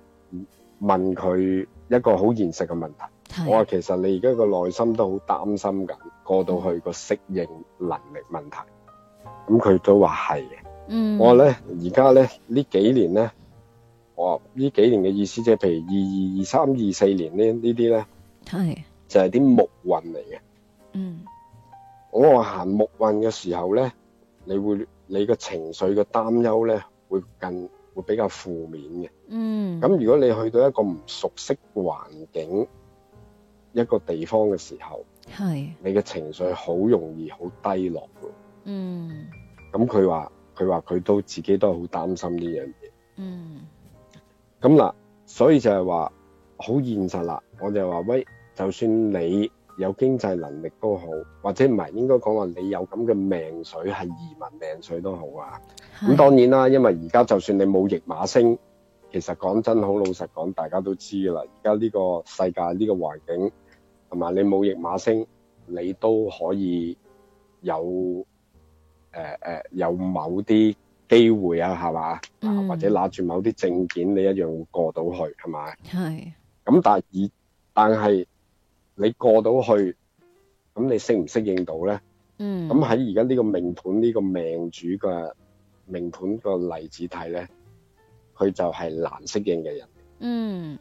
S3: 問佢一個好現實嘅問題。係。我話其實你而家個內心都好擔心緊，過到去個適應能力問題。咁佢都話係嘅。嗯。
S2: 我話咧
S3: 而家咧呢呢幾年咧，我話呢幾年嘅意思即係譬如二二二三二四年呢呢啲咧，係就係啲木運嚟嘅。嗯。我話行木運嘅時候咧，你會你個情緒嘅擔憂咧，會更，會比較負面嘅。嗯。咁如果你去到一個唔熟悉環境，一個地方嘅時候，係。你嘅情緒好容易好低落嘅。嗯。咁佢話佢話佢都自己都係好擔心呢樣嘢。嗯。咁嗱，所以就係話好現實啦，我就話喂，就算你。有經濟能力都好，或者唔係應該講話，你有咁嘅命水係移民命水都好啊。咁當然啦，因為而家就算你冇驛馬星，其實講真好老實講大家都知噶啦。而家呢個世界呢個環境係嘛？你冇驛馬星，你都可以有誒誒、呃呃、有某啲機會啊，係嘛、
S2: 嗯？或者攞
S3: 住某啲證件，你一樣會過到去係咪？係，咁但係，但係。你過到去咁，你適唔適應到咧？嗯，
S2: 咁喺
S3: 而家呢個命盤呢個命主嘅命盤個例子睇咧，佢就係難適應嘅人。嗯，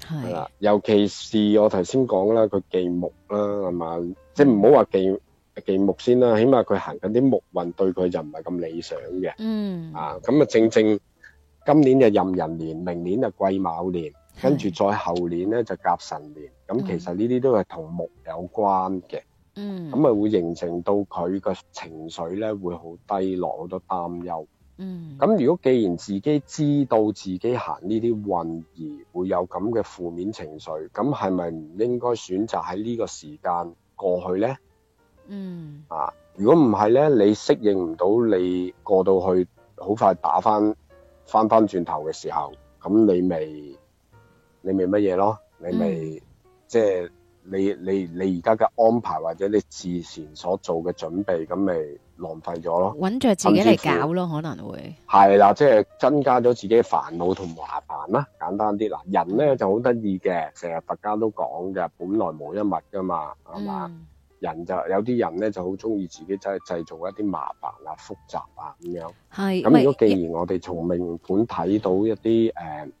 S3: 係啦，尤其是我頭先講啦，佢忌木啦，係嘛？即係唔好話忌忌木先啦，起碼佢行緊啲木運，對佢就唔係咁理想嘅。嗯，啊咁啊，正正今年就壬寅年，明年就癸卯年，跟住再後年咧就甲辰年。咁其實呢啲都係同木有關嘅，咁、mm. 咪會形成到佢個情緒咧，會好低落，好多擔憂。咁、mm. 如果既然自己知道自己行呢啲運而會有咁嘅負面情緒，咁係咪唔應該選擇喺呢個時間過去咧？嗯、mm. 啊，如果唔係咧，你適應唔到，你過到去好快打返返返轉頭嘅時候，咁你咪你咪乜嘢咯？你咪～、mm. 即係你你你而家嘅安排或者你事前所做嘅準備，咁咪浪費咗咯。揾着自己嚟搞咯，可能會係啦，即係增加咗自己嘅煩惱同麻煩啦。簡單啲嗱，人咧就好得意嘅，成日大家都講嘅，本來冇一物噶嘛，係嘛？人就有啲人咧就好中意自己真製製造一啲麻煩啊、複雜啊咁樣。
S1: 係。咁如果既
S3: 然我哋從命盤睇到一啲誒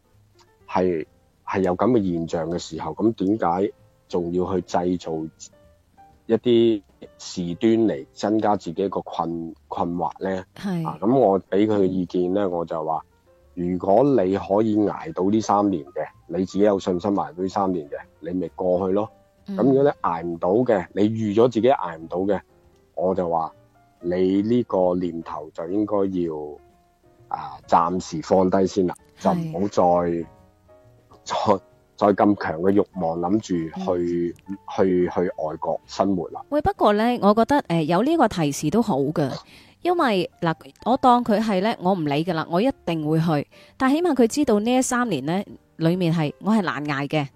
S3: 係。嗯嗯係有咁嘅現象嘅時候，咁點解仲要去製造一啲事端嚟增加自己個困困惑咧？係啊，咁我俾佢嘅意見咧，我就話：如果你可以捱到呢三年嘅，你自己有信心捱到呢三年嘅，你咪過去咯。
S2: 咁、嗯、如果你
S3: 捱唔到嘅，你預咗自己捱唔到嘅，我就話你呢個念頭就應該要啊暫時放低先啦，就唔好再。再再咁強嘅欲望諗住去去去，去外國生活啦。
S1: 喂，不過呢，我覺得誒、呃、有呢個提示都好㗎，因為嗱、呃，我當佢係呢，我唔理噶啦，我一定會去。但起碼佢知道呢三年呢裏面係我係難挨嘅，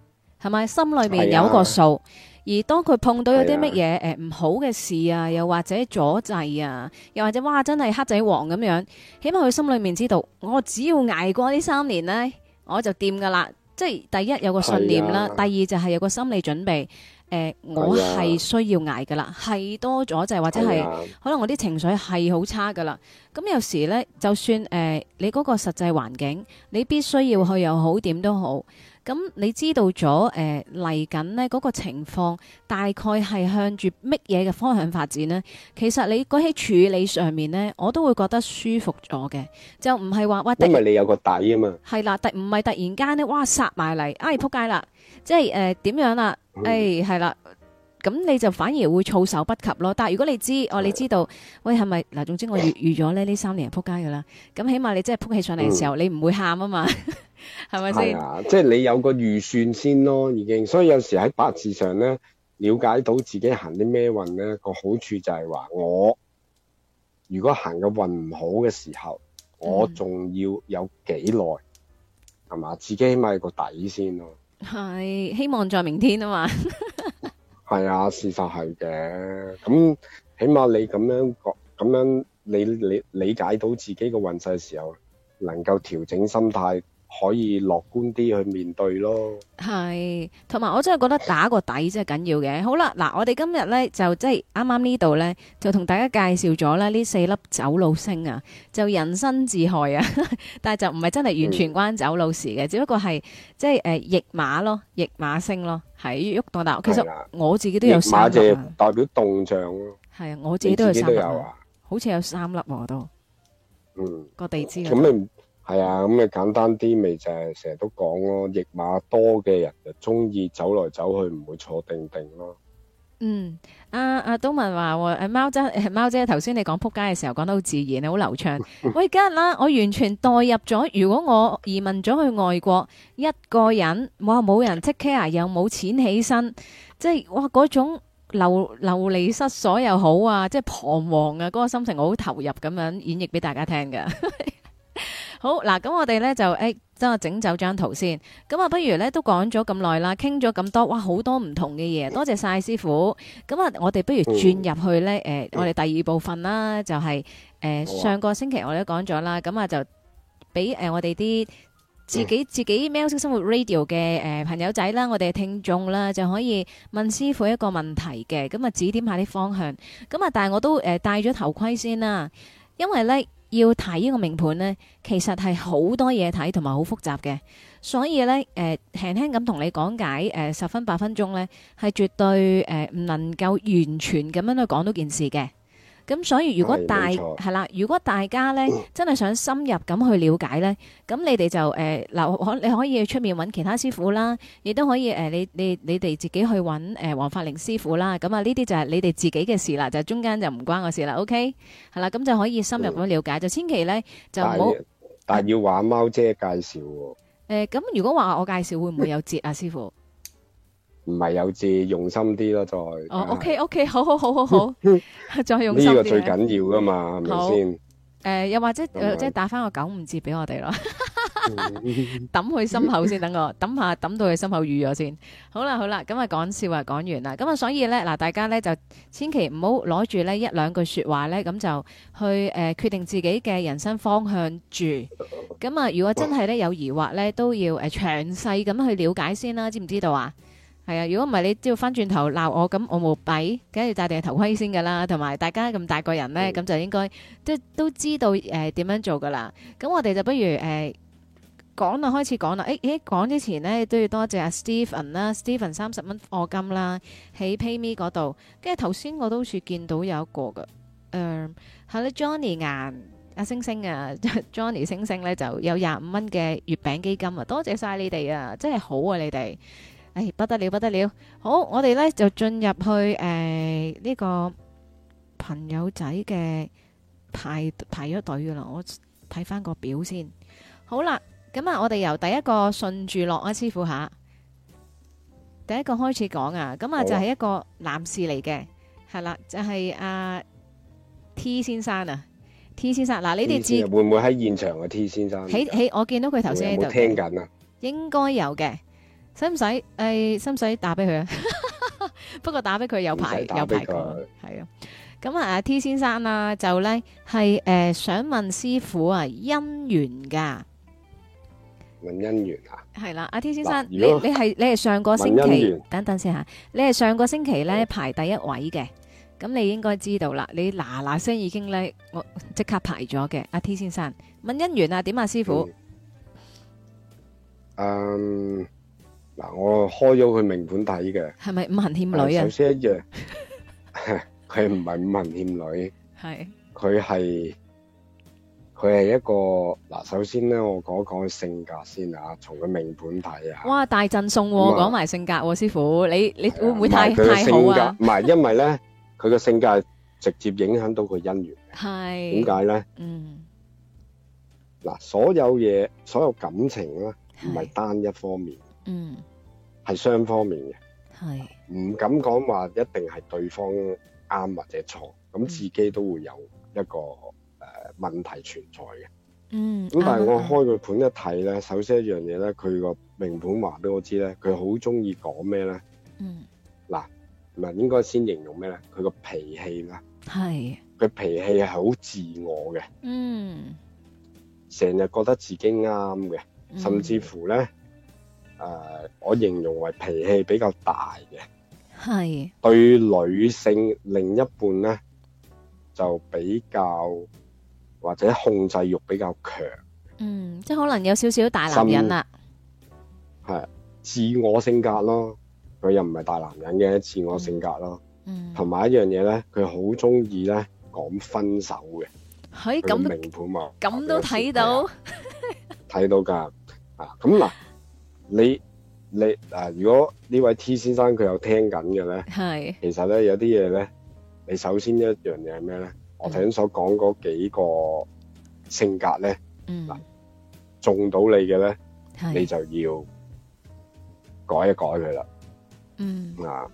S1: 係咪？心裏面有個數、哎。而當佢碰到有啲乜嘢誒唔好嘅事啊，又或者阻滯啊，又或者哇真係黑仔黃咁樣，起碼佢心裏面知道，我只要挨過呢三年呢，我就掂噶啦。即係第一有個信念啦，哎、第二就係有個心理準備。誒、呃，我係需要挨噶啦，係、哎、多咗就係、是、或者係、哎、可能我啲情緒係好差噶啦。咁有時呢，就算誒、呃、你嗰個實際環境，你必須要去又好，點都好。咁、嗯、你知道咗，誒嚟緊呢嗰、嗰個情況大概係向住乜嘢嘅方向發展呢？其實你喺起處理上面呢，我都會覺得舒服咗嘅，就唔係話哇。因為
S3: 你有個底啊嘛。
S1: 係啦，突唔係突然間呢「哇殺埋嚟，哎撲街啦，即係誒點樣啦？誒係啦。哎咁你就反而會措手不及咯，但係如果你知哦，你知道喂係咪嗱？總之我遇 <laughs> 遇咗咧呢三年扑街噶啦，咁起碼你真係扑起上嚟嘅時候，嗯、你唔會喊啊嘛，係咪先？
S3: 即係你有個預算先咯，已經。所以有時喺八字上咧，了解到自己行啲咩運咧，個好處就係話我如果行嘅運唔好嘅時候，嗯、我仲要有幾耐係嘛？自己起碼有個底先咯。
S1: 係希望在明天啊嘛。 <laughs>
S3: 係啊，事實係嘅。咁起碼你咁樣講，咁樣你你，你理解到自己個運勢時候，能夠調整心態。可以樂觀啲去面對咯，
S1: 係，同埋我真係覺得打個底真係緊要嘅。好啦，嗱，我哋今日咧就即係啱啱呢度咧就同大家介紹咗啦，呢四粒走路星啊，就人身自害啊，但係就唔係真係完全關走路事嘅，只不過係即係誒驛馬咯，驛馬星咯，喺喐動。但係其實我自己都有三粒啊。馬就
S3: 代表動象咯。係啊，我自己都有三粒，
S1: 好似有三粒喎都。嗯。個地支咁。
S3: 係啊，咁咪簡單啲，咪就係成日都講咯。驛馬多嘅人就中意走來走去，唔會坐定定咯。
S1: 嗯，阿阿東文話誒貓姐，貓姐頭先你講撲街嘅時候講得好自然，你好流暢。我而家啦，我完全代入咗，如果我移民咗去外國，一個人，哇，冇人 take care，又冇錢起身，即係哇嗰種流流離失所又好啊，即係彷徨啊，嗰個心情我好投入咁樣演繹俾大家聽㗎。好嗱，咁我哋咧就誒，即係整走張圖先。咁啊，不如咧都講咗咁耐啦，傾咗咁多，哇，好多唔同嘅嘢。多謝晒師傅。咁啊、嗯呃，我哋不如轉入去咧，誒，我哋第二部分啦，就係、是、誒、呃嗯、上個星期我哋都講咗啦。咁啊，就俾誒我哋啲自己自己喵式生活 Radio 嘅誒、呃、朋友仔啦，我哋嘅聽眾啦，就可以問師傅一個問題嘅。咁啊，指點下啲方向。咁啊，但係我都誒、呃、戴咗頭盔先啦，因為咧。要睇呢個命盤咧，其實係好多嘢，睇同埋好複雜嘅。所以咧，誒、呃，輕輕咁同你講解，誒、呃，十分八分鐘咧，係絕對誒唔、呃、能夠完全咁樣去講到件事嘅。咁所以如果大係啦，如果大家咧真係想深入咁去了解咧，咁你哋就誒嗱，可、呃呃、你可以出面揾其他師傅啦，亦都可以誒、呃，你你你哋自己去揾誒黃法寧師傅啦。咁啊，呢啲就係你哋自己嘅事啦，就是、中間就唔關我事啦，OK？係啦，咁就可以深入咁了解，嗯、就千祈咧
S3: 就唔好，但係要話貓姐介紹喎、
S1: 哦。誒、呃，咁如果話我介紹，會唔會有折啊，師傅？
S3: 唔係有字，用心啲咯，再哦，OK，OK，
S1: 好好好好好，再用心啲。呢個最緊要
S3: 噶嘛，係咪先？
S1: 誒，又或者即係打翻個九五折俾我哋咯，抌佢心口先，等我抌下抌到佢心口淤咗先。好啦好啦，咁啊講笑話講完啦，咁啊所以咧嗱，大家咧就千祈唔好攞住呢一兩句說話咧，咁就去誒決定自己嘅人生方向住。咁啊，如果真係咧有疑惑咧，都要誒詳細咁去了解先啦，知唔知道啊？係啊，如果唔係你都要翻轉頭鬧我，咁我冇弊，梗係要戴定頭盔先噶啦，同埋大家咁大個人咧，咁、嗯、就應該都都知道誒點、呃、樣做噶啦。咁我哋就不如誒講啦，開始講啦。誒、欸、誒，講、欸、之前咧都要多謝阿、啊、Stephen 啦、啊、Stephen 三十蚊貨金啦，喺 PayMe 嗰度。跟住頭先我都好似見到有一個嘅，誒、呃，係咧 Johnny 啊，阿星星啊 <laughs> ，Johnny 星星咧就有廿五蚊嘅月餅基金啊，多謝晒你哋啊，真係好啊，你哋。哎，不得了，不得了！好，我哋咧就進入去誒呢、呃呢個朋友仔嘅排排咗隊噶啦，我睇翻個表先。好啦，咁啊，我哋由第一個順住落啊，師傅下第一個開始講啊，咁啊就係一個男士嚟嘅，係啦、啊，就係、是、啊 T 先生啊，T 先生，嗱，你哋知會唔
S3: 會喺現場啊？T 先生，喺喺、啊啊
S1: 啊，我見到佢頭先喺度，聽緊啊，應該有嘅。使唔使誒，使唔使打俾佢啊？不過打俾佢有排有排，係啊。咁啊，阿 T 先生啊，就咧係誒想問師傅啊，姻緣噶。
S3: 問姻緣啊？
S1: 係啦，阿 T 先生，你你係你係上個星期等等先吓，你係上個星期咧排第一位嘅，咁你應該知道啦，你嗱嗱聲已經咧，我即刻排咗嘅，阿 T 先生。問姻緣啊？點啊，師傅？
S3: 嗯。嗱，我開咗佢命盤睇嘅，
S1: 係咪五行欠女啊？首
S3: 先一樣，佢唔係五行欠女，係佢係佢係一個嗱。首先咧，我講一講佢性格先啊。從佢命盤睇啊，
S1: 哇，大贈送，講埋性格，師傅，你你會唔會太太好啊？
S3: 唔係，因為咧，佢嘅性格直接影響到佢姻緣，
S1: 係點解
S3: 咧？嗯，嗱，所有嘢，所有感情咧，唔係單一方面。嗯，係雙方面嘅，係唔敢講話一定係對方啱或者錯，咁自己都會有一個誒問題存在嘅。嗯，
S2: 咁但係我
S3: 開個盤一睇咧，首先一樣嘢咧，佢個名盤話俾我知咧，佢好中意講咩？咧，嗯，嗱，唔係應該先形容咩？咧，佢個脾氣啦，
S1: 係，
S3: 佢脾氣係好自我嘅，嗯，成日覺得自己啱嘅，甚至乎咧。誒、uh,，我形容為脾氣比較大嘅，係對女性另一半咧就比較或者控制欲比較強。嗯，
S1: 即係可能有少少大男人啦。
S3: 係自我性格咯，佢又唔係大男人嘅自我性格咯。同、嗯、埋一樣嘢咧，佢好中意咧講分手嘅。
S1: 喺咁命盤嘛，咁、欸、都睇到，
S3: 睇 <laughs> 到噶啊咁嗱。嗯你你嗱，如果呢位 T 先生佢有聽緊嘅咧，係，其實咧有啲嘢咧，你首先一樣嘢係咩咧？我頭先所講嗰幾個性格咧，嗱，中到你嘅咧，你就要改一改佢啦。嗯，嗱，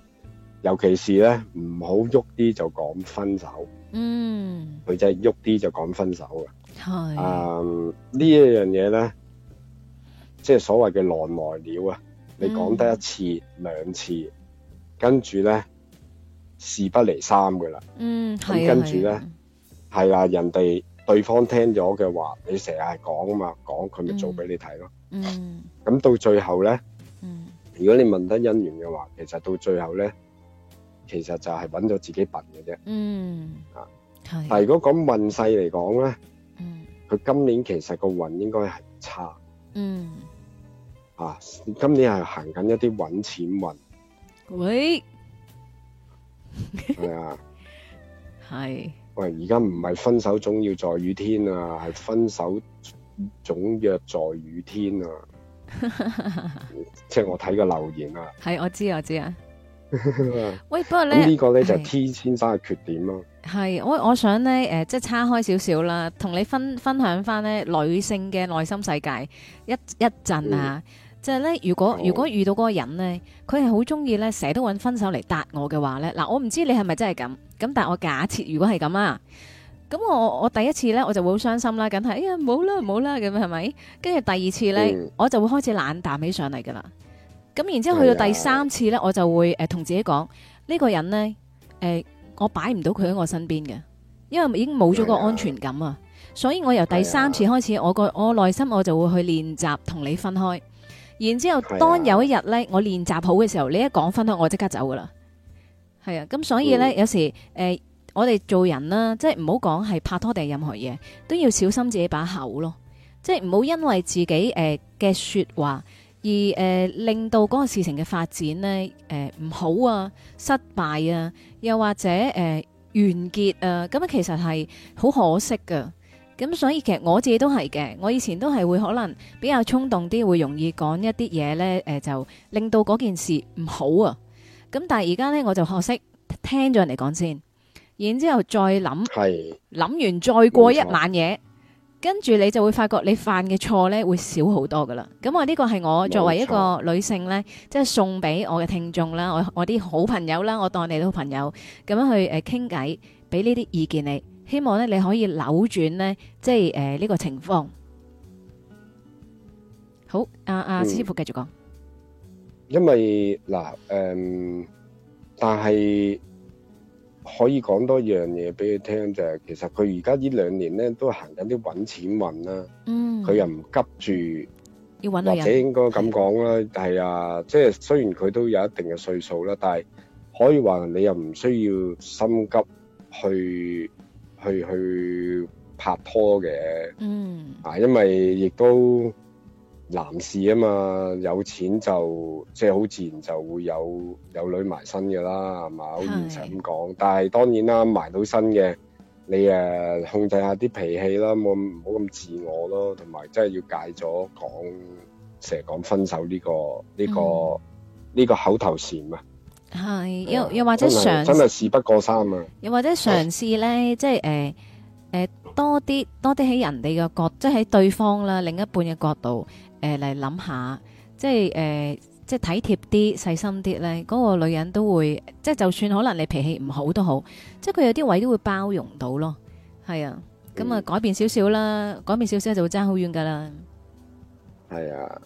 S3: 尤其是咧唔好喐啲就講分手。嗯，佢真係喐啲就講分手噶。係，嗯，呢一樣嘢咧。即係所謂嘅狼來了啊！你講得一次、兩次，跟住咧事不離三噶啦。嗯，
S2: 係啊。跟住咧
S3: 係啊，人哋對方聽咗嘅話，你成日係講啊嘛，講佢咪做俾你睇咯。嗯。咁到最後咧，嗯，如果你問得姻緣嘅話，其實到最後咧，其實就係揾咗自己笨嘅啫。嗯。啊係。但係如果講運勢嚟講咧，嗯，佢今年其實個運應該係差。嗯。啊！今年係行緊一啲搵錢運，
S1: 喂，
S3: 係 <laughs> 啊，係喂，而家唔係分手總要在雨天啊，係分手總約在雨天啊， <laughs> 嗯、即係我睇個留言啊，
S1: 係我知我知啊，
S3: <laughs>
S1: 喂，不過咧呢個
S3: 咧就係 T 先生嘅缺點咯，
S1: 啊，係我我想咧誒、呃，即係叉開少少啦，同你分分享翻咧女性嘅內心世界一一陣啊。嗯就係、是、咧，如果如果遇到嗰個人咧，佢係好中意咧，成日都揾分手嚟答我嘅話咧，嗱，我唔知你係咪真係咁咁，但係我假設如果係咁啊，咁我我第一次咧，我就會好傷心啦，梗係哎呀冇啦冇啦，咁係咪？跟住第二次咧、嗯，我就會開始冷淡起上嚟噶啦。咁然之後去到第三次咧、啊，我就會誒同、呃、自己講呢、呢個人咧誒、呃，我擺唔到佢喺我身邊嘅，因為已經冇咗個安全感啊。所以我由第三次開始，啊、我個我內心我就會去練習同你分開。然之後，當有一日咧，我練習好嘅時候，你一講分開，我即刻走噶啦。係啊，咁所以咧、嗯，有時誒、呃，我哋做人啦，即係唔好講係拍拖定任何嘢，都要小心自己把口咯。即係唔好因為自己誒嘅説話而誒、呃、令到嗰個事情嘅發展咧誒唔好啊、失敗啊，又或者誒、呃、完結啊，咁樣其實係好可惜噶。咁、嗯、所以其實我自己都係嘅，我以前都係會可能比較衝動啲，會容易講一啲嘢呢，誒、呃、就令到嗰件事唔好啊。咁、嗯、但係而家呢，我就學識聽咗人哋講先，然之後再諗，
S3: 諗
S1: 完再過一晚嘢，跟住你就會發覺你犯嘅錯呢會少好多噶啦。咁、嗯、這個、我呢個係我作為一個女性呢，即係送俾我嘅聽眾啦，我我啲好朋友啦，我當你都好朋友咁樣去誒傾偈，俾呢啲意見你。希望咧，你可以扭轉咧，即係誒呢個情況好。阿阿師傅繼續講，
S3: 因為嗱誒，但係可以講多一樣嘢俾佢聽，就係其實佢而家呢兩年咧都行緊啲揾錢運啦。嗯，佢又唔急住
S1: 要揾，或者應
S3: 該咁講啦，係啊。即係雖然佢都有一定嘅歲數啦，但係可以話你又唔需要心急去。去去拍拖嘅，嗯啊，因為亦都男士啊嘛，有錢就即係好自然就會有有女埋身嘅啦，係嘛，好現實咁講。但係當然啦，埋到身嘅你誒、啊、控制下啲脾氣啦，冇唔好咁自我咯，同埋真係要戒咗講成日講分手呢、呢個呢、呢個呢、嗯呢個口頭禪啊！
S1: 係，又、啊、又或者嘗試，真係
S3: 事不過三啊！
S1: 又或者嘗試咧，即係誒誒多啲多啲喺人哋嘅角度，即係喺對方啦，另一半嘅角度誒嚟諗下，即係誒、呃、即係體貼啲細心啲咧，嗰、嗰個女人都會，即係就算可能你脾氣唔好都好，即係佢有啲位都會包容到咯，係啊，咁啊改變少少啦，改變少少就會爭好遠噶啦，
S3: 係啊，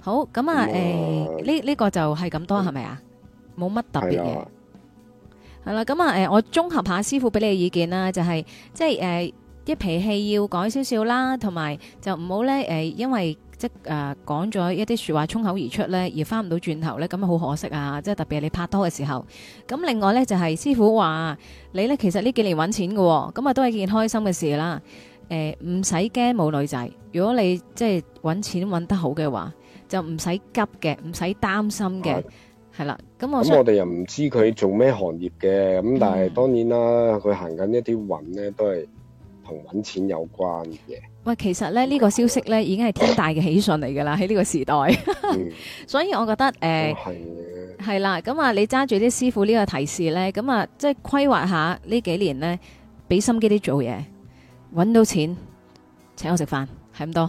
S1: 好咁啊誒呢呢個就係咁多係咪、嗯、啊？冇乜
S3: 特
S1: 別嘢。係啦。咁啊，誒、呃，我綜合一下師傅俾你嘅意見啦，就係、係、即係誒，啲、呃、脾氣要改少少啦，同埋就唔好咧誒，因為即誒、呃、講咗一啲説話衝口而出咧，而翻唔到轉頭咧，咁啊好可惜啊！即係特別係你拍拖嘅時候。咁另外咧就係、係、師傅話你咧，其實呢幾年揾錢嘅、哦，咁啊都係件開心嘅事啦。誒、呃，唔使驚冇女仔，如果你即係揾錢揾得好嘅話，就唔使急嘅，唔使擔心嘅。係啦，咁我哋
S3: 又唔知佢做咩行業嘅，咁但係當然啦，啊，佢、嗯、行緊一啲運咧，都係同揾錢有關嘅。
S1: 喂，其實咧呢、嗯呢個消息咧已經係天大嘅喜訊嚟噶啦，喺呢個時代呵呵、嗯，所以我覺得誒、係、呃、啦，咁啊你揸住啲師傅呢個提示咧，咁啊即係規劃下呢幾年咧，俾心機啲做嘢，揾到錢請我食飯。係咁多，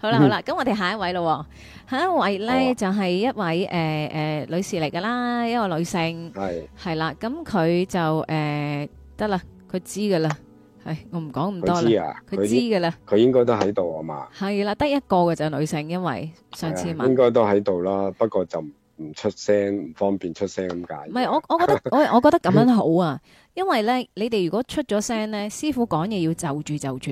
S1: 好啦好啦，咁我哋下一位咯，下一位咧就係一位誒誒女士嚟噶啦，一個女性係係啦，咁佢就誒得啦，佢知噶啦，係我唔講咁多啦，佢知啊，佢知噶啦，
S3: 佢應該都喺度啊嘛，
S1: 係啦，得一個嘅就女性，因為上次問，應
S3: 該都喺度啦，不過就唔出聲，唔方便出聲咁解。唔係我我覺得我我覺得咁樣好啊，
S1: 因為咧你哋如果出咗聲咧，師傅講嘢要就住就住。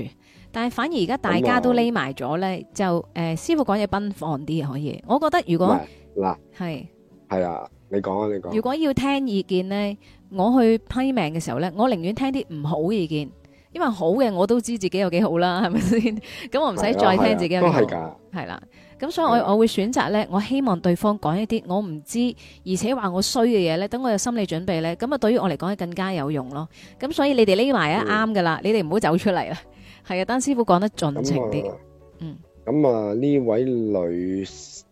S1: 但係反而而家大家都匿埋咗呢，就誒、呃、師傅講嘢奔放啲可以。我覺得如果嗱係
S3: 係你講啊你講、啊。如
S1: 果要聽意見呢，我去批命嘅時候呢，我寧願聽啲唔好意見，因為好嘅我都知自己有幾好啦，係咪先？咁、 <laughs> 嗯、我唔使再聽自己有幾好、啊啊、都係啦，咁、啊、所以我、啊、我會選擇呢，我希望對方講一啲我唔知，而且話我衰嘅嘢呢，等我有心理準備呢。咁啊對於我嚟講係更加有用咯。咁所以你哋匿埋一啱噶啦，你哋唔好走出嚟啦。係啊，單師傅講得盡情啲、啊，嗯。
S3: 咁啊，呢位女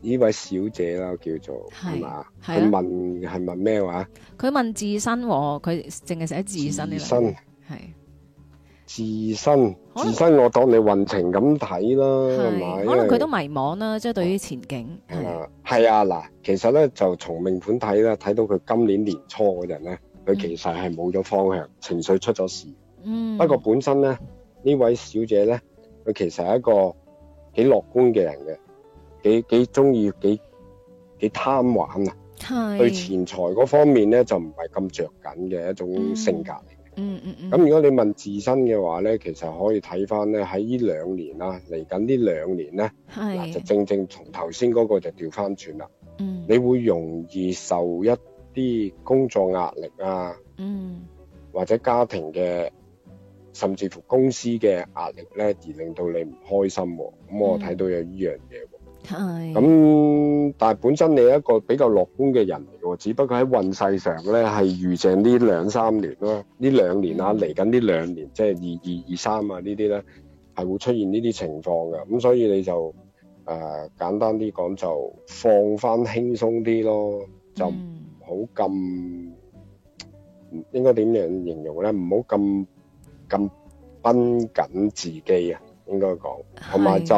S3: 呢位小姐啦，叫做係嘛，佢、啊、問係問咩話、啊？
S1: 佢問自身、哦，佢淨係寫自身呢？自身
S3: 係自身，自身我當你運程咁睇啦，係嘛？可能佢都
S1: 迷茫啦，即、就、係、是、對於前景
S3: 係係啊嗱、嗯啊。其實咧，就從命盤睇咧，睇到佢今年年初嘅人咧，佢其實係冇咗方向、嗯，情緒出咗事。
S2: 嗯，不過
S3: 本身咧。呢位小姐咧，佢其實係一個幾樂觀嘅人嘅，幾幾中意，幾幾貪玩啊！係。對錢財嗰方面咧，就唔係咁着緊嘅一種性格嚟嘅。嗯嗯嗯。咁、嗯嗯、如果你問自身嘅話咧，其實可以睇翻咧喺呢兩年啦、啊，嚟緊呢兩年咧、啊，就正正從頭先嗰個就調翻轉啦。嗯。你會容易受一啲工作壓力啊，嗯，或者家庭嘅。甚至乎公司嘅壓力咧，而令到你唔開心喎。咁我睇到有呢樣嘢
S1: 喎。係。咁
S3: 但係本身你一個比較樂觀嘅人嚟喎，只不過喺運勢上咧係遇正呢兩三年咯，呢兩年啊，嚟緊呢兩年，即係二二二三啊呢啲咧係會出現呢啲情況嘅。咁所以你就誒簡單啲講，就放翻輕鬆啲咯，就唔好咁，唔應該點樣形容咧，唔好咁。咁繃緊自己啊，應該講同埋就，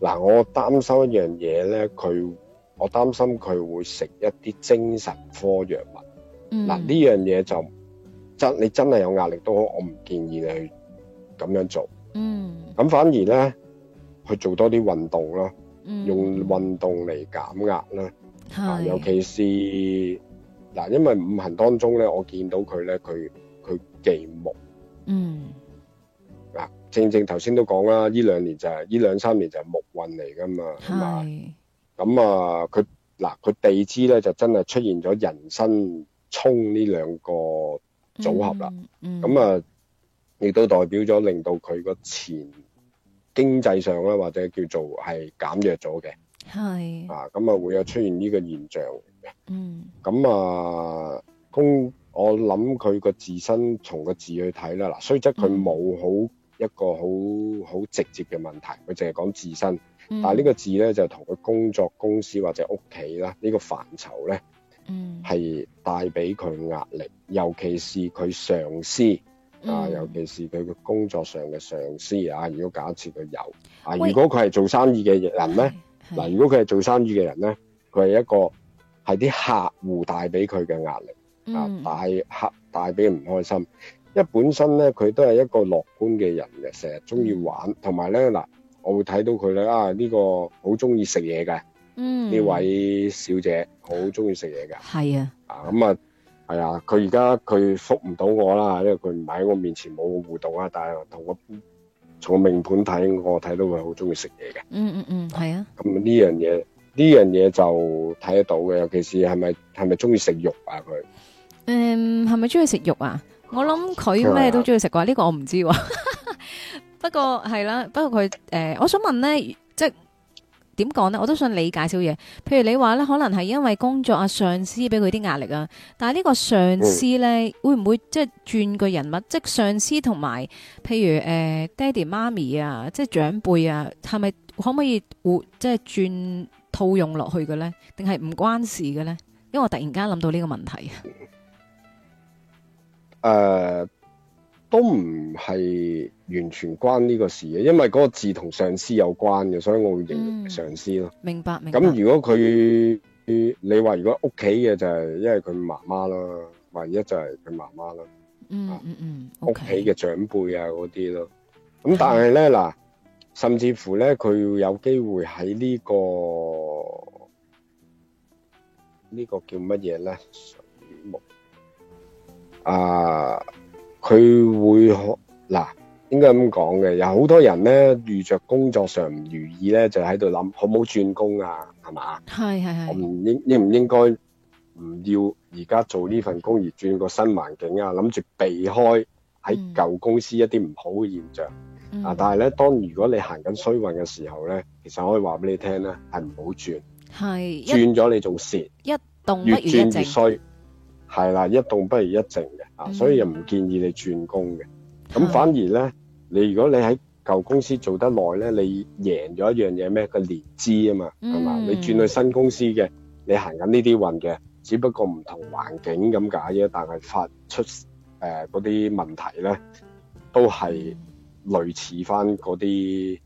S3: 嗱，我擔心一樣嘢咧，佢，我擔心佢會食一啲精神科藥物。嗱，呢樣嘢就真，你真係有壓力都好，我唔建議你去咁樣做。嗯，咁反而咧去做多啲運動啦，用運動嚟減壓啦啊，尤其是嗱，因為五行當中咧，我見到佢咧，佢佢忌木。嗯，嗱，正正頭先都講啦，呢兩年就係呢兩三年就係木運嚟噶嘛，係，咁啊，佢嗱佢地支咧就真係出現咗寅申沖呢兩個組合啦，咁、嗯、啊，亦、嗯嗯嗯嗯、都代表咗令到佢個錢經濟上啦或者叫做係減弱咗嘅，係，啊，咁啊會有出現呢個現象，嗯，咁啊工。嗯嗯我諗佢個自身從個字去睇啦。嗱，雖則佢冇好一個好好直接嘅問題，佢淨係講自身。嗯、但係呢個字咧就同佢工作公司或者屋企啦呢、呢個範疇咧，嗯，係帶俾佢壓力，尤其是佢上司啊、嗯，尤其是佢嘅工作上嘅上司啊。如果假設佢有啊，如果佢係做生意嘅人咧，嗱，如果佢係做生意嘅人咧，佢係一個係啲客戶帶俾佢嘅壓力。啊！帶大帶俾唔開心，因為本身咧佢都係一個樂觀嘅人嘅，成日中意玩。同埋咧嗱，我會睇到佢咧啊，呢、呢個好中意食嘢嘅呢位小姐，好中意食嘢嘅係啊。啊咁、嗯、啊，係啊！佢而家佢復唔到我啦，因為佢唔喺我面前冇互動啊。但係同我從個命盤睇，我睇到佢好中意食嘢
S1: 嘅。嗯
S3: 嗯嗯，係啊。咁呢樣嘢呢樣嘢就睇得到嘅，尤其是係咪係咪中意食肉啊？佢？
S1: 嗯，係咪中意食肉啊？我諗佢咩都中意食啩，呢個我唔知啊 <laughs> 不。不過係啦，不過佢誒，我想問咧，即係點講咧？我都想理解少嘢。譬如你話咧，可能係因為工作啊，上司俾佢啲壓力啊。但係呢個上司咧，會唔會即係轉個人物？即係上司同埋，譬如誒、呃、爹哋媽咪啊，即係長輩啊，係咪可唔可以、呃、即係轉套用落去嘅咧？定係唔關事嘅咧？因為我突然間諗到呢個問題。 <laughs>
S3: 誒、uh，都唔係完全關呢個事嘅，因為嗰個字同上司有關嘅，所以我會認上、上司咯，嗯。
S1: 明白明白。咁
S3: 如果佢、嗯、你話如果屋企嘅就係，因為佢媽媽啦，萬一就係佢媽媽啦。嗯嗯嗯。屋企嘅長輩啊嗰啲咯，咁但係咧嗱，甚至乎咧佢有機會喺呢、呢個呢、呢個叫乜嘢咧？啊！佢會學嗱，應該咁講嘅，有好多人咧遇着工作上唔如意咧，就喺度諗，好唔好轉工啊？係嘛？係係係，我唔應應唔應該唔要而家做呢份工而轉個新環境啊？諗住避開喺舊公司一啲唔好嘅現象啊！但係咧，當如果你行緊衰運嘅時候咧，其實我可以話俾你聽咧，係唔好轉，
S1: 係轉
S3: 咗你仲蝕，一
S1: 動越轉越衰。
S3: 係啦，一動不如一靜嘅啊，所以又唔建議你轉工嘅。咁反而咧，你如果你喺舊公司做得耐咧，你贏咗一樣嘢咩？個年資啊嘛，係嘛？你轉去新公司嘅，你行緊呢啲運嘅，只不過唔同環境咁解啫。但係發出誒嗰啲問題咧，都係類似翻嗰啲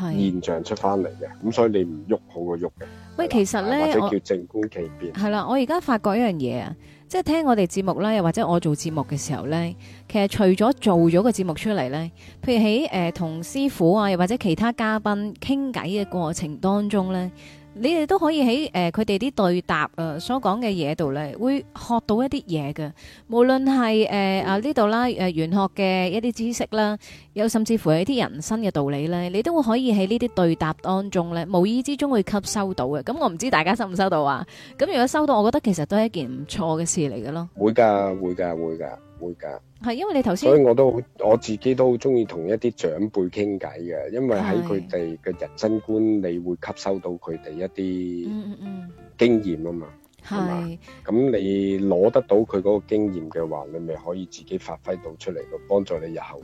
S3: 現象出翻嚟嘅。咁所以你唔喐好過喐嘅。
S1: 喂，其實咧，或者叫
S3: 靜觀其變係
S1: 啦。我而家發覺一樣嘢啊。即係聽我哋節目啦，又或者我做節目嘅時候呢，其實除咗做咗個節目出嚟呢，譬如喺呃、同師傅啊，又或者其他嘉賓傾偈嘅過程當中呢。你哋都可以喺誒佢哋啲對答誒、啊、所講嘅嘢度咧，會學到一啲嘢嘅。無論係誒、呃、啊呢度啦，誒、呃、玄學嘅一啲知識啦，有甚至乎係一啲人生嘅道理咧，你都會可以喺呢啲對答當中咧，無意之中會吸收到嘅。咁我唔知大家收唔收到啊？咁如果收到，我覺得其實都係一件唔錯嘅事嚟嘅咯。
S3: 會噶，會噶，會噶，會噶。
S1: 係，因為你頭先，所以我都好
S3: 我自己都好中意同一啲長輩傾偈嘅，因為喺佢哋嘅人生觀，你會吸收到佢哋一啲經驗啊嘛，係、嗯、嘛、嗯，咁你攞得到佢嗰個經驗嘅話，你咪可以自己發揮到出嚟，個幫助你日後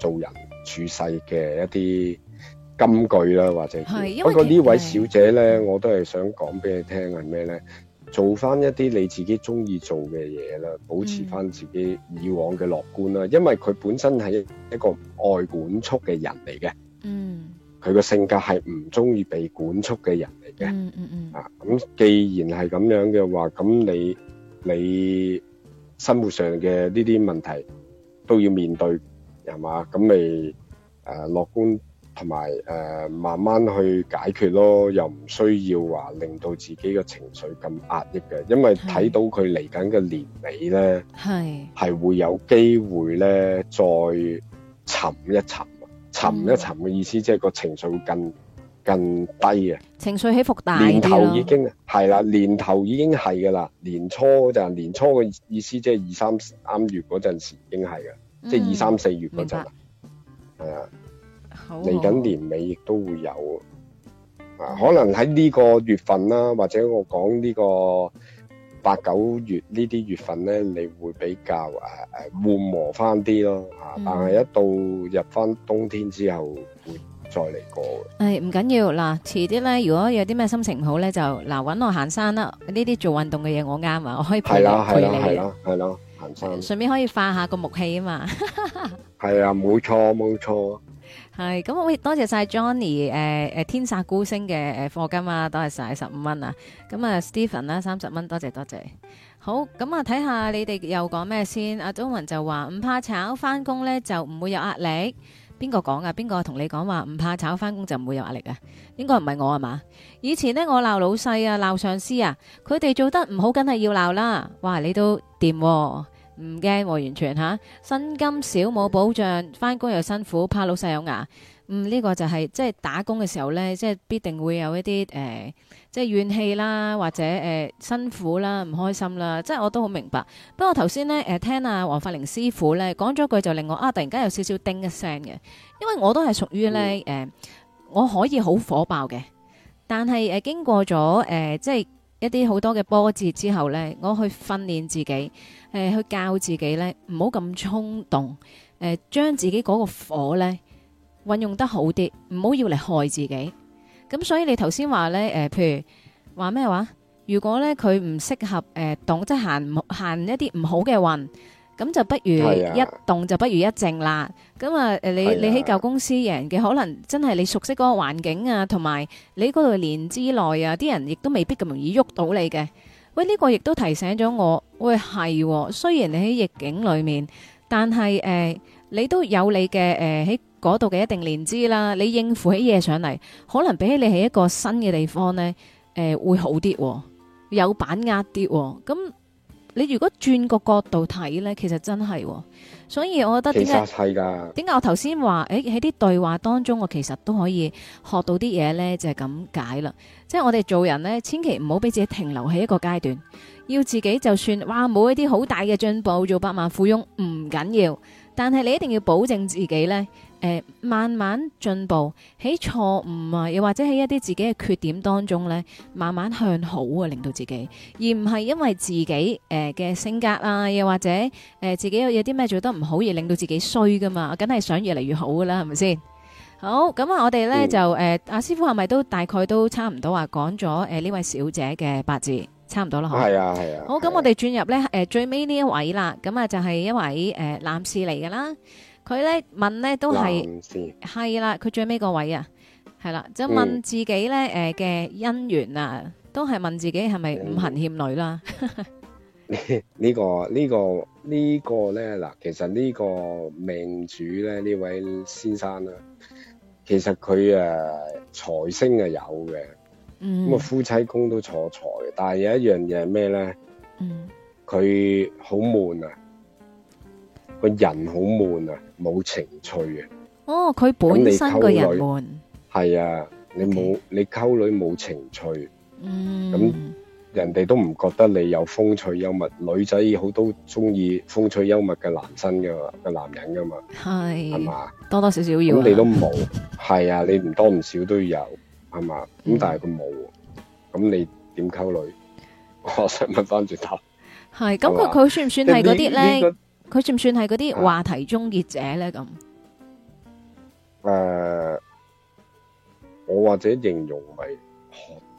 S3: 做人處世嘅一啲金句啦，或者係。不過呢位小姐咧，我都係想講俾你聽係咩咧？做翻一啲你自己中意做嘅嘢啦，保持翻自己以往嘅樂觀啦，因為佢本身係一個愛管束嘅人嚟嘅，嗯，佢個性格係唔中意被管束嘅人
S2: 嚟嘅，
S3: 嗯嗯嗯，啊，咁既然係咁樣嘅話，咁你你生活上嘅呢啲問題都要面對，係嘛？咁你誒樂觀。同埋誒，慢慢去解決咯，又唔需要話令到自己嘅情緒咁壓抑嘅，因為睇到佢嚟緊嘅年尾咧，係係會有機會咧再沉一沉，沉一沉嘅意思，即係個情緒會更更低啊！
S1: 情緒起伏大，年頭已經
S3: 啊，係啦，年頭已經係噶啦，年初就係、年初嘅意思，即係二三三月嗰陣時已經係噶、嗯，即係二三四月嗰陣，係、嗯、啊。嚟緊年尾亦都會有，
S2: 啊，可能
S3: 喺呢個月份啦，或者我講呢個八九月呢啲月份咧，你會比較誒誒緩和翻啲咯，啊，但係一到入翻冬天之後，會再嚟過。
S1: 誒，唔緊要，嗱，遲啲咧，如果有啲咩心情唔好咧，就嗱，搵我行山啦，呢啲做運動嘅嘢我啱啊，我可以陪你陪你嚟，係咯，係咯，係咯，
S3: 係咯，行山，
S1: 順便可以化下個木氣啊嘛，
S3: 係啊，冇錯冇錯。
S1: 係咁，我多謝晒 Johnny，誒、呃、誒天煞孤星嘅誒課金啊，多謝晒十五蚊啊。咁啊 Steven 啦、啊，三十蚊，多謝多謝。好，咁啊睇下你哋又講咩先。阿宗文就話唔怕炒翻工咧，就唔會有壓力。邊個講啊？邊個同你講話唔怕炒翻工就唔會有壓力啊？應該唔係我啊嘛？以前呢，我鬧老細啊，鬧上司啊，佢哋做得唔好，梗係要鬧啦。哇，你都掂喎。唔驚我完全吓、啊，薪金少冇保障，返工又辛苦，怕老細有牙。嗯，呢、這個就係、是、即係打工嘅時候呢即係必定會有一啲誒、呃，即係怨氣啦，或者誒、呃、辛苦啦，唔開心啦。即係我都好明白。不過頭先呢，誒、呃、聽啊黃法寧師傅呢講咗句，就令我啊突然間有少少叮一聲嘅，因為我都係屬於呢，誒、嗯呃，我可以好火爆嘅，但係誒、呃、經過咗誒、呃、即係一啲好多嘅波折之後呢，我去訓練自己。誒、呃，去教自己咧，唔好咁衝動。誒、呃，將自己嗰個火咧運用得好啲，唔好要嚟害自己。咁所以你頭先話咧，誒、呃，譬如話咩話？如果咧佢唔適合，誒、呃，動即係行行，行一啲唔好嘅運，咁就不如一動、啊、就不如一靜啦。咁啊，誒，啊、你你喺舊公司贏嘅，可能真係你熟悉嗰個環境啊，同埋你嗰度連之內啊，啲人亦都未必咁容易喐到你嘅。喂，呢、這個亦都提醒咗我，會係、哦，雖然你喺逆境裏面，但係誒、呃，你都有你嘅誒喺嗰度嘅一定年資，啦。你應付起嘢上嚟，可能比起你喺一個新嘅地方呢，誒、呃、會好啲、哦，有把握啲。咁。你如果轉個角度睇呢，其實真係喎、哦，所以我覺得點
S3: 解點
S1: 解我頭先話，誒喺啲對話當中，我其實都可以學到啲嘢呢？就係咁解啦。即係我哋做人呢，千祈唔好俾自己停留喺一個階段，要自己就算哇冇一啲好大嘅進步，做百萬富翁唔緊要，但係你一定要保證自己呢。誒、呃，慢慢進步喺錯誤啊，又或者喺一啲自己嘅缺點當中咧，慢慢向好啊，令到自己，而唔係因為自己誒嘅，呃，性格啊，又或者誒，呃，自己有有啲咩做得唔好而令到自己衰噶嘛，梗係想越嚟越好噶啦，係咪先？好，咁啊，我哋咧就誒，阿，呃，師傅係咪都大概都差唔多話講咗誒呢位小姐嘅八字，差唔多啦，係啊，係啊。好，咁我哋轉入咧誒，啊呃，最尾呢一位啦，咁啊就係一位誒，呃，男士嚟噶啦。佢咧問咧都係係啦，佢最尾個位啊，係啦，就問自己咧，誒、嗯、嘅、呃、姻緣啊，都係問自己係咪五行欠女啦。
S3: 呢、嗯 <laughs> 這個這個這個呢個呢個咧嗱，其實呢個命主咧呢位先生啊，其實佢誒財星係有嘅，咁、嗯、啊、那個、夫妻宮都坐財，但係有一樣嘢咩咧？嗯，佢好悶啊，個人好悶啊。冇情趣嘅，
S1: 哦，佢本身個人悶，
S3: 係啊，你冇你溝女冇情趣，嗯，咁人哋都唔覺得你有風趣幽默，女仔好多中意風趣幽默嘅男生噶嘛，嘅男人噶嘛，係
S1: 係嘛，多多少少要、啊，咁你都冇，
S3: 係啊，你唔多唔少都要有，係嘛，咁、嗯、但係佢冇，咁你點溝女？我想問翻轉頭，係，咁佢佢算唔算係嗰啲咧？這個這個
S1: 佢算唔算係嗰啲話題終結者咧？咁誒，
S3: 我或者形容係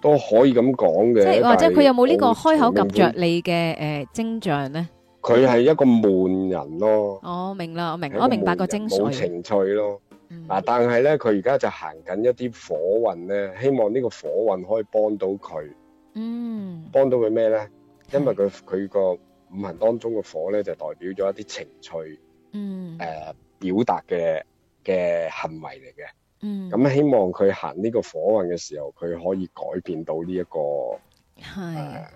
S3: 都可以咁講嘅。即係或者佢有冇呢個開口及着你
S1: 嘅誒徵象咧？
S3: 佢係一個悶人咯。
S1: 哦，明啦，我明，我明白個精髓。冇情
S3: 趣咯。嗱，但係咧，佢而家就行緊一啲火運咧，希望呢個火運可以幫到佢。嗯。幫到佢咩咧？因為佢佢個。五行當中嘅火咧，就代表咗一啲情趣，嗯，誒、呃，表達嘅嘅行為嚟嘅，嗯，咁希望佢行呢個火運嘅時候，佢可以改變到呢、這、一個係、呃、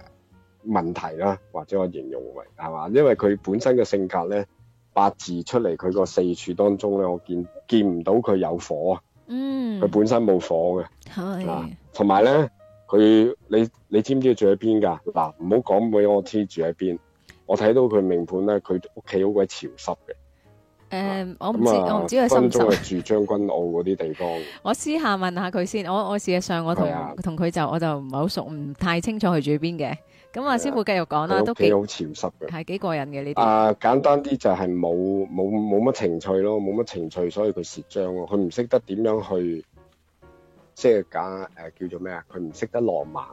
S3: 問題啦，或者我形容為係嘛，因為佢本身嘅性格咧，八字出嚟佢個四柱當中咧，我見見唔到佢有火啊，嗯，佢本身冇火嘅，係，同埋咧，佢你你知唔知佢住喺邊㗎？嗱、啊，唔好講畀我知住喺邊。我睇到佢命盤咧，佢屋企好鬼潮濕嘅。誒、嗯，
S1: 我唔知，嗯、我唔知佢潮濕，啊、心中係住
S3: 將軍澳嗰啲地方的 <laughs> 我他我。
S1: 我私下問下佢先，我我事實上我同同佢就我就唔係好熟，唔太清楚佢住邊嘅。咁啊，師傅繼續講啦，都幾好
S3: 潮濕嘅，
S1: 係幾過癮嘅呢啲。啊，
S3: 簡單啲就係冇冇冇乜情趣咯，冇乜情趣，所以佢蝕張咯，佢唔識得點樣去，即係假誒、呃、叫做咩啊？佢唔識得浪漫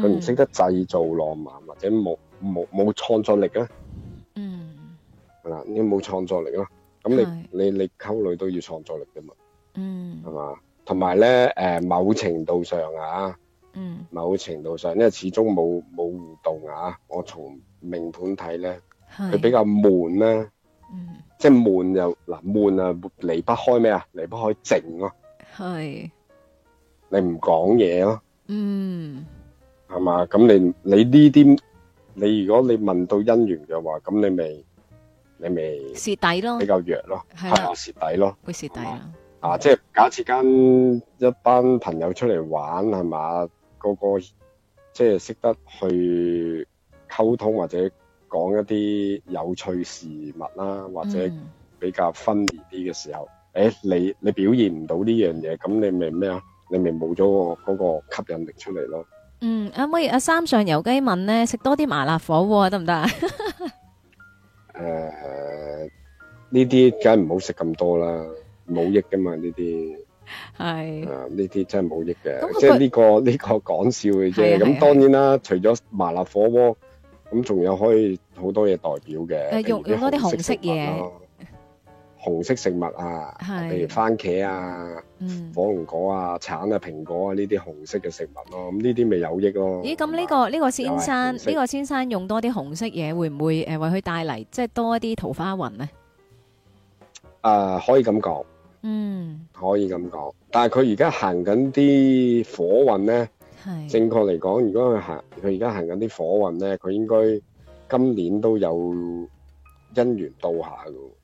S3: 佢唔識得製造浪漫或者冇冇冇創作力啊，嗯，係啦，你冇創作力咯，咁你你你溝女都要創作力噶嘛，嗯，係嘛，同埋咧誒，某程度上啊，嗯，某程度上，因為始終冇冇互動啊，我從命盤睇咧，佢比較悶啦，嗯，即係悶又嗱悶啊，離不開咩啊？離不開靜咯，係，你唔講嘢咯，嗯。係嘛，咁你你呢啲你如果你問到姻緣嘅話，咁你咪你咪蝕底咯，比較弱咯，係啊，蝕底咯會蝕底啊。啊，即係假設跟一班朋友出嚟玩係嘛，個個即係識得去溝通或者講一啲有趣事物啦，或者比較分離啲嘅時候，誒，你你表現唔到呢樣嘢，咁你咪咩啊？你咪冇咗個嗰個吸引力出嚟咯。
S1: 嗯，阿妹阿三上油雞問咧，食多啲麻辣火鍋得唔得
S3: 啊？誒，呢啲梗係唔好食咁多啦，冇益噶，嘛呢啲。
S1: 係啊，
S3: 呢啲真係冇益嘅，即係呢個呢個講笑嘅啫。咁當然啦，除咗麻辣火鍋，咁仲有可以好多嘢代表嘅，誒，用用多啲紅色嘢。紅色食物啊，譬如番茄啊、火龍果啊、橙啊、蘋果啊呢啲紅色嘅食物咯，咁呢啲咪有益咯？咦，
S1: 咁呢個呢個先生，呢個先生用多啲紅色嘢，會唔會誒為佢帶嚟即係多一啲桃花運呢？
S3: 啊，可以咁講，嗯，可以咁講。但係佢而家行緊啲火運呢，係正確嚟講，如果佢行，佢而家行緊啲火運呢，佢應該今年都有姻緣到下㗎。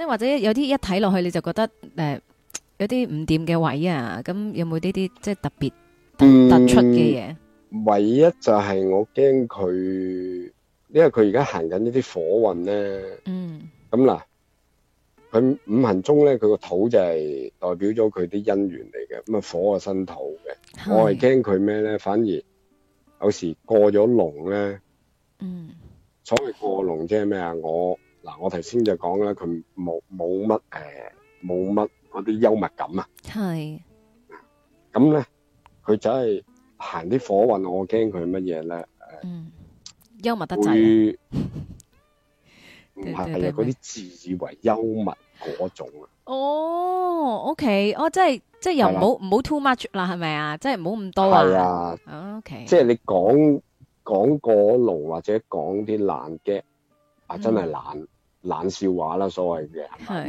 S1: 即或者有啲一睇落去你就覺得誒、呃、有啲唔掂嘅位啊，咁有冇呢啲即係特別
S3: 突、嗯、出嘅嘢？唯一就係我驚佢，因為佢而家行緊呢啲火運咧。嗯。咁嗱，佢五行中咧，佢個土就係代表咗佢啲姻緣嚟嘅。咁啊，火啊生土嘅，我係驚佢咩咧？反而有時過咗龍咧，嗯，所謂過龍即係咩啊？我嗱，我頭先就講啦，佢冇冇乜誒，冇乜嗰啲幽默感啊。係。咁咧，佢就係行啲火運，我驚佢乜嘢咧？誒，
S1: 幽默得滯，
S3: 唔係係嗰啲自以為幽默嗰種啊。
S1: 哦，OK，我即係即係又唔好唔好 too much 啦，係咪啊？即係唔好咁多啊。係啊。
S3: OK。即係你講講果爐或者講啲爛嘅。
S2: 啊、真係懶、嗯、
S3: 懶笑話啦，所謂嘅咁啊，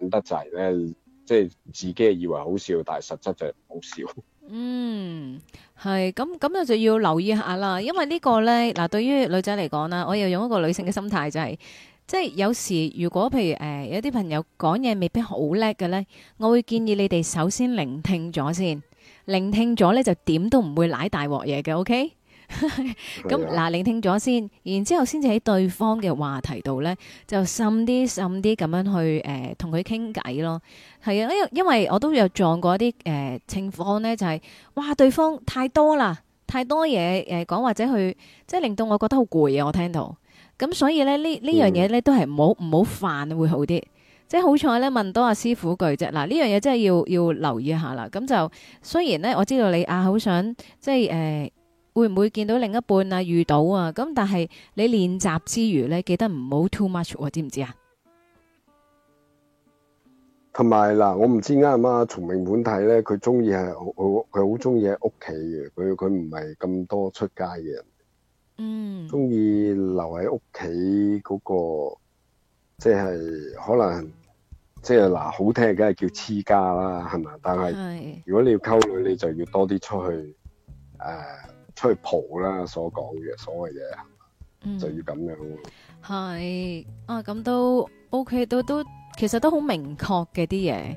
S3: 懶得滯、就、咧、是，即、就、係、是、自己以為好笑，但係實質就係唔好笑。嗯，
S1: 係咁咁啊，那那就要留意一下啦，因為這個呢個咧嗱，對於女仔嚟講啦，我又用一個女性嘅心態、就是，就係即係有時如果譬如誒、呃、有啲朋友講嘢未必好叻嘅咧，我會建議你哋首先聆聽咗先，聆聽咗咧就點都唔會舐大鑊嘢嘅，OK？咁 <laughs> 嗱、嗯啊，聆聽咗先，然之後先至喺對方嘅話題度咧，就深啲深啲咁樣去誒、同佢傾偈咯。係啊，因為因為我都有撞過一啲誒、呃、情況咧，就係、是、哇，對方太多啦，太多嘢誒、呃、講或者去，即係令到我覺得好攰啊！我聽到，咁所以咧呢呢樣嘢咧都係唔好唔好犯會好啲。即係好彩咧問多阿、啊、師傅句啫。嗱呢樣嘢真係要要留意一下啦。咁、嗯、就雖然咧我知道你啊好想即係誒。呃會唔會見到另一半啊？遇到啊？咁但係你練習之餘咧，記得唔好 too much，知唔知啊？
S3: 同埋嗱，我唔知啱唔啱。媽媽從明本睇咧，佢中意係好，佢好中意喺屋企嘅。佢佢唔係咁多出街嘅人，嗯，中意留喺屋企嗰個，即係可能，嗯、即係嗱，好聽梗係叫黐家啦，係咪、嗯？但係如果你要溝女，你就要多啲出去誒。呃出去蒲啦，所講嘅所謂嘢、嗯，就要咁樣。
S1: 係啊，咁都 OK，都都其實都好明確嘅啲嘢。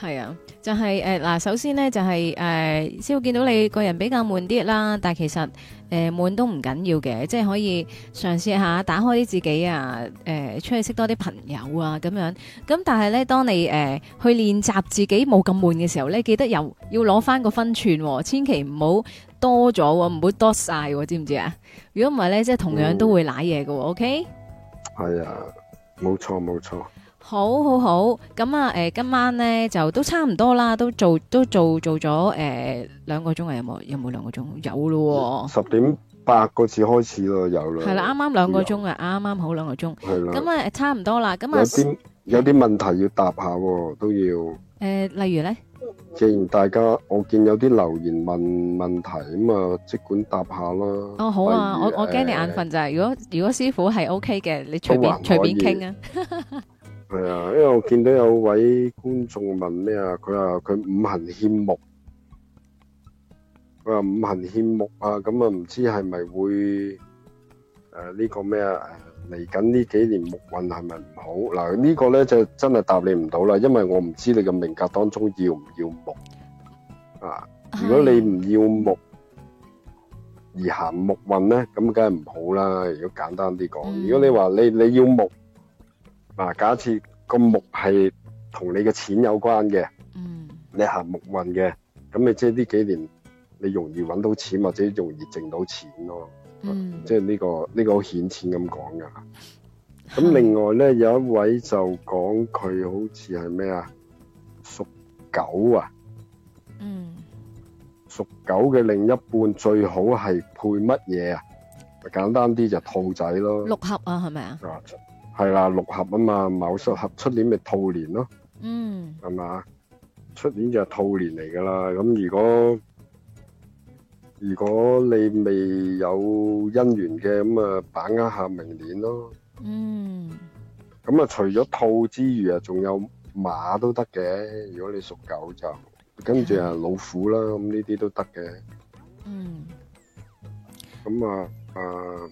S1: 係啊，就係誒嗱，首先呢，就係誒先會見到你個人比較悶啲啦。但係其實誒、呃、悶都唔緊要嘅，即係可以嘗試下打開啲自己啊，誒、呃、出去識多啲朋友啊咁樣。咁但係咧，當你誒、呃、去練習自己冇咁悶嘅時候咧，記得又要攞翻個分寸喎，千祈唔好。多咗喎，唔會多晒喎，知唔知啊？如果唔係咧，即係同樣都會瀨嘢嘅，OK？
S3: 係啊，冇錯冇錯，
S1: 好好好咁啊！誒，今晚咧就都差唔多啦，都做都做做咗誒兩個鐘啊？有冇有冇
S3: 兩個鐘？有
S1: 咯，
S3: 十點八個字開始咯，有啦。係啦，啱啱兩個
S1: 鐘啊，啱啱好兩個鐘。係啦。咁啊，差唔多啦。咁啊，有啲
S3: 有啲問題要答下喎，都要。
S1: 誒，例如咧？
S3: 既然大家，我見有啲留言問問題，咁啊，即管答下啦。哦，好啊，我我驚你眼瞓
S1: 就係，如果如果師傅係 OK 嘅，你隨便隨便傾啊。
S3: 係啊，因為我見到有位觀眾問咩啊？佢話佢五行欠木，佢話五行欠木啊，咁啊唔知係咪會誒呢個咩啊誒。嚟緊呢幾年木運係咪唔好嗱？這個、呢個咧就真係答你唔到啦，因為我唔知你嘅命格當中要唔要木啊。如果你唔要木、嗯、而行木運咧，咁梗係唔好啦。如果簡單啲講、嗯，如果你話你你要木，嗱、啊，假設個木係同你嘅錢有關嘅，嗯，你行木運嘅，咁你即係呢幾年你容易揾到錢或者容易剩到錢咯、啊。嗯，即係呢個，呢個好顯淺咁講噶。咁另外咧，有一位就講佢好似係咩啊，屬狗啊。嗯。屬狗嘅另一半最好係配乜嘢啊？簡單啲就兔仔咯。六
S1: 合啊，係咪啊？啊，
S3: 係啦，六合啊嘛，卯戌合出年咪兔年咯。嗯。係嘛？出年就係兔年嚟噶啦。咁如果如果你未有姻緣嘅，咁啊，就把握下明年咯。嗯。咁啊，除咗兔之餘啊，仲有馬都得嘅。如果你屬狗就，跟住啊老虎啦，咁呢啲都得嘅。嗯。咁啊，誒、啊，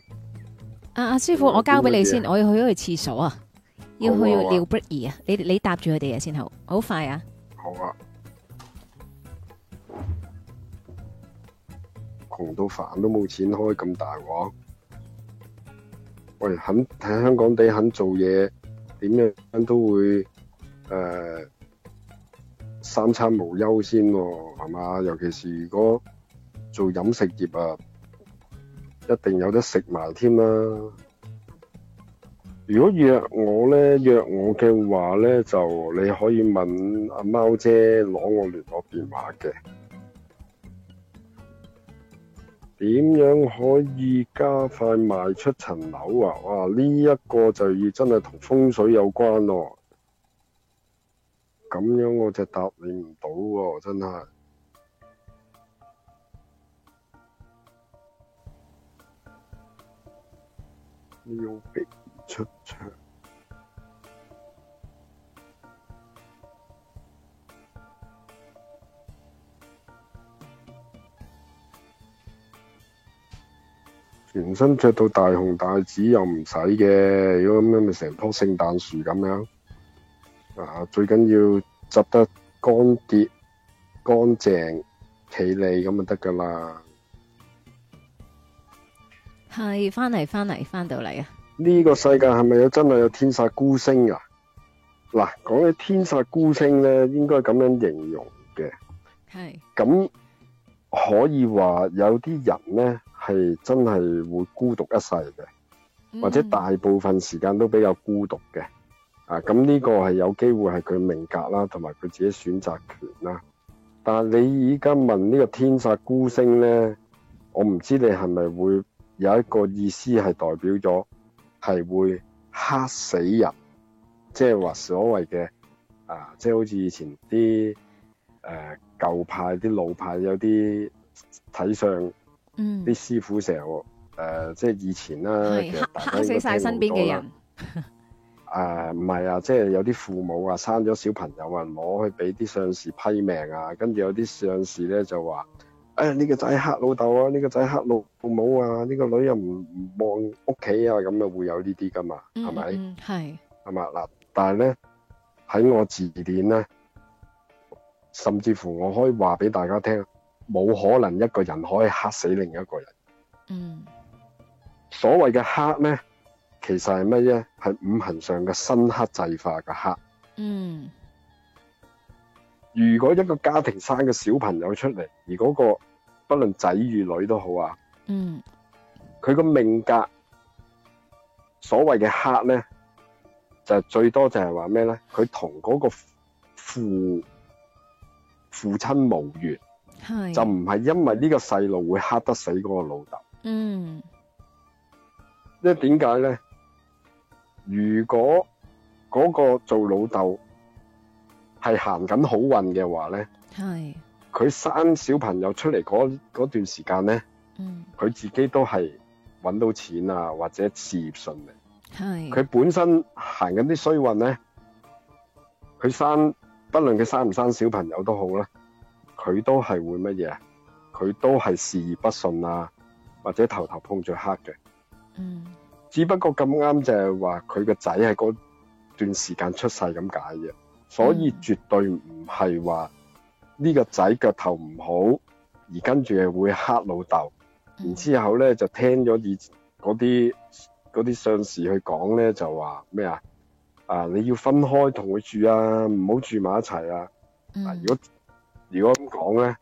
S3: 阿、
S1: 啊、阿師傅，嗯、我交俾你先、啊，我要去一去廁所啊，啊，要去尿不二啊。你你搭住佢哋嘢先，好，好快啊。
S3: 好啊。窮到飯都冇錢開咁大鑊，喂，肯喺香港地肯做嘢，點樣都會誒、呃、三餐無憂先喎，係嘛？尤其是如果做飲食業啊，一定有得食埋添啦。如果約我咧，約我嘅話咧，就你可以問阿貓姐攞我聯絡電話嘅。點樣可以加快賣出層樓啊？哇，呢一個就要真係同風水有關咯、啊。咁樣我就答你唔到喎，真係要逼出牆。全身着到大紅大紫又唔使嘅，如果咁樣咪成樖聖誕樹咁樣啊！最緊要執得乾啲、乾淨、企理咁咪得噶啦。
S1: 係翻嚟、翻嚟，翻到嚟啊！
S3: 呢、這個世界係咪有真係有天煞孤星啊？嗱、啊，講起天煞孤星咧，應該咁樣形容嘅。係咁可以話有啲人咧。係真係會孤獨一世嘅，
S2: 或者大
S3: 部分時間都比較孤獨嘅、嗯。啊，咁呢個係有機會係佢命格啦，同埋佢自己選擇權啦。但係你而家問呢個天煞孤星咧，我唔知你係咪會有一個意思係代表咗係會嚇死人，即係話所謂嘅啊，即係好似以前啲誒舊派啲老派有啲睇相。嗯，啲師傅成日誒，即係以前、啊、其實大家應該聽很多啦，嚇死晒身邊嘅人。誒、 <laughs> 呃，唔係啊，即係有啲父母啊，生咗小朋友，啊，人攞去俾啲上司批命啊，跟住有啲上司咧就話：誒、哎，呢、這個仔黑老豆啊，呢、這個仔黑老父母啊，呢、這個女又唔唔望屋企啊，咁啊會有呢啲噶嘛，係、嗯、咪？係，係嘛嗱，但係咧喺我字典咧，甚至乎我可以話俾大家聽。冇可能一個人可以克死另一個人。嗯，所謂嘅克咧，其實係乜嘢？係五行上嘅生克制化嘅克。嗯，如果一個家庭生嘅小朋友出嚟，而嗰、嗰個不論仔與女都好啊。嗯，佢個命格所謂嘅克咧，就最多就係話咩咧？佢同嗰個父父親無緣。係就唔係因為呢個細路會嚇得死嗰個老豆。嗯，即係點解咧？如果嗰個做老豆係行緊好運嘅話咧，係佢生小朋友出嚟嗰段時間咧，佢、嗯、自己都係搵到錢啊，或者事業順利。係佢本身行緊啲衰運咧，佢生，生不論佢生唔生小朋友都好啦。佢都係會乜嘢？佢都係事業不順啊，或者頭頭碰着黑嘅。嗯，只不過咁啱就係話佢個仔喺嗰段時間出世咁解嘅，所以絕對唔係話呢個仔腳頭唔好，而跟住係會黑老豆。然之後咧就聽咗以前嗰啲嗰啲相士去講咧，就話咩啊？啊，你要分開同佢住啊，唔好住埋一齊啊。啊，如果如果咁講呢，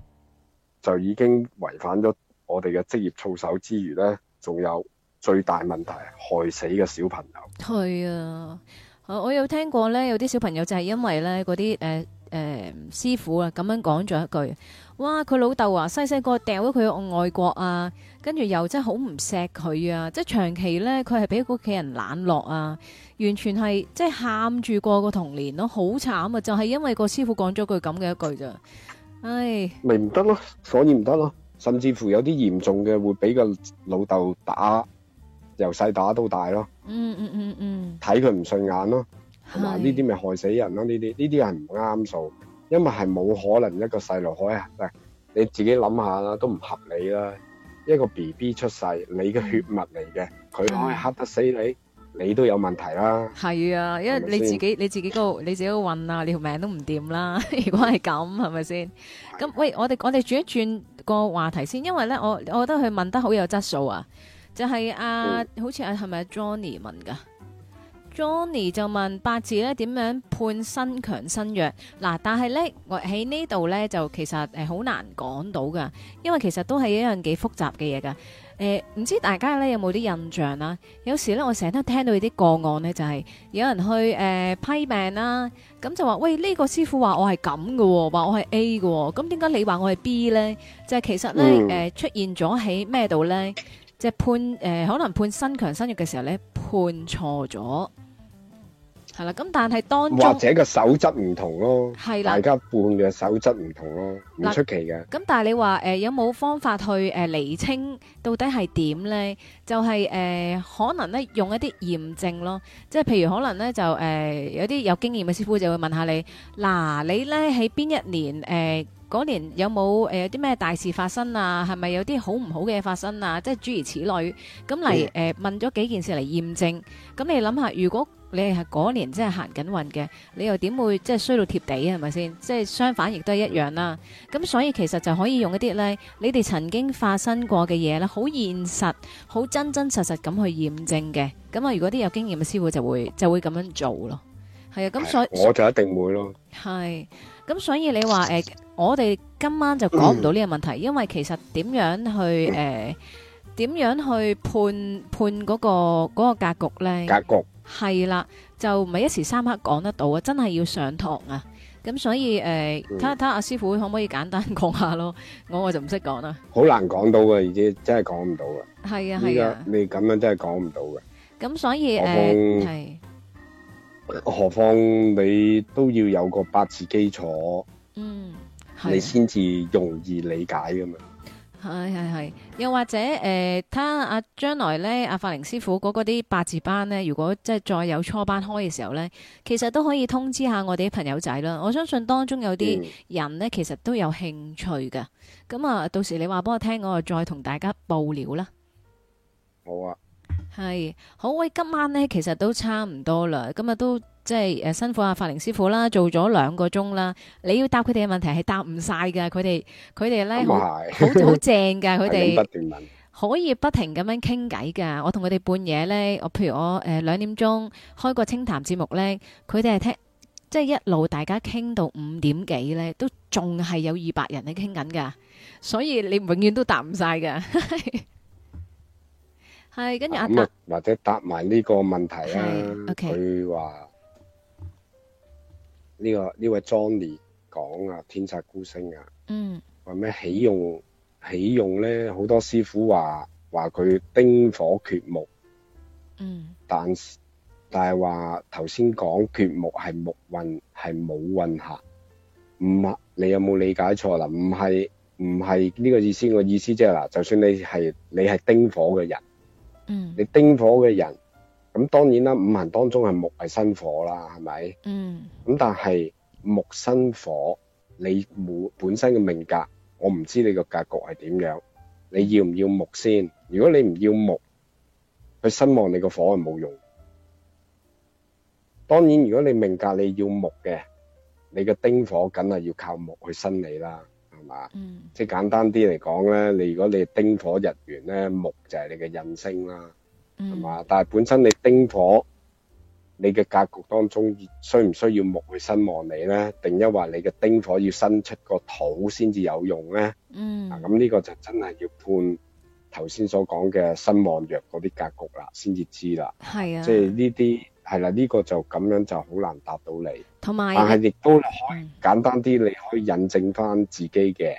S3: 就已經違反咗我哋嘅職業操守之餘呢，仲有最大問題害死嘅小朋友。
S1: 係啊，我有聽過呢，有啲小朋友就係因為呢嗰啲誒誒師傅啊咁樣講咗一句，哇！佢老豆啊，細細個掉咗佢去外國啊，跟住又真係好唔錫佢啊，即係長期呢，佢係俾屋企人冷落啊，完全係即係喊住過個童年咯，啊，好慘啊！就係、是、因為個師傅講咗句咁嘅一句咋。
S3: 咪唔得咯，所以唔得咯，甚至乎有啲嚴重嘅會俾個老豆打，由細打到大咯。嗯嗯嗯嗯，睇佢唔順眼咯，
S2: 同埋呢
S3: 啲咪害死人咯，呢啲呢啲係唔啱數，因為係冇可能一個細路開啊，你自己諗下啦，都唔合理啦，一個 BB 出世，你嘅血脈嚟嘅，佢可以嚇得死你。你都有問題啦，
S1: 係啊，因為係咪你自己你自己個你自己個運啊，你條命都唔掂啦。如果係咁，係咪先？咁喂，我哋我哋轉一轉個話題先，因為呢，我我覺得佢問得好有質素啊。就係、是、啊，好似啊，係咪 Johnny 問噶？Johnny 就問八字咧點樣判身強身弱嗱、啊？但係呢，我喺呢度呢，就其實好難講到噶，因為其實都係一樣幾複雜嘅嘢噶。誒、呃，唔知大家咧有冇啲印象啦、啊？有時咧，我成日都聽到啲個案咧，就係、是、有人去誒、呃、批命啦、啊，咁就話喂呢、這個師傅話我係咁嘅，話我係 A 嘅、哦，咁點解你話我係 B 咧？即、就、係、是、其實咧，誒、嗯呃、出現咗喺咩度咧？即、就、係、是、判誒、呃，可能判身強身強身弱嘅時候咧判
S3: 錯咗。
S1: 係啦，咁但係當中或者個
S3: 手執唔同咯，係啦，大家判嘅手執唔同咯，唔出奇嘅。
S1: 咁但係你話誒有冇方法去誒厘清到底係點咧？就係誒可能咧用一啲驗證咯，即係譬如可能咧就誒有啲有經驗嘅師傅就會問下你，嗱，你咧喺邊一年誒嗰年有冇誒有啲咩大事發生啊？係咪有啲好唔好嘅嘢發生啊？即係諸如此類，咁嚟誒問咗幾件事嚟驗證。咁你諗下如果，你係嗰年真係行緊運嘅，你又點會即係衰到貼地啊？係咪先？即係相反亦都係一樣啦。咁所以其實就可以用一啲咧，你哋曾經發生過嘅嘢咧，好現實，好真真實實咁去驗證嘅。咁啊，如果啲有經驗嘅師傅就會就會咁樣做咯。係啊，咁所以我
S3: 就一定會咯。
S1: 係，咁所以你話誒，我哋今晚就講唔到呢個問題，因為其實點樣去誒，點樣去判判嗰個嗰個格局咧？格局。係啦，就唔係一時三刻講得到啊！真係要上堂啊，咁所以誒，睇下睇下阿師傅可唔可以簡單講下咯？我我就唔識講啦，
S3: 好難講到嘅，而 <laughs> 且真係講唔到嘅。
S1: 係啊係啊，而家
S3: 你咁樣真係講唔到嘅。
S1: 咁所以誒，係，
S3: 何況、呃、你都要有個八字基礎，嗯，啊、你先至容易理解噶嘛。
S1: 係係係，又或者誒，睇下阿將來呢，阿法寧師傅嗰啲八字班呢，如果即係再有初班開嘅時候呢，其實都可以通知下我哋啲朋友仔啦。我相信當中有啲人呢，其實都有興趣㗎。咁啊，到時你話幫我聽，我就再同大家報料啦。
S3: 好啊。
S1: 係好，喂！今晚咧，其實都差唔多啦。今日都即係誒，辛苦阿法寧師傅啦，做咗兩個鐘啦。你要答佢哋嘅問題係答唔晒噶，佢哋佢哋咧好好正噶，佢 <laughs> 哋可以不停咁樣傾偈噶。我同佢哋半夜咧，我譬如我誒兩、呃、點鐘開個清談節目咧，佢哋係聽即係、就是、一路大家傾到五點幾咧，都仲係有二百人喺傾緊噶。所以你永遠都答唔晒噶。 <laughs> 係，跟住阿
S3: 特或者答埋呢個問題啊。佢話呢個呢位 Johnny 講啊，《天煞孤星》啊，嗯，話咩喜用喜用咧？好多師傅話話佢丁火缺木，嗯，但但係話頭先講缺木係木運係冇運下，唔係你有冇理解錯啦？唔係唔係呢個意思。我、那個、意思即係嗱，就算你係你係丁火嘅人。嗯，你丁火嘅人，咁當然啦，五行當中係木係生火啦，係咪？嗯，咁但係木生火，你木本身嘅命格，我唔知你個格局係點樣，你要唔要木先？如果你唔要木，去生旺你個火係冇用。當然，如果你命格你要木嘅，你嘅丁火梗係要靠木去生你啦。嘛，即係簡單啲嚟講咧，你如果你丁火日元咧，木就係你嘅印星啦，係嘛？但係本身你丁火，你嘅格局當中需唔需要木去生旺你咧？定抑或你嘅丁火要生出個土先至有用咧？嗯，啊咁呢個就真係要判頭先所講嘅生旺弱嗰啲格局啦，先至知啦。係啊，即係呢啲。係啦、啊，呢、呢個就咁樣就好難答到你。
S1: 同埋、啊，但係亦
S3: 都可以、嗯、簡單啲，你可以印證翻自己嘅，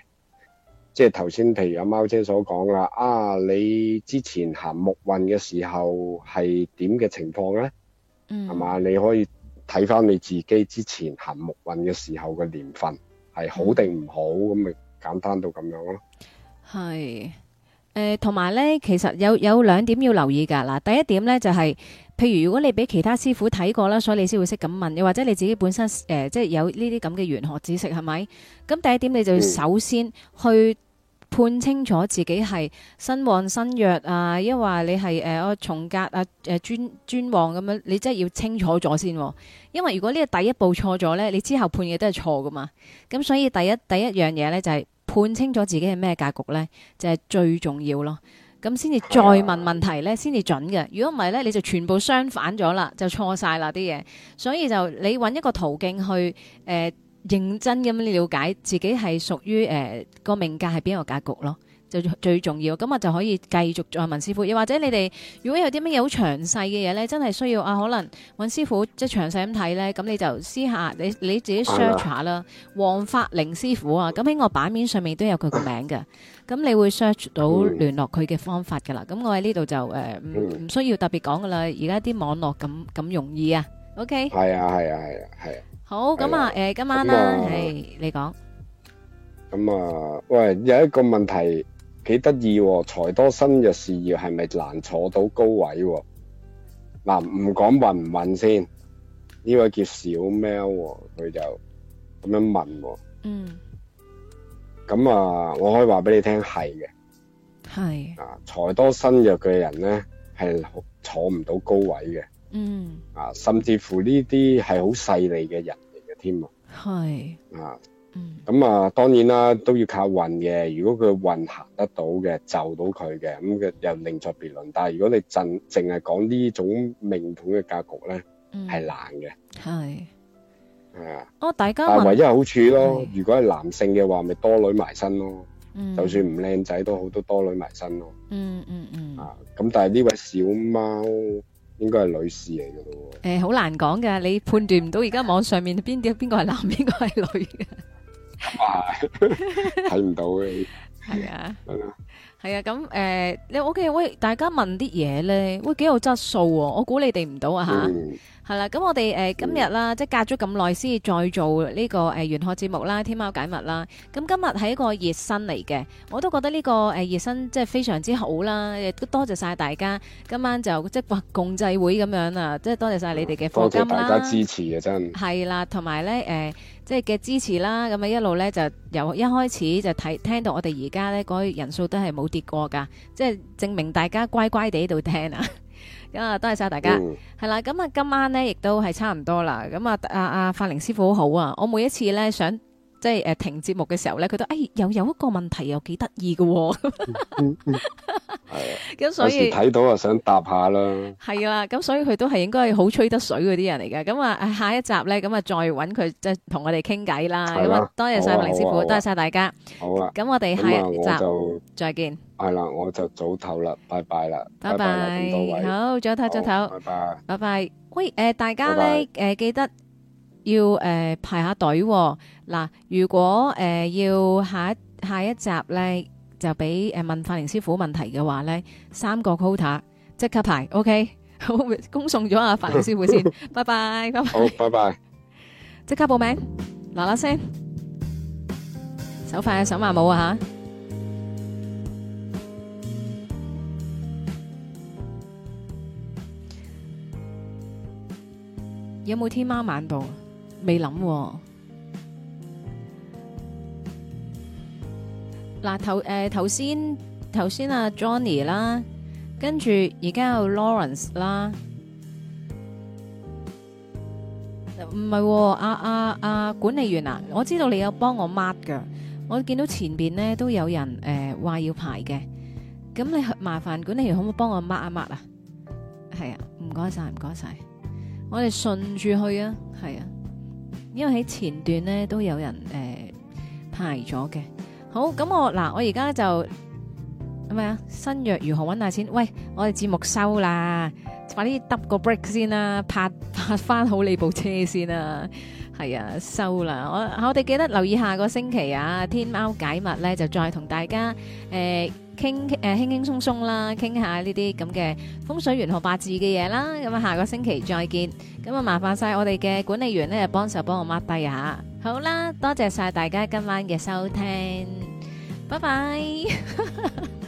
S3: 即係頭先譬如阿貓姐所講啦。啊，你之前行木運嘅時候係點嘅情況咧？嗯，係嘛？你可以睇翻你自己之前行木運嘅時候嘅年份係好定唔好，咁、嗯、咪簡單到咁樣咯。
S1: 係。誒、呃，同埋咧，其實有有兩點要留意噶。嗱，第一點咧就係、是，譬如如果你俾其他師傅睇過啦，所以你先會識咁問，又或者你自己本身誒、呃，即係有呢啲咁嘅玄學知識係咪？咁第一點，你就首先去判清楚自己係身旺身弱啊，因為你係誒我重格啊誒專專旺咁樣，你真係要清楚咗先、啊。因為如果呢個第一步錯咗咧，你之後判嘅都係錯噶嘛。咁所以第一第一樣嘢咧就係、是。判清楚自己係咩格局呢，就係、是、最重要咯。咁先至再問問題呢，先至準嘅。如果唔係呢，你就全部相反咗啦，就錯晒啦啲嘢。所以就你揾一個途徑去誒、呃、認真咁了解自己係屬於誒、呃、個命格係邊個格局咯。最最重要，咁我就可以繼續再問師傅，又或者你哋如果有啲乜嘢好詳細嘅嘢咧，真係需要啊，可能揾師傅即係詳細咁睇咧，咁你就私下你你自己 search 下啦。黃法寧師傅啊，咁喺我版面上面都有佢個名噶，咁你會 search 到聯絡佢嘅方法噶啦。咁我喺呢度就誒唔唔需要特別講噶啦，而家啲網絡咁咁容易啊。OK。係啊，
S3: 係啊，係啊，係。
S1: 好，咁啊誒，今晚咧，係你講。
S3: 咁啊，喂，有一個問題。幾得意喎，財多身弱事業，係咪難坐到高位？嗱、啊，唔講問唔問先，呢位叫小喵，佢就咁樣問喎。嗯。咁啊，我可以話俾你聽，係嘅。
S2: 係。
S3: 啊，財多身弱嘅人咧，係坐唔到高位嘅。嗯。啊，甚至乎呢啲係好勢利嘅人嚟嘅添啊。係。啊。咁啊，當然啦，都要靠運嘅。如果佢運行得到嘅，就到佢嘅，咁佢又另作別論。但係如果你正淨係講呢種命盤嘅格局咧，係難嘅。係係
S1: 啊，哦，大家但係唯一
S3: 好處咯。如果係男性嘅話，咪多女埋身咯。就算唔靚仔都好，都多女埋身咯。嗯嗯嗯。啊，咁但係呢位小貓應該係女士嚟嘅
S1: 咯。誒，好難講㗎，你判斷唔到而家網上面邊啲邊個係男邊個係女嘅。
S3: 哇！睇唔到嘅，
S1: 係啊。係啊，咁誒、呃，你 OK？喂，大家問啲嘢咧，喂，幾有質素喎、啊！我估你哋唔到啊吓，係、嗯、啦，咁、啊、我哋誒、呃、今日啦、嗯，即係隔咗咁耐先再做呢、這個誒玄、呃、學節目啦，天喵解密啦。咁今日係一個熱身嚟嘅，我都覺得呢、這個誒熱、呃、身即係非常之好啦。亦都多謝晒大家，今晚就即係話共濟會咁樣啊，即係多謝晒你哋嘅房間啦。多謝大家支
S3: 持啊，真係。係
S1: 啦、啊，同埋咧誒，即係嘅支持啦，咁啊一路咧就由一開始就睇聽到我哋而家咧嗰個人數都係冇。噶，即係證明大家乖乖地喺度聽啊！咁啊，多謝晒大家，係、嗯、啦，咁啊，今晚咧亦都係差唔多啦。咁啊，阿、啊、阿法寧師傅好好啊，我每一次咧想。即係誒停節目嘅時候咧，佢都誒又有一個問題又幾得意嘅，係啊。咁所以睇
S3: 到啊，想答下啦。
S1: 係啦，咁所以佢都係應該係好吹得水嗰啲人嚟嘅。咁啊下一集咧，咁啊再搵佢即係同我哋傾偈啦。咁啊多謝晒寧師傅，多謝晒大家。
S3: 好啦，咁我哋下一集就再見。係啦，我就早唞啦，拜拜啦，拜拜，好，早唞早唞，拜
S1: 拜，拜拜。喂，誒大家咧，誒記得要誒排下隊喎，嗱，如果誒要下一下一集咧，就俾誒問法寧師傅問題嘅話咧，三個 quota 即刻排，OK，好，恭送咗阿法寧師傅先，拜拜，好，拜拜，即刻報名，嗱嗱聲，手快手慢冇啊嚇，有冇天喵晚報？未諗嗱，頭誒，頭先頭先阿 Johnny 啦，跟住而家有 Lawrence 啦，唔係啊、哦、啊啊，啊！管理員啊，我知道你有幫我 mark 㗎。我見到前邊咧都有人誒話、呃、要排嘅，咁你麻煩管理員可唔可以幫我 mark 一、啊、mark 啊？係啊，唔該晒，唔該晒，我哋順住去啊，係啊。因為喺前段咧都有人誒排咗嘅，好，咁我嗱我而家就係咪啊新約如何揾下錢？喂，我哋節目收啦，快啲揼個 break 先啦，拍拍翻好你部車先啦，係啊，收啦，我我哋記得留意下個星期啊，天喵解密咧就再同大家誒。傾誒、呃、輕輕鬆鬆啦，傾下呢啲咁嘅風水玄學八字嘅嘢啦，咁啊下個星期再見，咁啊麻煩晒我哋嘅管理員咧幫手幫我抹低下，下，好啦，多謝晒大家今晚嘅收聽，拜拜。 <laughs>